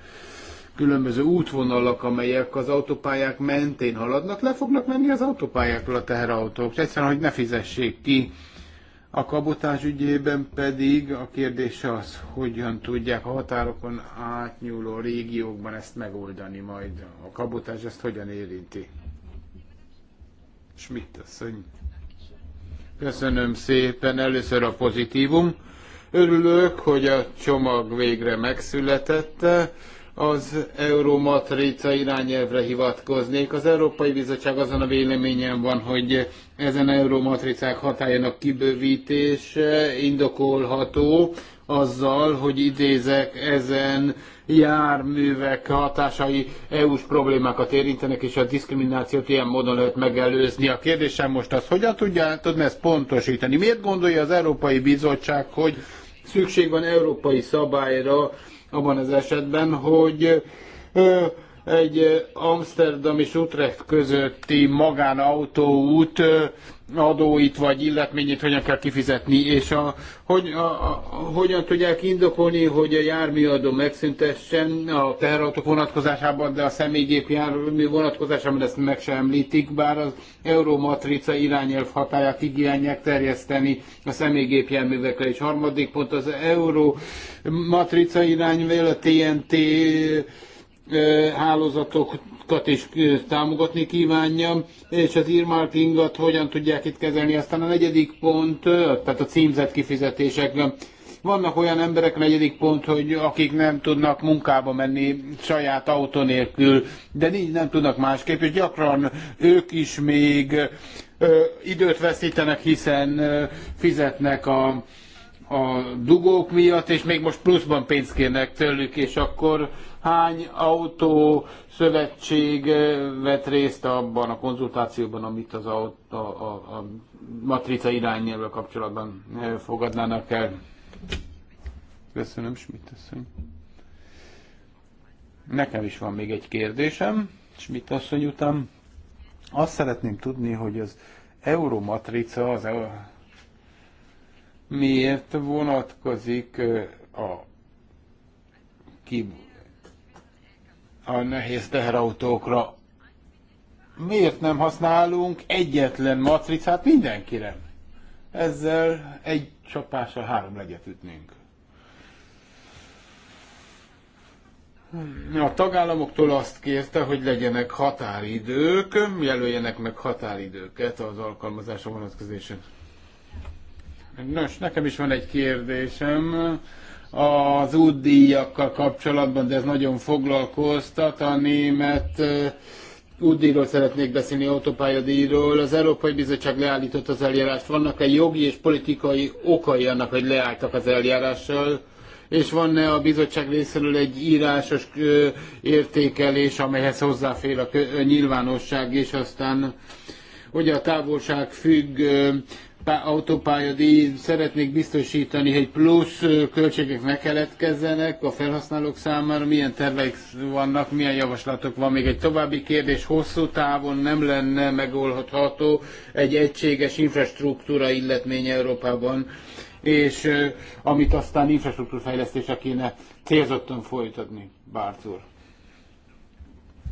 különböző útvonalak, amelyek az autópályák mentén haladnak, le fognak menni az autópályákról a teherautók. Egyszerűen, hogy ne fizessék ki. A kabotás ügyében pedig a kérdés az, hogyan tudják a határokon átnyúló régiókban ezt megoldani majd. A kabotás ezt hogyan érinti? Schmidt asszony. Köszönöm szépen. Először a pozitívum. Örülök, hogy a csomag végre megszületett. Az Euromatrica irányelvre hivatkoznék. Az Európai Bizottság azon a véleményen van, hogy ezen Euromatricák hatájának kibővítése indokolható, azzal, hogy idézek ezen járművek hatásai EU-s problémákat érintenek, és a diszkriminációt ilyen módon lehet megelőzni. A kérdésem most az, hogyan tudja, tudna ezt pontosítani? Miért gondolja az Európai Bizottság, hogy szükség van európai szabályra abban az esetben, hogy egy Amsterdam és Utrecht közötti magánautóút adóit vagy illetményét hogyan kell kifizetni, és a, hogy, a, a, hogyan tudják indokolni, hogy a járműadó megszüntessen a teherautók vonatkozásában, de a személygép jármű vonatkozásában ezt meg sem említik, bár az Euromatrica irányelv hatáját igényelják terjeszteni a személygép járművekre. is. harmadik pont az Euromatrica irányvél, a TNT hálózatokat is támogatni kívánja, és az earmarkingot hogyan tudják itt kezelni. Aztán a negyedik pont, tehát a címzett kifizetésekben. Vannak olyan emberek, negyedik pont, hogy akik nem tudnak munkába menni saját autó nélkül, de így nem tudnak másképp, és gyakran ők is még ö, időt veszítenek, hiszen ö, fizetnek a a dugók miatt, és még most pluszban pénzt kérnek tőlük, és akkor hány autó szövetség eh, vett részt abban a konzultációban, amit az a, a, a, a matrica irányelvvel kapcsolatban eh, fogadnának el? Köszönöm, Schmidt asszony. Nekem is van még egy kérdésem, Schmidt asszony után. Azt szeretném tudni, hogy az Euromatrica, az miért vonatkozik a, ki, a nehéz teherautókra. Miért nem használunk egyetlen matricát mindenkire? Ezzel egy csapással három legyet ütnénk. A tagállamoktól azt kérte, hogy legyenek határidők, jelöljenek meg határidőket az alkalmazásra vonatkozásra. Nos, nekem is van egy kérdésem az útdíjakkal kapcsolatban, de ez nagyon foglalkoztat a német útdíjról szeretnék beszélni, autópályadíjról. Az Európai Bizottság leállított az eljárást. Vannak-e jogi és politikai okai annak, hogy leálltak az eljárással? És van-e a bizottság részéről egy írásos értékelés, amelyhez hozzáfér a nyilvánosság, és aztán ugye a távolság függ autópályadíj szeretnék biztosítani, hogy plusz költségek ne keletkezzenek a felhasználók számára, milyen tervek vannak, milyen javaslatok van. Még egy további kérdés, hosszú távon nem lenne megoldható egy egységes infrastruktúra illetmény Európában, és amit aztán infrastruktúrfejlesztésre kéne célzottan folytatni, Bárc úr.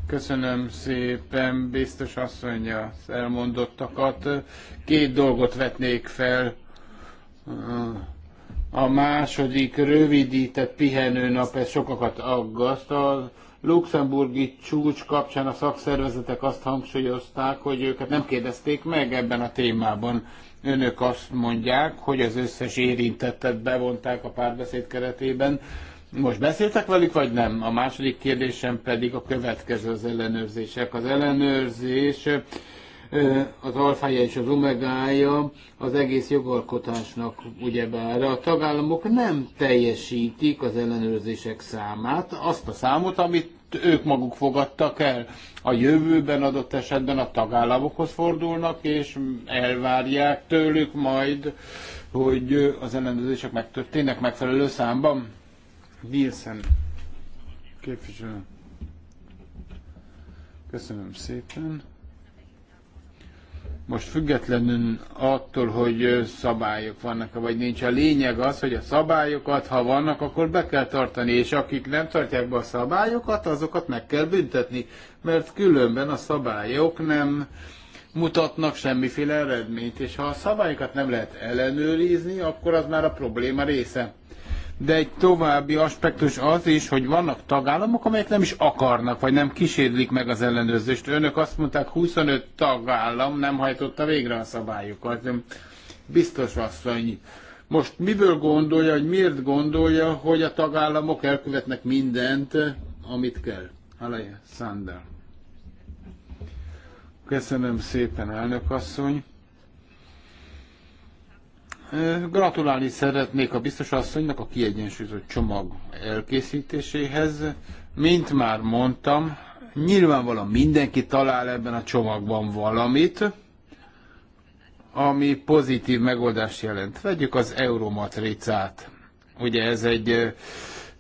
Köszönöm szépen, biztos asszony, az elmondottakat. Két dolgot vetnék fel. A második rövidített pihenőnap, ez sokakat aggaszt. A luxemburgi csúcs kapcsán a szakszervezetek azt hangsúlyozták, hogy őket nem kérdezték meg ebben a témában. Önök azt mondják, hogy az összes érintettet bevonták a párbeszéd keretében. Most beszéltek velük, vagy nem? A második kérdésem pedig a következő az ellenőrzések. Az ellenőrzés az alfája és az omegája az egész jogalkotásnak ugyebár a tagállamok nem teljesítik az ellenőrzések számát, azt a számot, amit ők maguk fogadtak el. A jövőben adott esetben a tagállamokhoz fordulnak, és elvárják tőlük majd, hogy az ellenőrzések megtörténnek megfelelő számban. Nielsen képviselő. Köszönöm szépen. Most függetlenül attól, hogy szabályok vannak, vagy nincs, a lényeg az, hogy a szabályokat, ha vannak, akkor be kell tartani, és akik nem tartják be a szabályokat, azokat meg kell büntetni, mert különben a szabályok nem mutatnak semmiféle eredményt, és ha a szabályokat nem lehet ellenőrizni, akkor az már a probléma része de egy további aspektus az is, hogy vannak tagállamok, amelyek nem is akarnak, vagy nem kísérlik meg az ellenőrzést. Önök azt mondták, 25 tagállam nem hajtotta végre a szabályokat. Biztos asszony, most miből gondolja, hogy miért gondolja, hogy a tagállamok elkövetnek mindent, amit kell? Halaja, Sander. Köszönöm szépen, elnök asszony. Gratulálni szeretnék a biztos asszonynak a kiegyensúlyozott csomag elkészítéséhez. Mint már mondtam, nyilvánvalóan mindenki talál ebben a csomagban valamit, ami pozitív megoldást jelent. Vegyük az Euromatricát. Ugye ez egy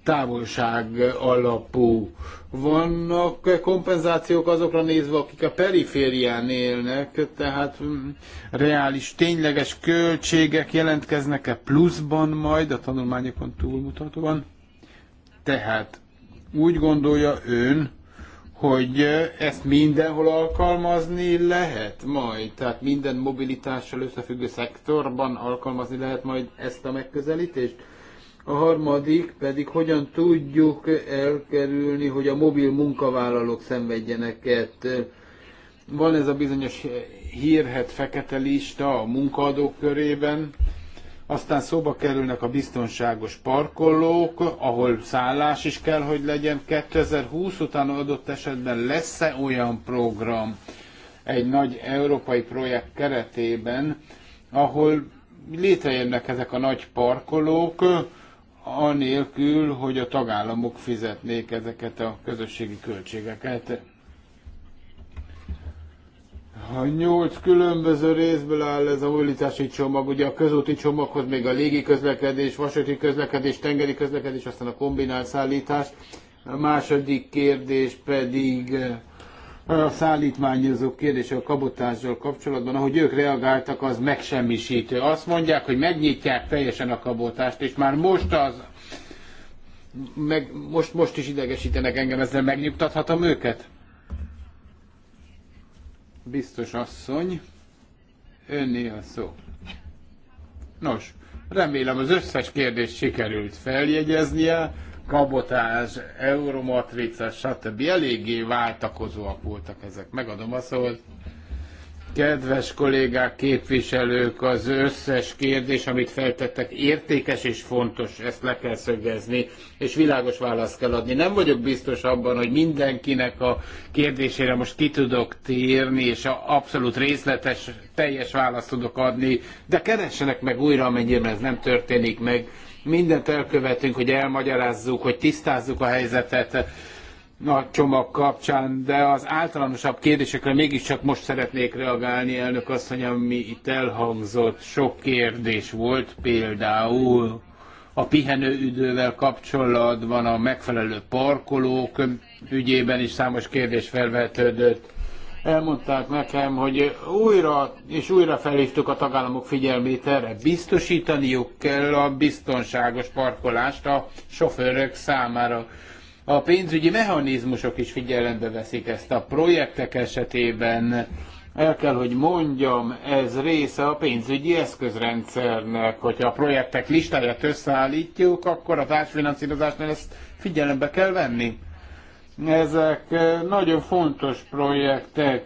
távolság alapú. Vannak kompenzációk azokra nézve, akik a periférián élnek, tehát mm, reális, tényleges költségek jelentkeznek-e pluszban majd a tanulmányokon túlmutatóan? Tehát úgy gondolja ön, hogy ezt mindenhol alkalmazni lehet majd? Tehát minden mobilitással összefüggő szektorban alkalmazni lehet majd ezt a megközelítést? A harmadik pedig, hogyan tudjuk elkerülni, hogy a mobil munkavállalók szenvedjenek ettől. Van ez a bizonyos hírhet fekete lista a munkaadók körében, aztán szóba kerülnek a biztonságos parkolók, ahol szállás is kell, hogy legyen. 2020 után adott esetben lesz-e olyan program egy nagy európai projekt keretében, ahol létrejönnek ezek a nagy parkolók, anélkül, hogy a tagállamok fizetnék ezeket a közösségi költségeket. A nyolc különböző részből áll ez a mobilitási csomag, ugye a közúti csomaghoz még a légi közlekedés, vasúti közlekedés, tengeri közlekedés, aztán a kombinált szállítás. A második kérdés pedig a szállítmányozók kérdése a kabotással kapcsolatban, ahogy ők reagáltak, az megsemmisítő. Azt mondják, hogy megnyitják teljesen a kabotást, és már most az meg most, most is idegesítenek engem, ezzel megnyugtathatom őket? Biztos asszony, önné a szó. Nos, remélem az összes kérdést sikerült feljegyeznie, kabotáz, euromatrica, stb. eléggé váltakozóak voltak ezek. Megadom a szót. Kedves kollégák, képviselők, az összes kérdés, amit feltettek, értékes és fontos, ezt le kell szögezni, és világos választ kell adni. Nem vagyok biztos abban, hogy mindenkinek a kérdésére most ki tudok térni, és abszolút részletes, teljes választ tudok adni, de keressenek meg újra, amennyiben ez nem történik meg. Mindent elkövetünk, hogy elmagyarázzuk, hogy tisztázzuk a helyzetet, nagy csomag kapcsán, de az általánosabb kérdésekre mégiscsak most szeretnék reagálni, elnök asszony, ami itt elhangzott. Sok kérdés volt például a pihenő idővel kapcsolatban a megfelelő parkolók ügyében is számos kérdés felvetődött. Elmondták nekem, hogy újra és újra felhívtuk a tagállamok figyelmét erre. Biztosítaniuk kell a biztonságos parkolást a sofőrök számára a pénzügyi mechanizmusok is figyelembe veszik ezt a projektek esetében. El kell, hogy mondjam, ez része a pénzügyi eszközrendszernek. Hogyha a projektek listáját összeállítjuk, akkor a társfinanszírozásnál ezt figyelembe kell venni. Ezek nagyon fontos projektek,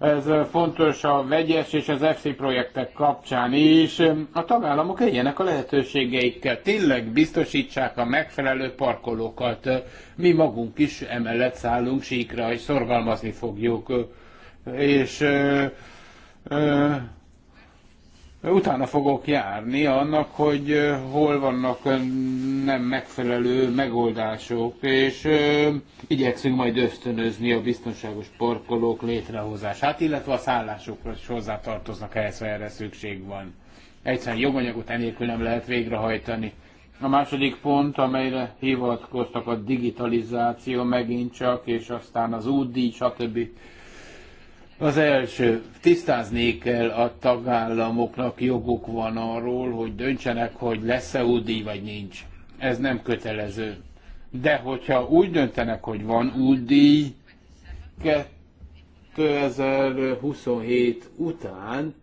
ez fontos a vegyes és az FC projektek kapcsán is. A tagállamok éljenek a lehetőségeikkel, tényleg biztosítsák a megfelelő parkolókat. Mi magunk is emellett szállunk síkra, és szorgalmazni fogjuk. És ö, ö, utána fogok járni annak, hogy hol vannak nem megfelelő megoldások, és igyekszünk majd ösztönözni a biztonságos parkolók létrehozását, illetve a szállásokra is hozzátartoznak ehhez, ha erre szükség van. Egyszerűen joganyagot enélkül nem lehet végrehajtani. A második pont, amelyre hivatkoztak a digitalizáció megint csak, és aztán az útdíj, stb. Az első, tisztázni kell a tagállamoknak joguk van arról, hogy döntsenek, hogy lesz-e údíj vagy nincs. Ez nem kötelező. De hogyha úgy döntenek, hogy van údíj 2027 után,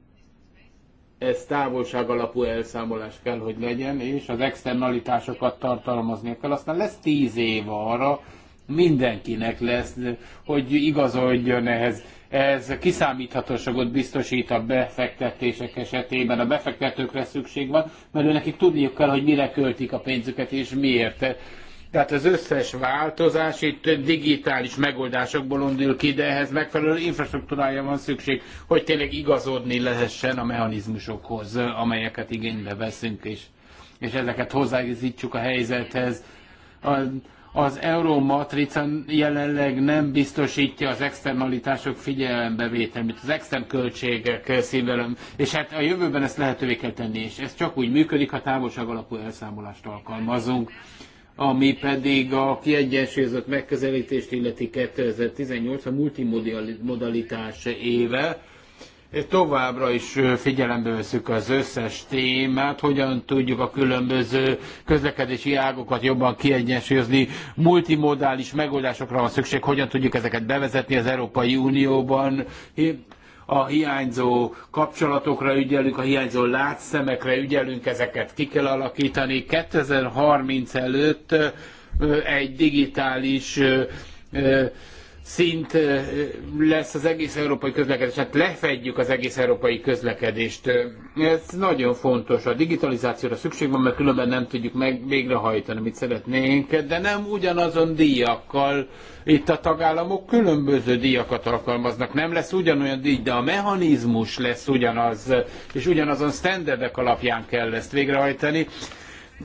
ez távolság alapú elszámolás kell, hogy legyen, és az externalitásokat tartalmazni kell. Aztán lesz tíz év arra, mindenkinek lesz, hogy igazodjon ehhez ez kiszámíthatóságot biztosít a befektetések esetében. A befektetőkre szükség van, mert nekik tudniuk kell, hogy mire költik a pénzüket és miért. Tehát az összes változás itt digitális megoldásokból indul ki, de ehhez megfelelő infrastruktúrája van szükség, hogy tényleg igazodni lehessen a mechanizmusokhoz, amelyeket igénybe veszünk, és, és ezeket hozzáigazítsuk a helyzethez. A, az Euromatrica jelenleg nem biztosítja az externalitások figyelembevételét, az extern költségek színvelem, és hát a jövőben ezt lehetővé kell tenni, és ez csak úgy működik, ha távolság alapú elszámolást alkalmazunk ami pedig a kiegyensúlyozott megközelítést illeti 2018 a multimodalitás éve, továbbra is figyelembe veszük az összes témát, hogyan tudjuk a különböző közlekedési ágokat jobban kiegyensúlyozni, multimodális megoldásokra van szükség, hogyan tudjuk ezeket bevezetni az Európai Unióban, a hiányzó kapcsolatokra ügyelünk, a hiányzó látszemekre ügyelünk, ezeket ki kell alakítani. 2030 előtt egy digitális szint lesz az egész európai közlekedés, hát lefedjük az egész európai közlekedést. Ez nagyon fontos. A digitalizációra szükség van, mert különben nem tudjuk meg végrehajtani, mit szeretnénk, de nem ugyanazon díjakkal. Itt a tagállamok különböző díjakat alkalmaznak. Nem lesz ugyanolyan díj, de a mechanizmus lesz ugyanaz, és ugyanazon standardek alapján kell ezt végrehajtani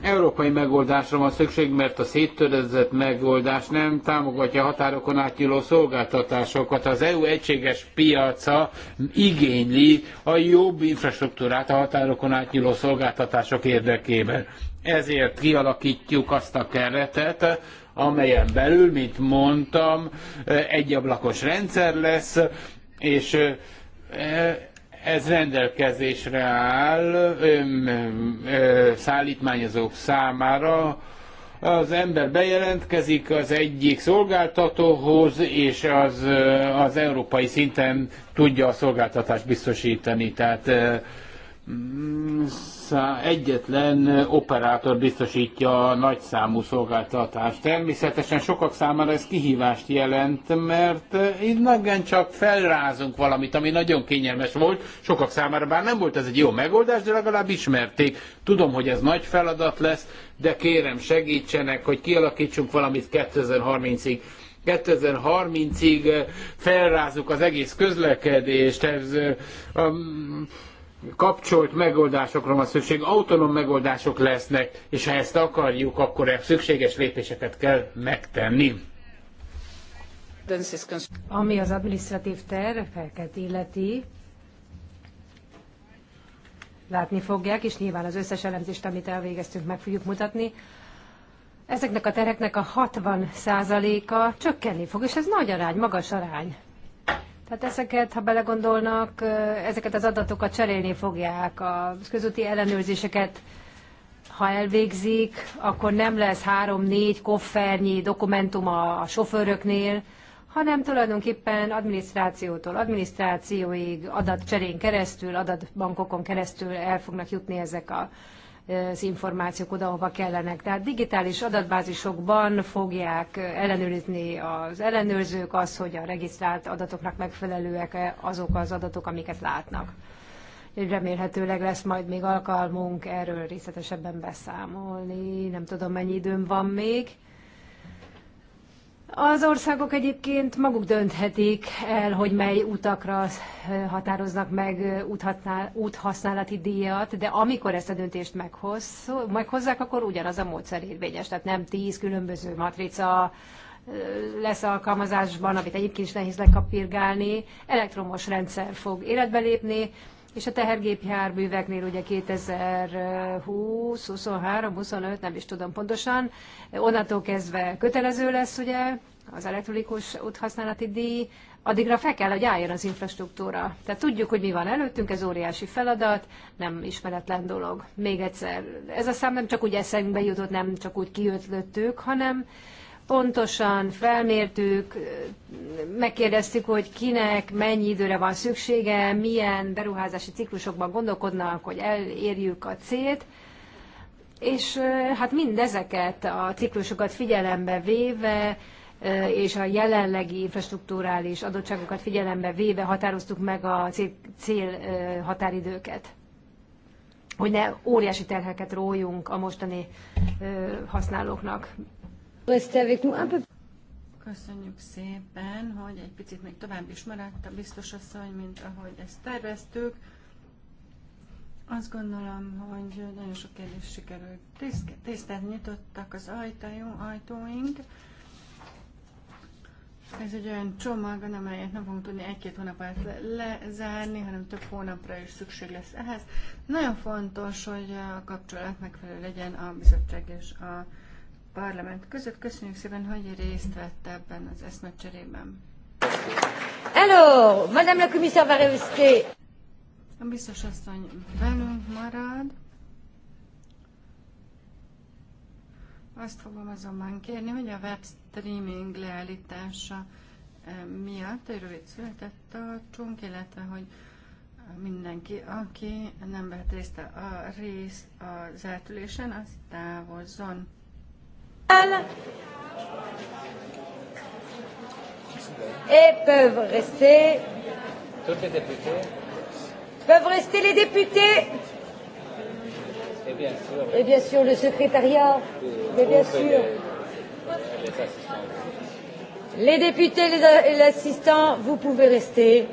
európai megoldásra van szükség, mert a széttörezett megoldás nem támogatja határokon átnyúló szolgáltatásokat. Az EU egységes piaca igényli a jobb infrastruktúrát a határokon átnyúló szolgáltatások érdekében. Ezért kialakítjuk azt a keretet, amelyen belül, mint mondtam, egyablakos rendszer lesz, és ez rendelkezésre áll szállítmányozók számára. Az ember bejelentkezik az egyik szolgáltatóhoz, és az, az európai szinten tudja a szolgáltatást biztosítani. Tehát Mm, egyetlen operátor biztosítja a nagyszámú szolgáltatást. Természetesen sokak számára ez kihívást jelent, mert itt nagyon csak felrázunk valamit, ami nagyon kényelmes volt. Sokak számára bár nem volt ez egy jó megoldás, de legalább ismerték. Tudom, hogy ez nagy feladat lesz, de kérem segítsenek, hogy kialakítsunk valamit 2030-ig. 2030-ig felrázunk az egész közlekedést, ez, um, kapcsolt megoldásokra van szükség, autonóm megoldások lesznek, és ha ezt akarjuk, akkor ebb szükséges lépéseket kell megtenni. Ami az adminisztratív terveket illeti, látni fogják, és nyilván az összes elemzést, amit elvégeztünk, meg fogjuk mutatni. Ezeknek a tereknek a 60%-a csökkenni fog, és ez nagy arány, magas arány. Tehát ezeket, ha belegondolnak, ezeket az adatokat cserélni fogják, a közúti ellenőrzéseket ha elvégzik, akkor nem lesz három-négy koffernyi dokumentum a sofőröknél, hanem tulajdonképpen adminisztrációtól adminisztrációig, adatcserén keresztül, adatbankokon keresztül el fognak jutni ezek a az információk oda, ahova kellenek. Tehát digitális adatbázisokban fogják ellenőrizni az ellenőrzők az, hogy a regisztrált adatoknak megfelelőek -e azok az adatok, amiket látnak. Remélhetőleg lesz majd még alkalmunk erről részletesebben beszámolni. Nem tudom, mennyi időm van még. Az országok egyébként maguk dönthetik el, hogy mely utakra eh, határoznak meg eh, úthasználati díjat, de amikor ezt a döntést meghoz, meghozzák, akkor ugyanaz a módszer érvényes. Tehát nem tíz különböző matrica eh, lesz alkalmazásban, amit egyébként is nehéz lekapirgálni. Elektromos rendszer fog életbe lépni, és a tehergépjárműveknél ugye 2020, 23, 25, nem is tudom pontosan, onnantól kezdve kötelező lesz ugye az elektronikus úthasználati díj, addigra fel kell, hogy álljon az infrastruktúra. Tehát tudjuk, hogy mi van előttünk, ez óriási feladat, nem ismeretlen dolog. Még egyszer, ez a szám nem csak úgy eszembe jutott, nem csak úgy kiötlöttük, hanem pontosan felmértük, megkérdeztük, hogy kinek mennyi időre van szüksége, milyen beruházási ciklusokban gondolkodnak, hogy elérjük a célt, és hát mindezeket a ciklusokat figyelembe véve, és a jelenlegi infrastruktúrális adottságokat figyelembe véve határoztuk meg a cél határidőket hogy ne óriási terheket rójunk a mostani használóknak. Köszönjük szépen, hogy egy picit még tovább is maradt a biztos asszony, mint ahogy ezt terveztük. Azt gondolom, hogy nagyon sok kérdés sikerült. Tisztelt nyitottak az ajtajó, ajtóink. Ez egy olyan csomag, amelyet nem fogunk tudni egy-két hónap alatt lezárni, hanem több hónapra is szükség lesz ehhez. Nagyon fontos, hogy a kapcsolat megfelelő legyen a bizottság és a Parlament között. Köszönjük szépen, hogy részt vett ebben az eszmecserében. Hello, Madame la Commissaire va rester. A biztos asszony velünk marad. Azt fogom azonban kérni, hogy a web streaming leállítása eh, miatt egy rövid született tartsunk, illetve hogy mindenki, aki nem vett részt a, rész az eltülésen, az távozzon salle et peuvent rester. Toutes les députées. Peuvent rester les députés. Et bien sûr. Et bien sûr le secrétariat. Mais bien sûr. Les, les, assistants. les députés les, les assistants, vous pouvez rester.